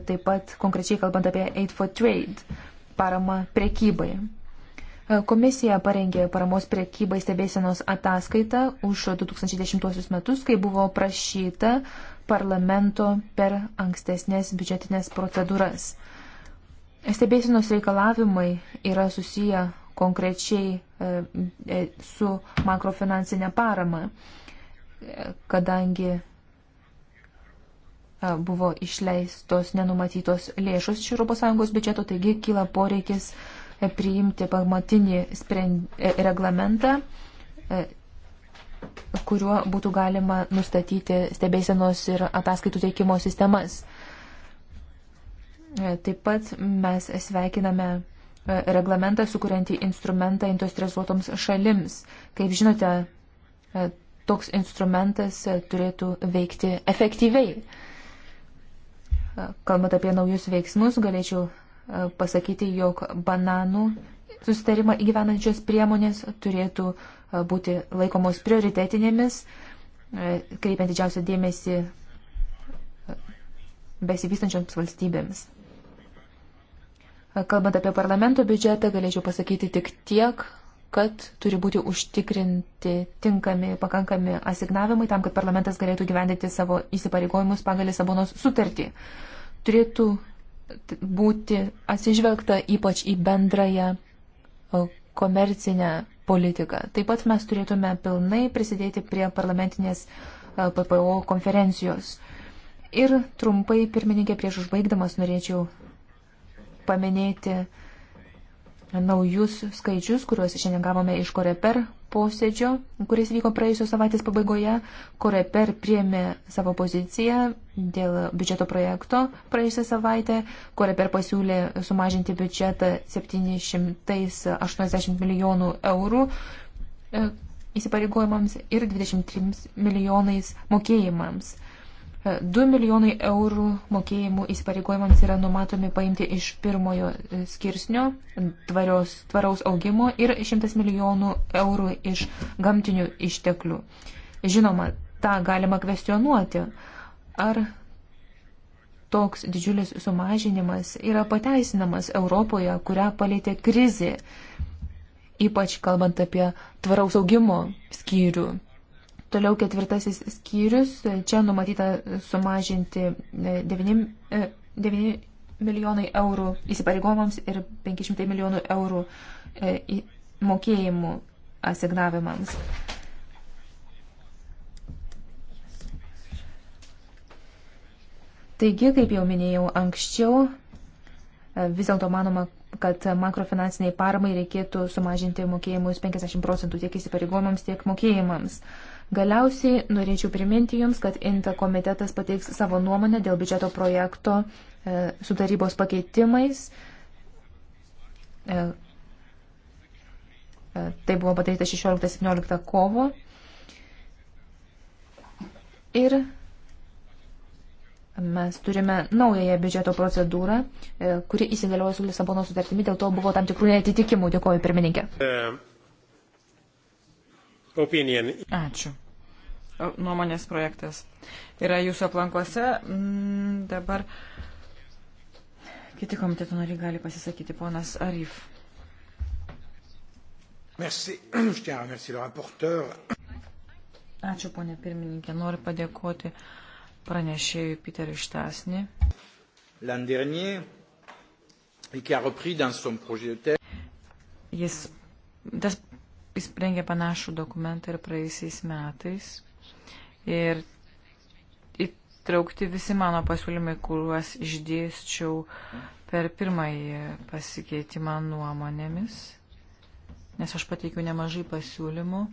taip pat konkrečiai kalbant apie Aid for Trade, parama prekybai. Komisija parengė paramos priekybai stebėsenos ataskaitą už 2010 metus, kai buvo prašyta parlamento per ankstesnės biudžetinės procedūras. Stebėsenos reikalavimai yra susiję konkrečiai e, e, su makrofinansinė parama, kadangi e, buvo išleistos nenumatytos lėšos iš ES biudžeto, taigi kyla poreikis uh, E, priimti pamatinį sprend... E, reglamentą, e, kuriuo būtų galima nustatyti stebėsenos ir ataskaitų teikimo sistemas. Taip pat mes sveikiname reglamentą sukuriantį instrumentą industrializuotoms šalims. Kaip žinote, toks instrumentas turėtų veikti efektyviai. Kalbant apie naujus veiksmus, galėčiau pasakyti, jog bananų susitarimą įgyvenančios priemonės turėtų e, būti laikomos prioritetinėmis, e, kreipiant didžiausią dėmesį e, besivystančioms valstybėms. Kalbant apie parlamento biudžetą, galėčiau pasakyti tik tiek, kad turi būti užtikrinti tinkami, pakankami asignavimai tam, kad parlamentas galėtų gyvendyti savo įsipareigojimus pagal Lisabonos sutartį. Turėtų būti atsižvelgta ypač į bendrąją e, komercinę politiką. Taip pat mes turėtume pilnai prisidėti prie parlamentinės e, PPO konferencijos. Ir trumpai, pirmininkė, prieš užbaigdamas norėčiau paminėti naujus skaičius, kuriuos šiandien gavome iš Koreper posėdžio, kuris vyko praėjusios savaitės pabaigoje, kurie per priemė savo poziciją dėl biudžeto projekto praėjusią savaitę, kurie per pasiūlė sumažinti biudžetą 780 milijonų eurų e, įsipareigojimams ir 23 milijonais mokėjimams. 2 milijonai eurų mokėjimų įsipareigojimams yra numatomi paimti iš pirmojo e, skirsnio tvarios, tvaraus augimo ir 100 milijonų eurų iš gamtinių išteklių. Žinoma, tą galima kvestionuoti. Ar toks didžiulis sumažinimas yra pateisinamas Europoje, kurią palėtė krizė, ypač kalbant apie tvaraus augimo skyrių? Toliau ketvirtasis skyrius. Čia numatyta sumažinti 9, e, 9 e, milijonai eurų įsipareigomams ir 500 milijonų eurų e, mokėjimų asignavimams. Taigi, kaip jau minėjau anksčiau, vis dėlto manoma, kad makrofinansiniai paramai reikėtų sumažinti mokėjimus 50 procentų tiek įsipareigojimams, tiek mokėjimams. Uh, Galiausiai norėčiau priminti Jums, kad INTA komitetas pateiks savo nuomonę dėl biudžeto projekto e, su tarybos pakeitimais. E, e, tai buvo padaryta 16-17 kovo. Ir mes turime naująją biudžeto procedūrą, e, kuri įsigaliojo su Lisabono sutartimi, dėl to buvo tam tikrų netitikimų. Dėkuoju, pirmininkė. E opinion. Ačiū. Nuomonės projektas yra jūsų aplankose. Mm, dabar kiti komiteto nariai gali pasisakyti. Ponas Arif. Merci. Ačiū, ponė pirmininkė. Noriu padėkoti pranešėjui Piteriu Štasni. Jis, tas jis prengė panašų dokumentą ir praeisiais metais. Ir įtraukti visi mano pasiūlymai, kuriuos išdėsčiau per pirmąjį pasikeitimą nuomonėmis, nes aš pateikiu nemažai pasiūlymų.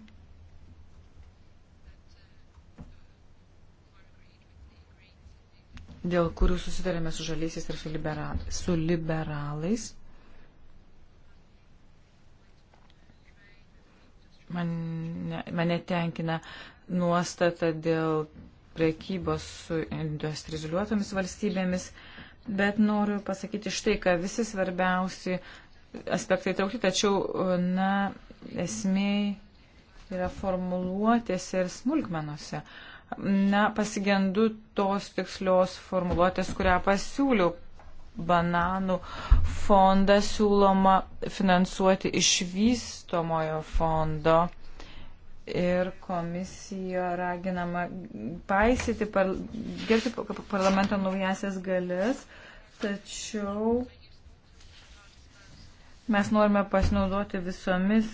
dėl kurių susitarėme su žaliaisiais ir su, liberal, su liberalais. Mane, mane tenkina nuostata dėl prekybos su industrializuotomis valstybėmis, bet noriu pasakyti štai, kad visi svarbiausi aspektai traukti, tačiau, na, esmė yra formuluotėse ir smulkmenose. Na, pasigendu tos tikslios formuluotės, kurią pasiūliau bananų fondą siūloma finansuoti iš vystomojo fondo ir komisija raginama paisyti, par, gerti parlamento naujasias galės, tačiau mes norime pasinaudoti visomis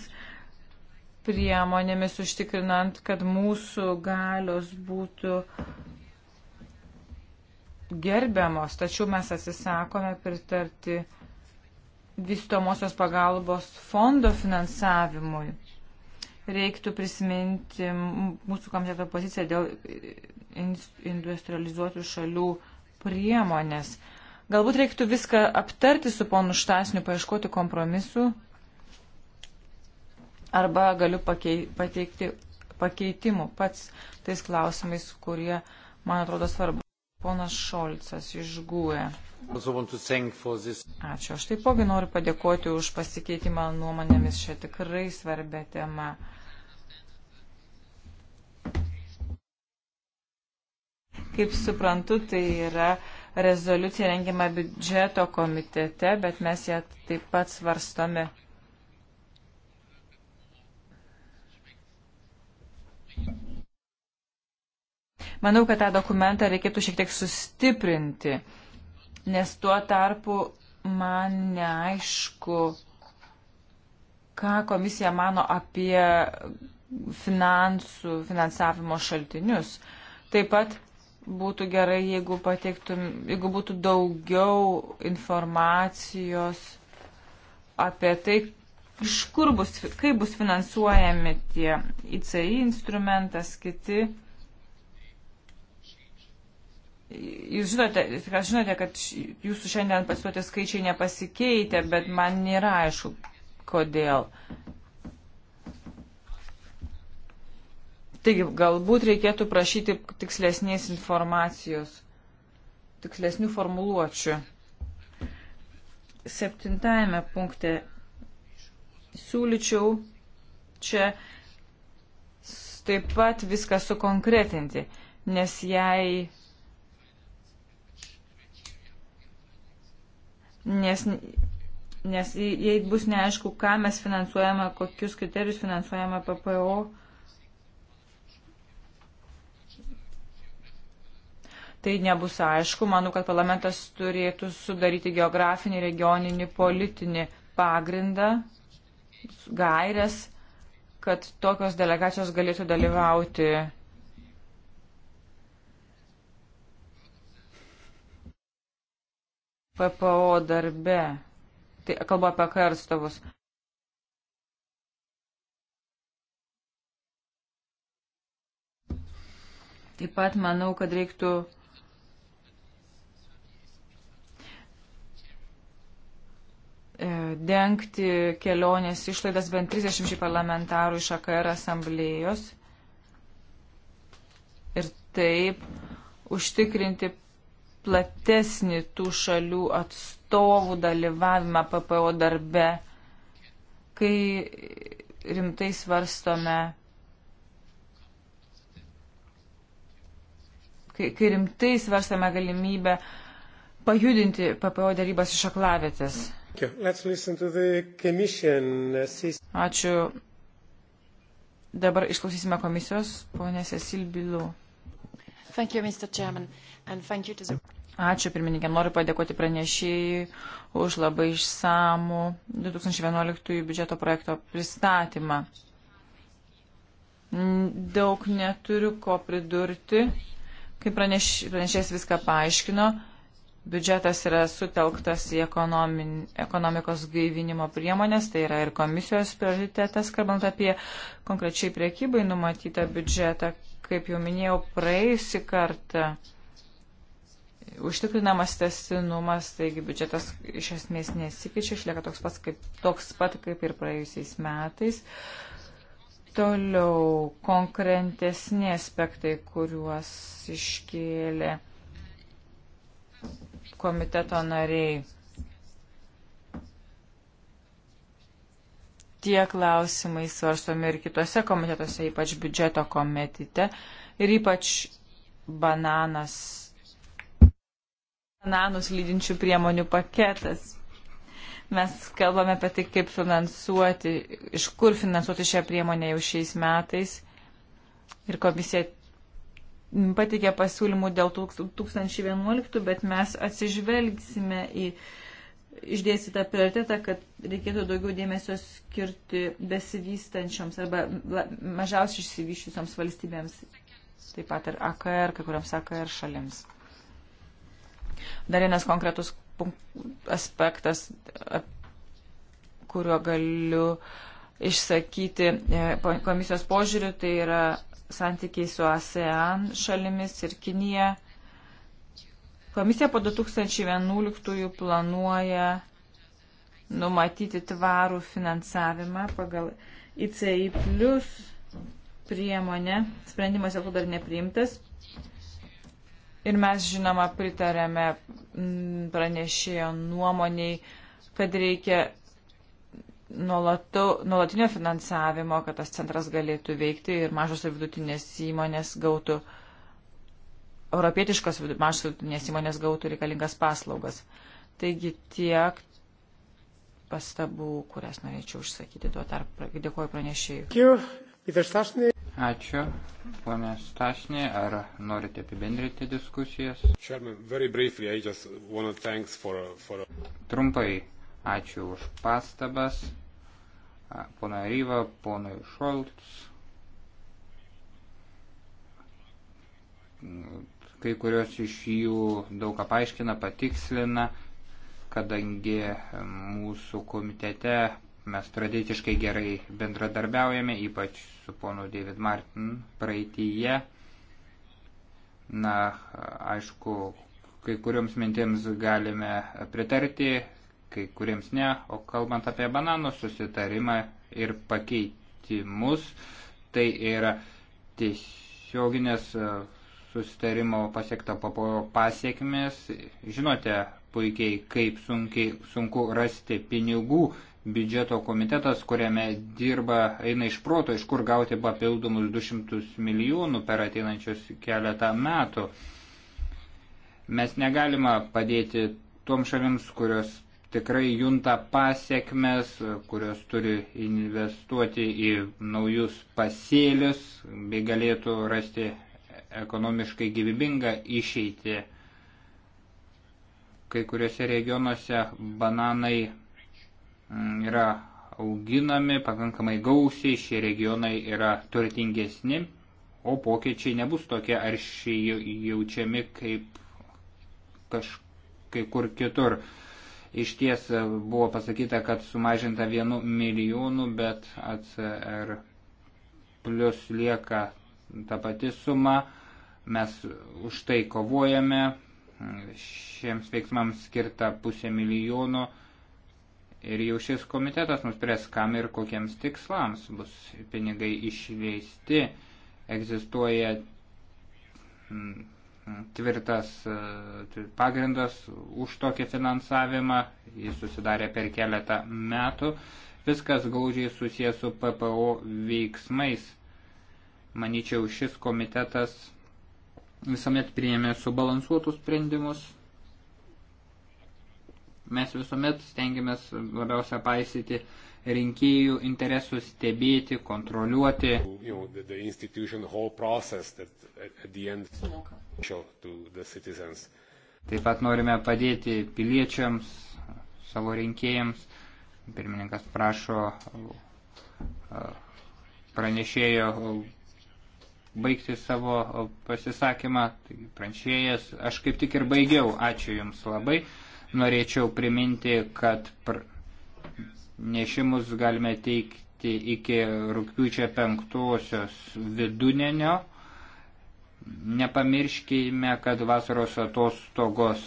priemonėmis užtikrinant, kad mūsų galios būtų uh, gerbiamos, tačiau mes atsisakome pritarti vystomosios pagalbos fondo finansavimui. Reiktų prisiminti mūsų komiteto poziciją dėl industrializuotų šalių priemonės. Galbūt reiktų viską aptarti su ponu Štasniu, paieškoti kompromisu arba galiu pakei, pateikti pakeitimų pats tais klausimais, kurie man atrodo svarbu. Ponas Šolcas iš GUE. Ačiū. Aš taipogi noriu padėkoti už pasikeitimą nuomonėmis šią tikrai svarbę temą. Kaip suprantu, tai yra rezoliucija rengiama biudžeto komitete, bet mes ją taip pat svarstome Manau, kad tą dokumentą reikėtų šiek tiek sustiprinti, nes tuo tarpu man neaišku, ką komisija mano apie finansų, finansavimo šaltinius. Taip pat būtų gerai, jeigu, pateiktum, jeigu būtų daugiau informacijos apie tai, iš kur bus, kaip bus finansuojami tie ICI instrumentas, kiti Jūs žinote, tikras žinote, kad jūsų šiandien pasiūlyti skaičiai nepasikeitė, bet man nėra aišku, kodėl. Taigi, galbūt reikėtų prašyti tikslesnės informacijos, tikslesnių formuluočių. Septintajame punkte siūlyčiau čia taip pat viską sukonkretinti, nes jei nes, nes jei bus neaišku, ką mes finansuojame, kokius kriterijus finansuojame PPO, tai nebus aišku. Manau, kad parlamentas turėtų sudaryti geografinį, regioninį, politinį pagrindą, gairias, kad tokios delegacijos galėtų dalyvauti PPO darbe. Tai kalbu apie karstovus. Taip pat manau, kad reiktų e, dengti kelionės išlaidas bent 30 parlamentarų iš AKR asamblėjos ir taip užtikrinti platesnį tų šalių atstovų dalyvavimą PPO darbe, kai rimtai svarstome, kai, kai rimtai svarstome galimybę pajudinti PPO darybas iš aklavėtės. Uh, Ačiū. Dabar išklausysime komisijos, ponė Cecil Bilu. Thank you, Mr. Chairman. The... Ačiū pirmininkė, noriu padėkoti pranešėjai už labai išsamų 2011 biudžeto projekto pristatymą. Daug neturiu ko pridurti, kai praneš, pranešės viską paaiškino. Biudžetas yra sutelktas į ekonomin, ekonomikos gaivinimo priemonės, tai yra ir komisijos prioritetas, kalbant apie konkrečiai priekybai numatytą biudžetą, kaip jau minėjau, praėjusi kartą užtikrinamas tesinumas, taigi biudžetas iš esmės nesikeičia, išlieka toks, pats kaip, toks pat kaip ir praėjusiais metais. Toliau konkrentesni aspektai, kuriuos iškėlė komiteto nariai. Tie klausimai svarstomi ir kitose komitetuose, ypač biudžeto komitete ir ypač bananas Bananus lydinčių priemonių paketas. Mes kalbame apie tai, kaip finansuoti, iš kur finansuoti šią priemonę jau šiais metais. Ir komisija pateikė pasiūlymų dėl 2011, bet mes atsižvelgsime į išdėstytą prioritetą, kad reikėtų daugiau dėmesio skirti besivystančioms arba mažiausiai išsivyščiusioms valstybėms, taip pat ir AKR, kai kuriams AKR šalims. Dar vienas konkretus aspektas, kuriuo galiu išsakyti e, komisijos požiūrių, tai yra santykiai su ASEAN šalimis ir Kinija. Komisija po 2011 planuoja numatyti tvarų finansavimą pagal ICI plus priemonę. Sprendimas jau dar nepriimtas. Ir mes, žinoma, pritarėme mm, pranešėjo nuomoniai, kad reikia nuolato, nuolatinio finansavimo, kad tas centras galėtų veikti ir mažos ir vidutinės įmonės gautų, europietiškos mažos ir vidutinės įmonės gautų reikalingas paslaugas. Taigi tiek pastabų, kurias norėčiau užsakyti. Tuo tarp dėkoju pranešėjui. Ačiū. Pone Stašnė, ar norite apibendrinti diskusijas? Chairman, very briefly, I just want to thanks for, for... Trumpai, ačiū už pastabas. Pona Ryva, ponai Šolts. Kai kurios iš jų daug ką paaiškina, patikslina, kadangi mūsų komitete Mes tradiciškai gerai bendradarbiaujame, ypač su ponu David Martin praeitįje. Na, aišku, kai kurioms mintims galime pritarti, kai kuriems ne, o kalbant apie bananų susitarimą ir pakeitimus, tai yra tiesioginės e, susitarimo pasiekta pasiekmes. Žinote puikiai, kaip sunkiai, sunku rasti pinigų biudžeto komitetas, kuriame dirba, eina iš proto, iš kur gauti papildomus 200 milijonų per ateinančius keletą metų. Mes negalime padėti tom šalims, kurios tikrai junta pasiekmes, kurios turi investuoti į naujus pasėlius, bei galėtų rasti ekonomiškai gyvybingą išeitį. Kai kuriuose regionuose bananai Mm, yra auginami pakankamai gausiai, šie regionai yra turtingesni, o pokyčiai nebus tokie aršiai jaučiami kaip kažkai kur kitur. Iš ties e, buvo pasakyta, kad sumažinta vienu milijonu, bet ACR plus lieka ta pati suma. Mes už tai kovojame, šiems veiksmams skirta pusė milijono ir jau šis komitetas nuspręs, kam ir kokiems tikslams bus pinigai išleisti. Egzistuoja mm, tvirtas e, pagrindas už tokį finansavimą, jis susidarė per keletą metų, viskas glaudžiai susijęs su PPO veiksmais. Maničiau, šis komitetas visuomet priėmė subalansuotus sprendimus, Mes visuomet stengiamės labiausia paisyti rinkėjų interesų stebėti, kontroliuoti. You know, the, the Taip pat norime padėti piliečiams, savo rinkėjams. Pirmininkas prašo pranešėjo baigti savo pasisakymą. Pranešėjas, aš kaip tik ir baigiau. Ačiū Jums labai. Norėčiau priminti, kad pr... nešimus galime teikti iki rūpiučio penktosios vidunenio. Nepamirškime, kad vasaros atostogos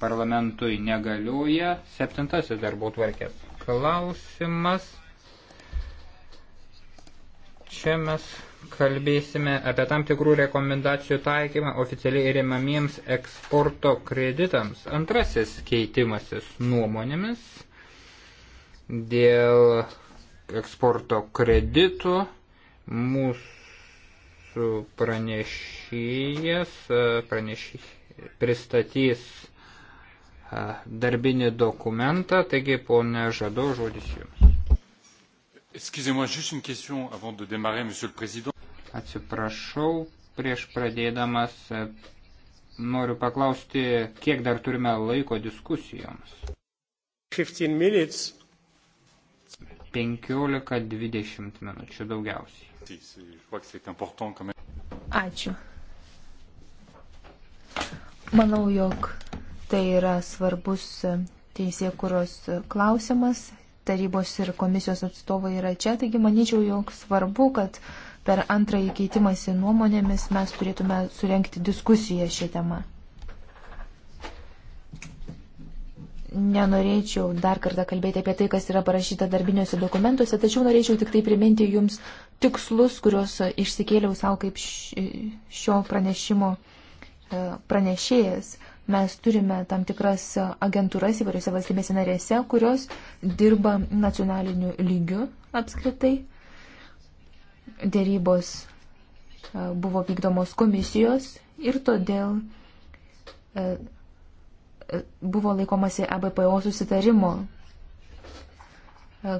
parlamentui negaliuoja. Septintasis darbų tvarkės klausimas. Čia mes kalbėsime apie tam tikrų rekomendacijų taikymą oficialiai remamiems eksporto kreditams. Antrasis keitimasis nuomonėmis dėl eksporto kreditų mūsų pranešėjas e, pranešė, pristatys e, darbinį dokumentą, taigi ponė Žado, žodis jums. Excusez-moi, juste une question avant de démarrer, Monsieur le Président. Atsiprašau, prieš pradėdamas e, noriu paklausti, kiek dar turime laiko diskusijoms. 15 minutes. 15-20 minučių daugiausiai. Ačiū. Manau, jog tai yra svarbus teisėkuros klausimas. Tarybos ir komisijos atstovai yra čia, taigi manyčiau, jog svarbu, kad per antrąjį keitimąsi nuomonėmis mes turėtume surenkti diskusiją šią temą. Nenorėčiau dar kartą kalbėti apie tai, kas yra parašyta darbiniuose dokumentuose, tačiau norėčiau tik tai priminti jums tikslus, kuriuos išsikėliau savo kaip šio pranešimo e, pranešėjas mes turime tam tikras agentūras įvairiose valstybėse narėse, kurios dirba nacionaliniu lygiu apskritai dėrybos e, buvo vykdomos komisijos ir todėl e, e, buvo laikomasi ABPO susitarimo.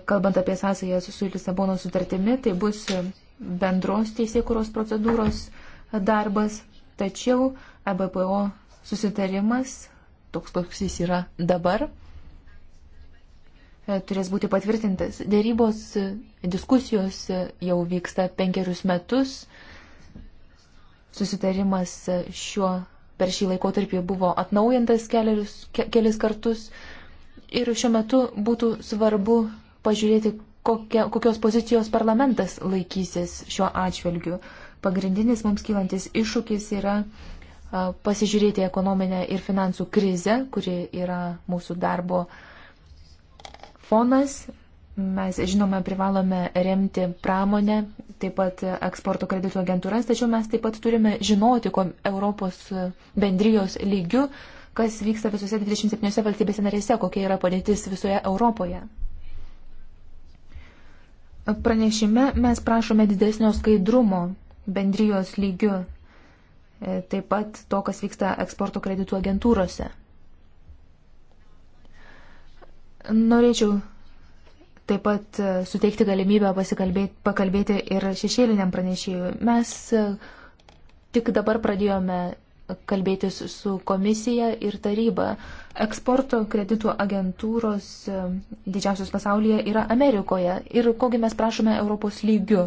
Kalbant apie sąsają su Lisabono sutartimi, tai bus bendros teisėkuros procedūros darbas, tačiau ABPO susitarimas, toks koks jis yra dabar, E, turės būti patvirtintas. Dėrybos, e, diskusijos e, jau vyksta penkerius metus. Susitarimas šiuo per šį laikotarpį buvo atnaujintas kelius, ke, kelis kartus. Ir šiuo metu būtų svarbu pažiūrėti, kokia, kokios pozicijos parlamentas laikysis šiuo atžvilgiu. Pagrindinis mums kylantis iššūkis yra a, pasižiūrėti ekonominę ir finansų krizę, kuri yra mūsų darbo uh, fonas. Mes, žinoma, privalome remti pramonę, taip pat eksporto kreditų agentūras, tačiau mes taip pat turime žinoti Europos bendrijos lygių, kas vyksta visose 27 valstybėse narėse, kokia yra padėtis visoje Europoje. Pranešime mes prašome didesnio skaidrumo bendrijos lygių, e, taip pat to, kas vyksta eksporto kreditų agentūrose. Norėčiau taip pat e, suteikti galimybę pakalbėti ir šešėliniam pranešėjui. Mes e, tik dabar pradėjome kalbėtis su komisija ir taryba. Eksporto kreditų agentūros e, didžiausios pasaulyje yra Amerikoje. Ir kogi mes prašome Europos lygių?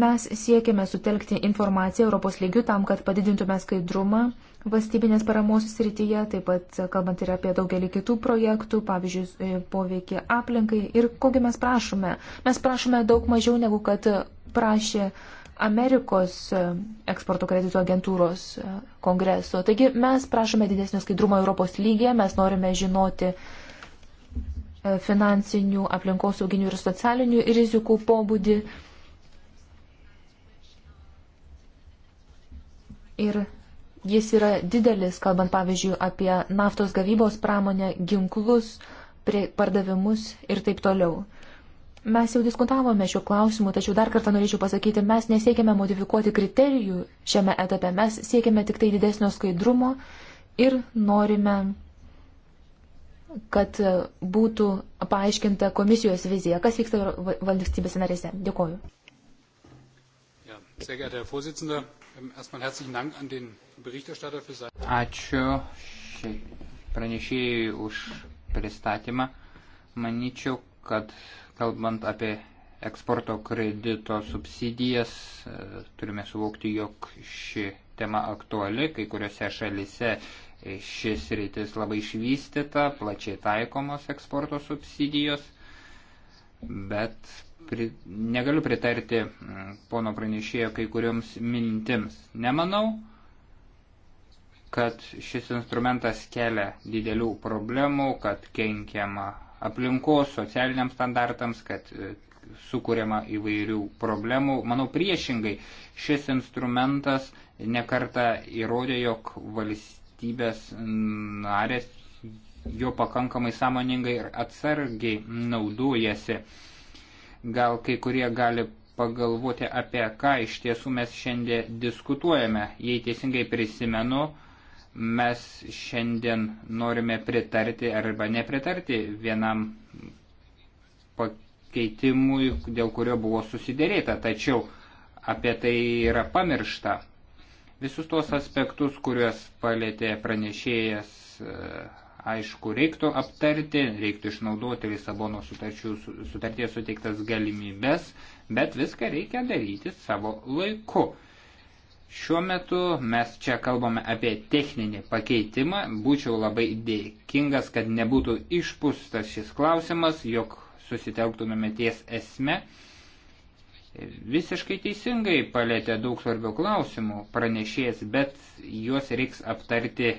Mes siekiame sutelkti informaciją Europos lygių tam, kad padidintume skaidrumą valstybinės paramos srityje, taip pat kalbant ir apie daugelį kitų projektų, pavyzdžiui, e, poveikį aplinkai. Ir kogi mes prašome? Mes prašome daug mažiau negu kad prašė Amerikos e, eksporto kredito agentūros e, kongreso. Taigi mes prašome didesnio skaidrumo Europos lygiai, mes norime žinoti finansinių, aplinkosauginių ir socialinių rizikų pobūdį. Ir Jis yra didelis, kalbant pavyzdžiui apie naftos gavybos pramonę, ginklus, pardavimus ir taip toliau. Mes jau diskutavome šiuo klausimu, tačiau dar kartą norėčiau pasakyti, mes nesiekime modifikuoti kriterijų šiame etape, mes siekime tik tai didesnio skaidrumo ir norime, kad būtų paaiškinta komisijos vizija, kas vyksta valstybės narėse. Dėkoju. Ja, Ähm, Ačiū pranešėjai už pristatymą. Maničiau, kad kalbant apie eksporto kredito subsidijas, e, turime suvokti, jog ši tema aktuali, kai kuriuose šalise šis rytis labai išvystyta, plačiai taikomos eksporto subsidijos, bet pri, negaliu pritarti mm, pono pranešėjo kai kurioms mintims. Nemanau, kad šis instrumentas kelia didelių problemų, kad kenkiama aplinkos, socialiniams standartams, kad e, sukūriama įvairių problemų. Manau, priešingai, šis instrumentas nekarta įrodė, jog valstybės narės jo pakankamai sąmoningai ir atsargiai naudojasi. Gal kai kurie gali pagalvoti, apie ką iš tiesų mes šiandien diskutuojame. Jei teisingai prisimenu, mes šiandien norime pritarti arba nepritarti vienam pakeitimui, dėl kurio buvo susidėrėta, tačiau apie tai yra pamiršta. Visus tuos aspektus, kuriuos palėtė pranešėjas aišku, reiktų aptarti, reiktų išnaudoti Lisabono sutarties suteiktas galimybės, bet viską reikia daryti savo laiku. Šiuo metu mes čia kalbame apie techninį pakeitimą. Būčiau labai dėkingas, kad nebūtų išpūstas šis klausimas, jog susitelktumėme ties esme. Visiškai teisingai palėtė daug svarbių klausimų pranešėjas, bet juos reiks aptarti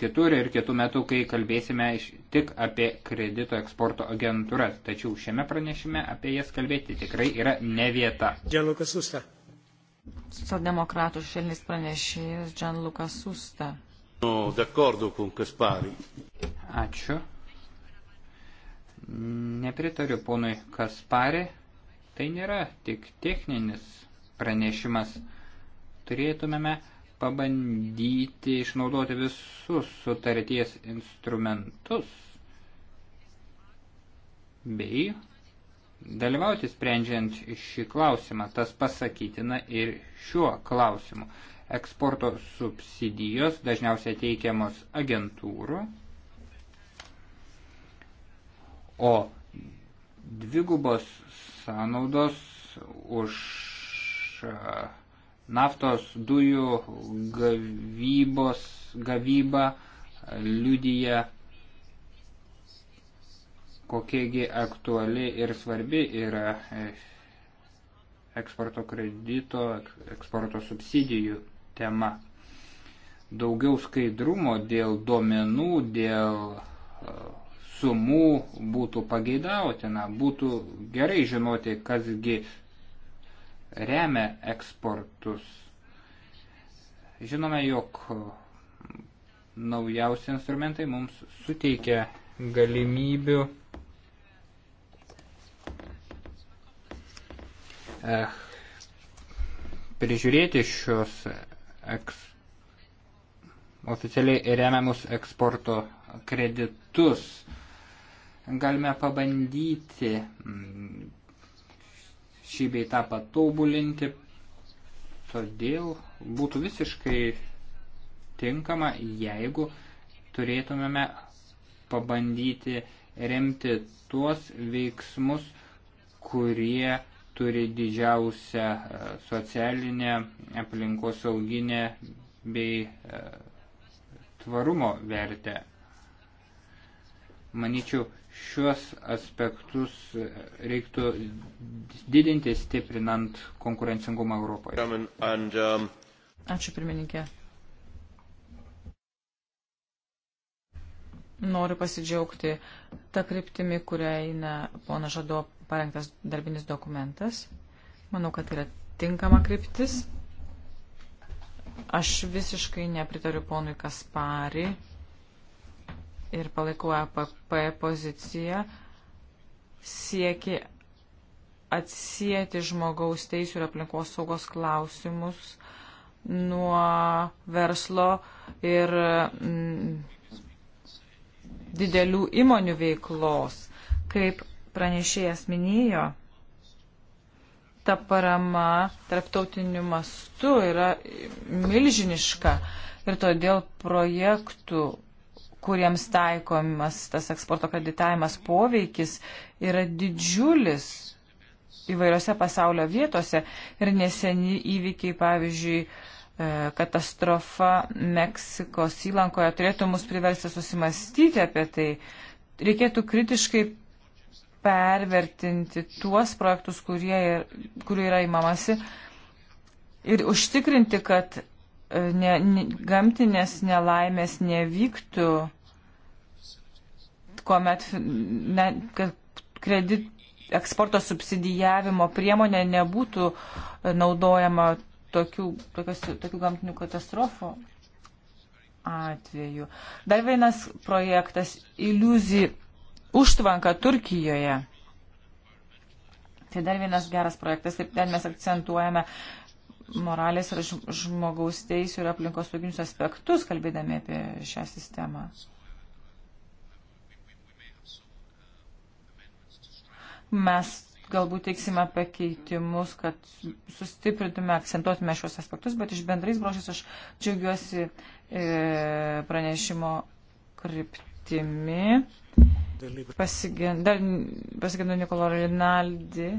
kitur ir kitų metų, kai kalbėsime tik apie kredito eksporto agentūras. Tačiau šiame pranešime apie jas kalbėti tikrai yra ne vieta. Džianlukas Susta. Socialdemokratų šelnis pranešėjas Džianlukas Susta. No, Ačiū. Nepritariu ponui Kaspari. Tai nėra tik techninis pranešimas. Turėtumėme pabandyti išnaudoti visus sutarties instrumentus bei dalyvauti sprendžiant šį klausimą. Tas pasakytina ir šiuo klausimu. Eksporto subsidijos dažniausiai teikiamos agentūrų, o dvigubos sąnaudos už uh, Naftos dujų gavybos gavyba liudyja kokiegi aktuali ir svarbi yra e, eksporto kredito, eksporto subsidijų tema. Daugiau skaidrumo dėl duomenų, dėl e, sumų būtų pageidautina, būtų gerai žinoti, kasgi remia eksportus. Žinome, jog naujausi instrumentai mums suteikia galimybių eh, prižiūrėti šios eks, oficialiai remiamus eksporto kreditus. Galime pabandyti mm, šį bei tą patobulinti. Todėl būtų visiškai tinkama, jeigu turėtumėme pabandyti remti tuos veiksmus, kurie turi didžiausią e, socialinę, aplinkosauginę bei e, tvarumo vertę. Maničiau, šiuos aspektus reiktų didinti, stiprinant konkurencingumą Europoje. Um, Ačiū pirmininkė. Noriu pasidžiaugti tą kryptimį, kurią eina pona Žado parengtas darbinis dokumentas. Manau, kad yra tinkama kryptis. Aš visiškai nepritariu ponui Kaspari ir palaikau APP poziciją, siekia atsijėti žmogaus teisų ir aplinkos saugos klausimus nuo verslo ir mm, didelių įmonių veiklos. Kaip pranešėjas minėjo, ta parama tarptautiniu mastu yra milžiniška ir todėl projektų kuriems taikomas tas eksporto kreditavimas poveikis yra didžiulis įvairiose pasaulio vietose ir neseni įvykiai, pavyzdžiui, e, katastrofa Meksikos įlankoje turėtų mus priversti susimastyti apie tai. Reikėtų kritiškai pervertinti tuos projektus, kurie, kurių yra įmamasi ir užtikrinti, kad ne, ne, gamtinės nelaimės nevyktų, kuomet ne, kredit, eksporto subsidijavimo priemonė nebūtų e, naudojama tokių, tokios, tokių gamtinių katastrofų atveju. Dar vienas projektas - iliuzija užtvanka Turkijoje. Tai dar vienas geras projektas ir ten mes akcentuojame moralės ir žmogaus teisų ir aplinkos sauginius aspektus, kalbėdami apie šią sistemą. Mes galbūt teiksime pakeitimus, kad sustiprintume, akcentuotume šios aspektus, bet iš bendrais brošės aš džiaugiuosi e, pranešimo kryptimi. Pasigendu Nikolo Rinaldi,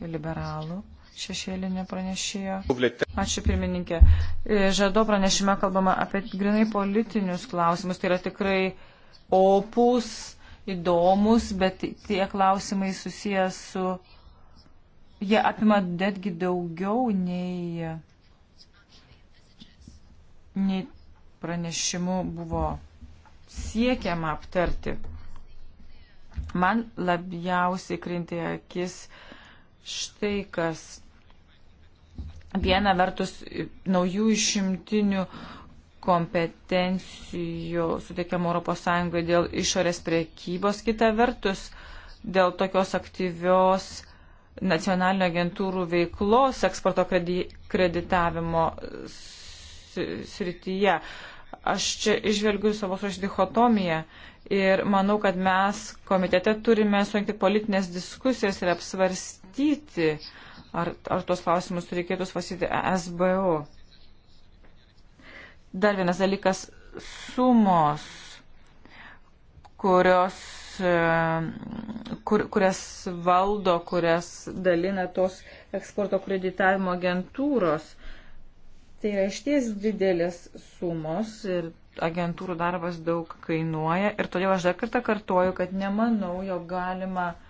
liberalų šešėlinė pranešėjo. Ačiū pirmininkė. E, Žado pranešime kalbama apie grinai politinius klausimus. Tai yra tikrai opus, įdomus, bet tie klausimai susijęs su. Jie apima netgi daugiau nei, nei pranešimu buvo siekiama aptarti. Man labiausiai krintė akis štai kas viena vertus naujų išimtinių kompetencijų suteikiamų ES dėl išorės priekybos, kita vertus dėl tokios aktyvios nacionalinio agentūrų veiklos eksporto kreditavimo srityje. Aš čia išvelgiu savo dichotomiją ir manau, kad mes komitete turime sunkti politinės diskusijas ir apsvarstyti, uh, ar, ar tuos klausimus reikėtų svasyti ESBO. Dar vienas dalykas - sumos, kurios, e, kur, kurias valdo, kurias dalina tos eksporto kreditavimo agentūros. Tai yra išties didelės sumos ir agentūrų darbas daug kainuoja ir todėl aš dar kartą kartuoju, kad nemanau, jog galima uh,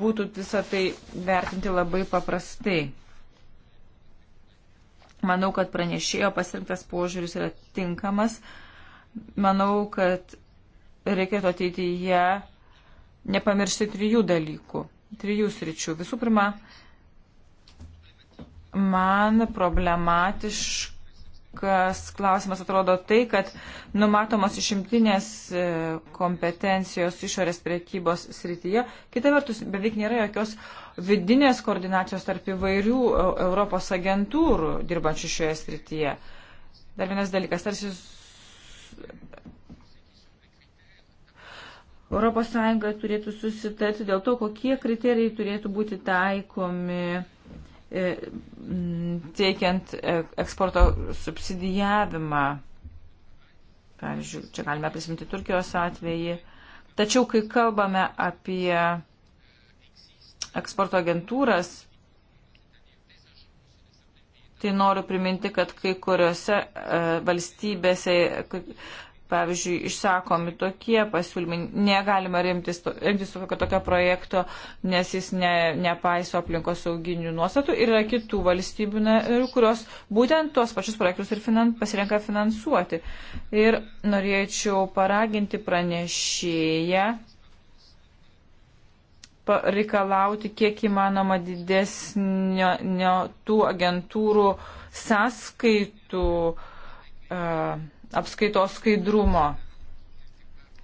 būtų visą tai vertinti labai paprastai. Manau, kad pranešėjo pasirinktas požiūris yra tinkamas. Manau, kad reikėtų ateityje nepamiršti trijų dalykų, trijų sričių. Visų pirma, man problematiška kas klausimas atrodo tai, kad numatomos išimtinės e, kompetencijos išorės priekybos srityje. Kita vertus, beveik nėra jokios vidinės koordinacijos tarp įvairių e, Europos agentūrų dirbančių šioje srityje. Dar vienas dalykas, tarsi Europos Sąjunga turėtų susitarti dėl to, kokie kriterijai turėtų būti taikomi E, teikiant e, eksporto subsidijavimą. Pavyzdžiui, čia galime prisiminti Turkijos atvejį. Tačiau, kai kalbame apie eksporto agentūras, tai noriu priminti, kad kai kuriuose e, valstybėse pavyzdžiui, išsakomi tokie pasiūlymai. Negalima rimtis, rimtis tokio, tokio projekto, nes jis ne, nepaiso aplinkos sauginių nuostatų. Ir yra kitų valstybių narių, kurios būtent tuos pačius projektus ir finan, pasirenka finansuoti. Ir norėčiau paraginti pranešėją reikalauti kiek įmanoma didesnio nio, tų agentūrų sąskaitų. Uh, apskaitos skaidrumo.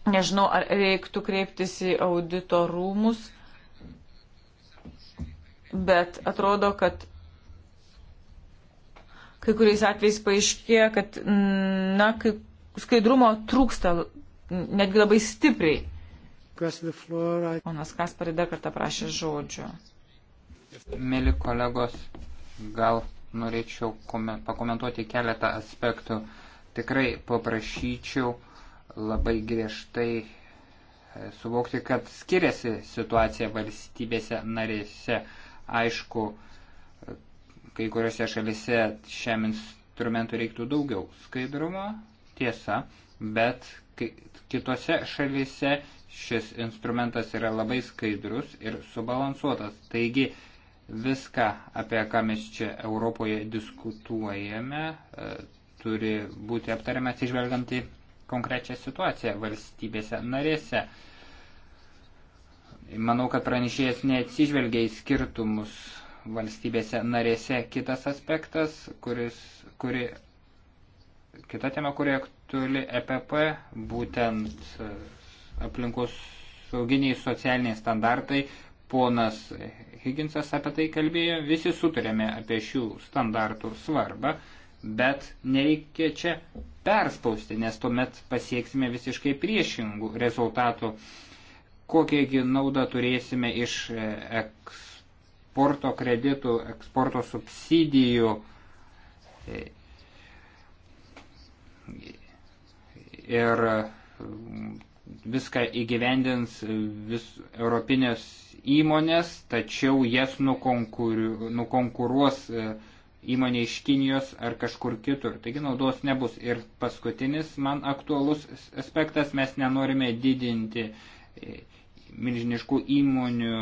Nežinau, ar reiktų kreiptis į audito rūmus, bet atrodo, kad kai kuriais atvejais paaiškėja, kad mm, na, kai skaidrumo trūksta netgi labai stipriai. Ponas Kasparė dar kartą prašė žodžio. Mėly kolegos, gal norėčiau pakomentuoti keletą aspektų. Tikrai paprašyčiau labai griežtai e, suvokti, kad skiriasi situacija valstybėse narėse. Aišku, e, kai kuriuose šalise šiam instrumentui reiktų daugiau skaidrumo, tiesa, bet kitose šalise šis instrumentas yra labai skaidrus ir subalansuotas. Taigi, viską, apie ką mes čia Europoje diskutuojame, e, turi būti aptariami atsižvelgiant į konkrečią situaciją valstybėse narėse. Manau, kad pranešėjas neatsižvelgia į skirtumus valstybėse narėse. Kitas aspektas, kuris, kuri, kita tema, kuri aktuali EPP, būtent e, aplinkos sauginiai socialiniai standartai. Ponas Higginsas apie tai kalbėjo, visi sutarėme apie šių standartų svarbą bet nereikia čia perspausti, nes tuomet pasieksime visiškai priešingų rezultatų. Kokiegi naudą turėsime iš e, eksporto kreditų, eksporto subsidijų ir e, viską įgyvendins vis europinės įmonės, tačiau jas nukonkuru, nukonkuruos, nukonkuruos e, įmonė iš Kinijos ar kažkur kitur. Taigi naudos nebus. Ir paskutinis man aktualus aspektas, mes nenorime didinti e, milžiniškų įmonių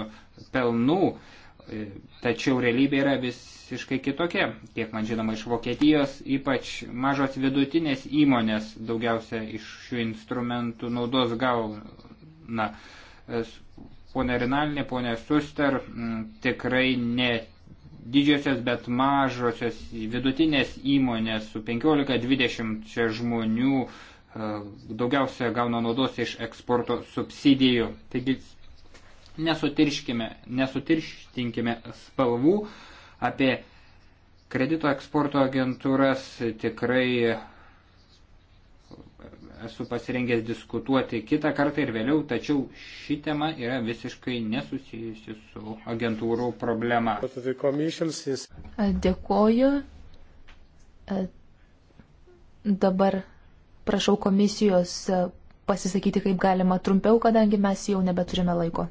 pelnų, e, tačiau realybė yra visiškai kitokia. Kiek man žinoma iš Vokietijos, ypač mažos vidutinės įmonės daugiausia iš šių instrumentų naudos gauna. Pone Rinalinė, pone Suster, tikrai net didžiosios, bet mažosios vidutinės įmonės su 15-20 žmonių e, daugiausia gauna naudos iš eksporto subsidijų. Taigi nesutirštinkime spalvų apie kredito eksporto agentūras tikrai esu pasirengęs diskutuoti kitą kartą ir vėliau, tačiau ši tema yra visiškai nesusijusi su agentūrų problema. Dėkoju. Dabar prašau komisijos pasisakyti kaip galima trumpiau, kadangi mes jau nebeturime laiko.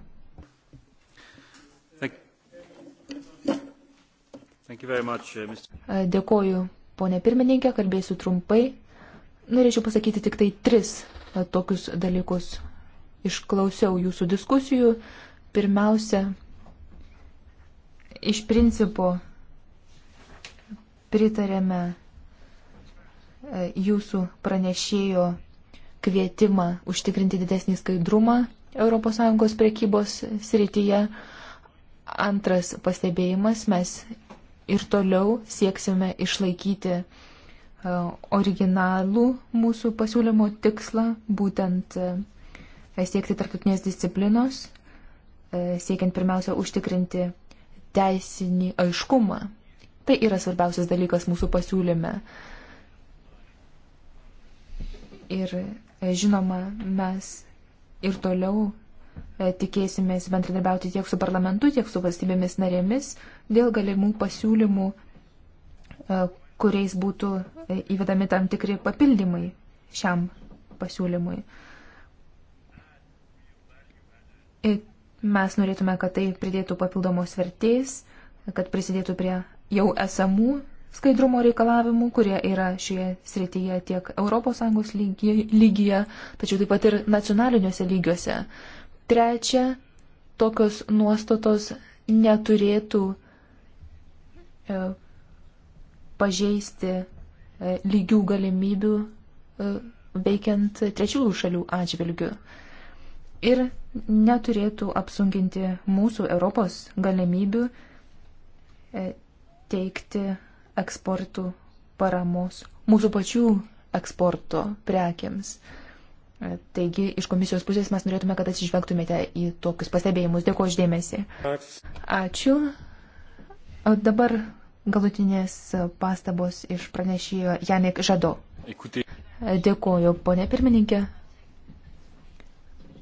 Uh, Dėkoju, ponė pirmininkė, kalbėsiu trumpai. Norėčiau pasakyti tik tai tris e, tokius dalykus. Išklausiau jūsų diskusijų. Pirmiausia, iš principo pritarėme e, jūsų pranešėjo kvietimą užtikrinti didesnį skaidrumą ES prekybos srityje. Antras pastebėjimas, mes ir toliau sieksime išlaikyti E, originalų mūsų pasiūlymo tikslą, būtent e, siekti tarptautinės disciplinos, e, siekiant pirmiausia užtikrinti teisinį aiškumą. Tai yra svarbiausias dalykas mūsų pasiūlyme. Ir žinoma, mes ir toliau tikėsimės bendradarbiauti tiek su parlamentu, tiek su valstybėmis narėmis dėl galimų pasiūlymų, kuriais būtų e, įvedami tam tikri papildymai šiam pasiūlymui. E, mes norėtume, kad tai pridėtų papildomos vertės, kad prisidėtų prie jau esamų skaidrumo reikalavimų, kurie yra šioje srityje tiek ES lygyje, tačiau taip pat ir nacionaliniuose lygiuose. Trečia, tokios nuostatos neturėtų e, pažeisti e, lygių galimybių e, veikiant trečiųjų šalių atžvilgių ir neturėtų apsunkinti mūsų Europos galimybių e, teikti eksportų paramos mūsų pačių eksporto prekiams. Taigi, iš komisijos pusės mes norėtume, kad atsižvelgtumėte į tokius pastebėjimus. Dėkuoju uždėmesi. Ačiū. O dabar Galutinės pastabos iš pranešėjo Janik Žado. Dėkuoju, ponė pirmininkė.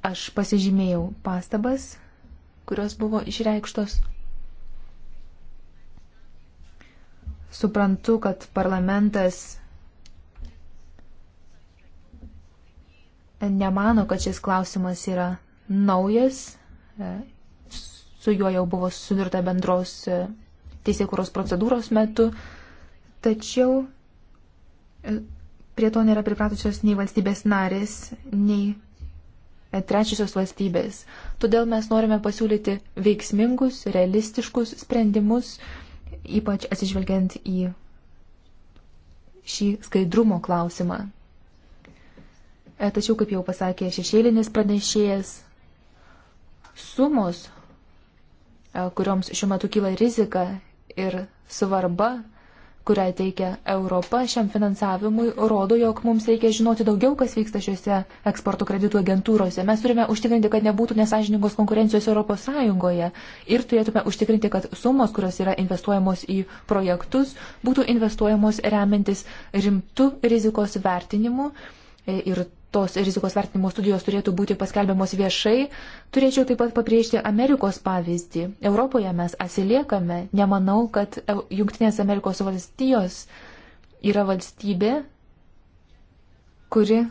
Aš pasižymėjau pastabas, kurios buvo išreikštos. Suprantu, kad parlamentas nemano, kad šis klausimas yra naujas. Su juo jau buvo sudurta bendros teisėkuros procedūros metu, tačiau e, prie to nėra pripratusios nei valstybės narės, nei e, trečiosios valstybės. Todėl mes norime pasiūlyti veiksmingus, realistiškus sprendimus, ypač atsižvelgiant į šį skaidrumo klausimą. E, tačiau, kaip jau pasakė šešėlinis pranešėjas, sumos, kurioms šiuo metu kyla rizika, ir svarba, kurią teikia Europa šiam finansavimui, rodo, jog mums reikia žinoti daugiau, kas vyksta šiuose eksporto kreditų agentūrose. Mes turime užtikrinti, kad nebūtų nesažiningos konkurencijos ES ir turėtume užtikrinti, kad sumos, kurios yra investuojamos į projektus, būtų investuojamos remiantis rimtų rizikos vertinimu ir tos rizikos vertinimo studijos turėtų būti paskelbiamos viešai. Turėčiau taip pat pabrėžti Amerikos pavyzdį. Europoje mes atsiliekame. Nemanau, kad Junktinės Amerikos valstijos yra valstybė, kuri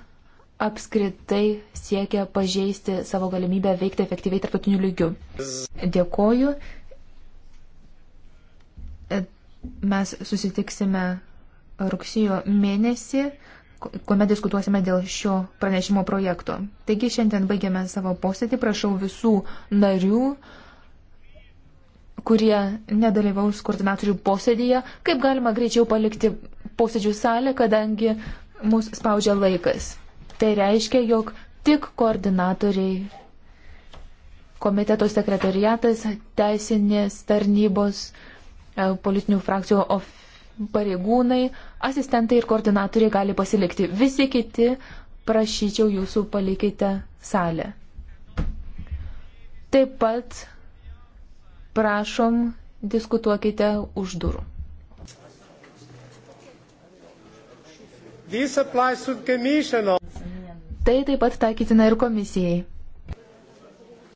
apskritai siekia pažeisti savo galimybę veikti efektyviai tarptautiniu lygiu. Dėkoju. Mes susitiksime rugsėjo mėnesį kuomet diskutuosime dėl šio pranešimo projekto. Taigi šiandien baigiame savo posėdį. Prašau visų narių, kurie nedalyvaus koordinatorių posėdėje, kaip galima greičiau palikti posėdžių salę, kadangi mus spaudžia laikas. Tai reiškia, jog tik koordinatoriai, komiteto sekretariatas, teisinės tarnybos, e, politinių frakcijų oficialiai, pareigūnai, asistentai ir koordinatoriai gali pasilikti. Visi kiti, prašyčiau jūsų palikite salę. Taip pat prašom diskutuokite už durų. Tai taip pat taikytina ir komisijai.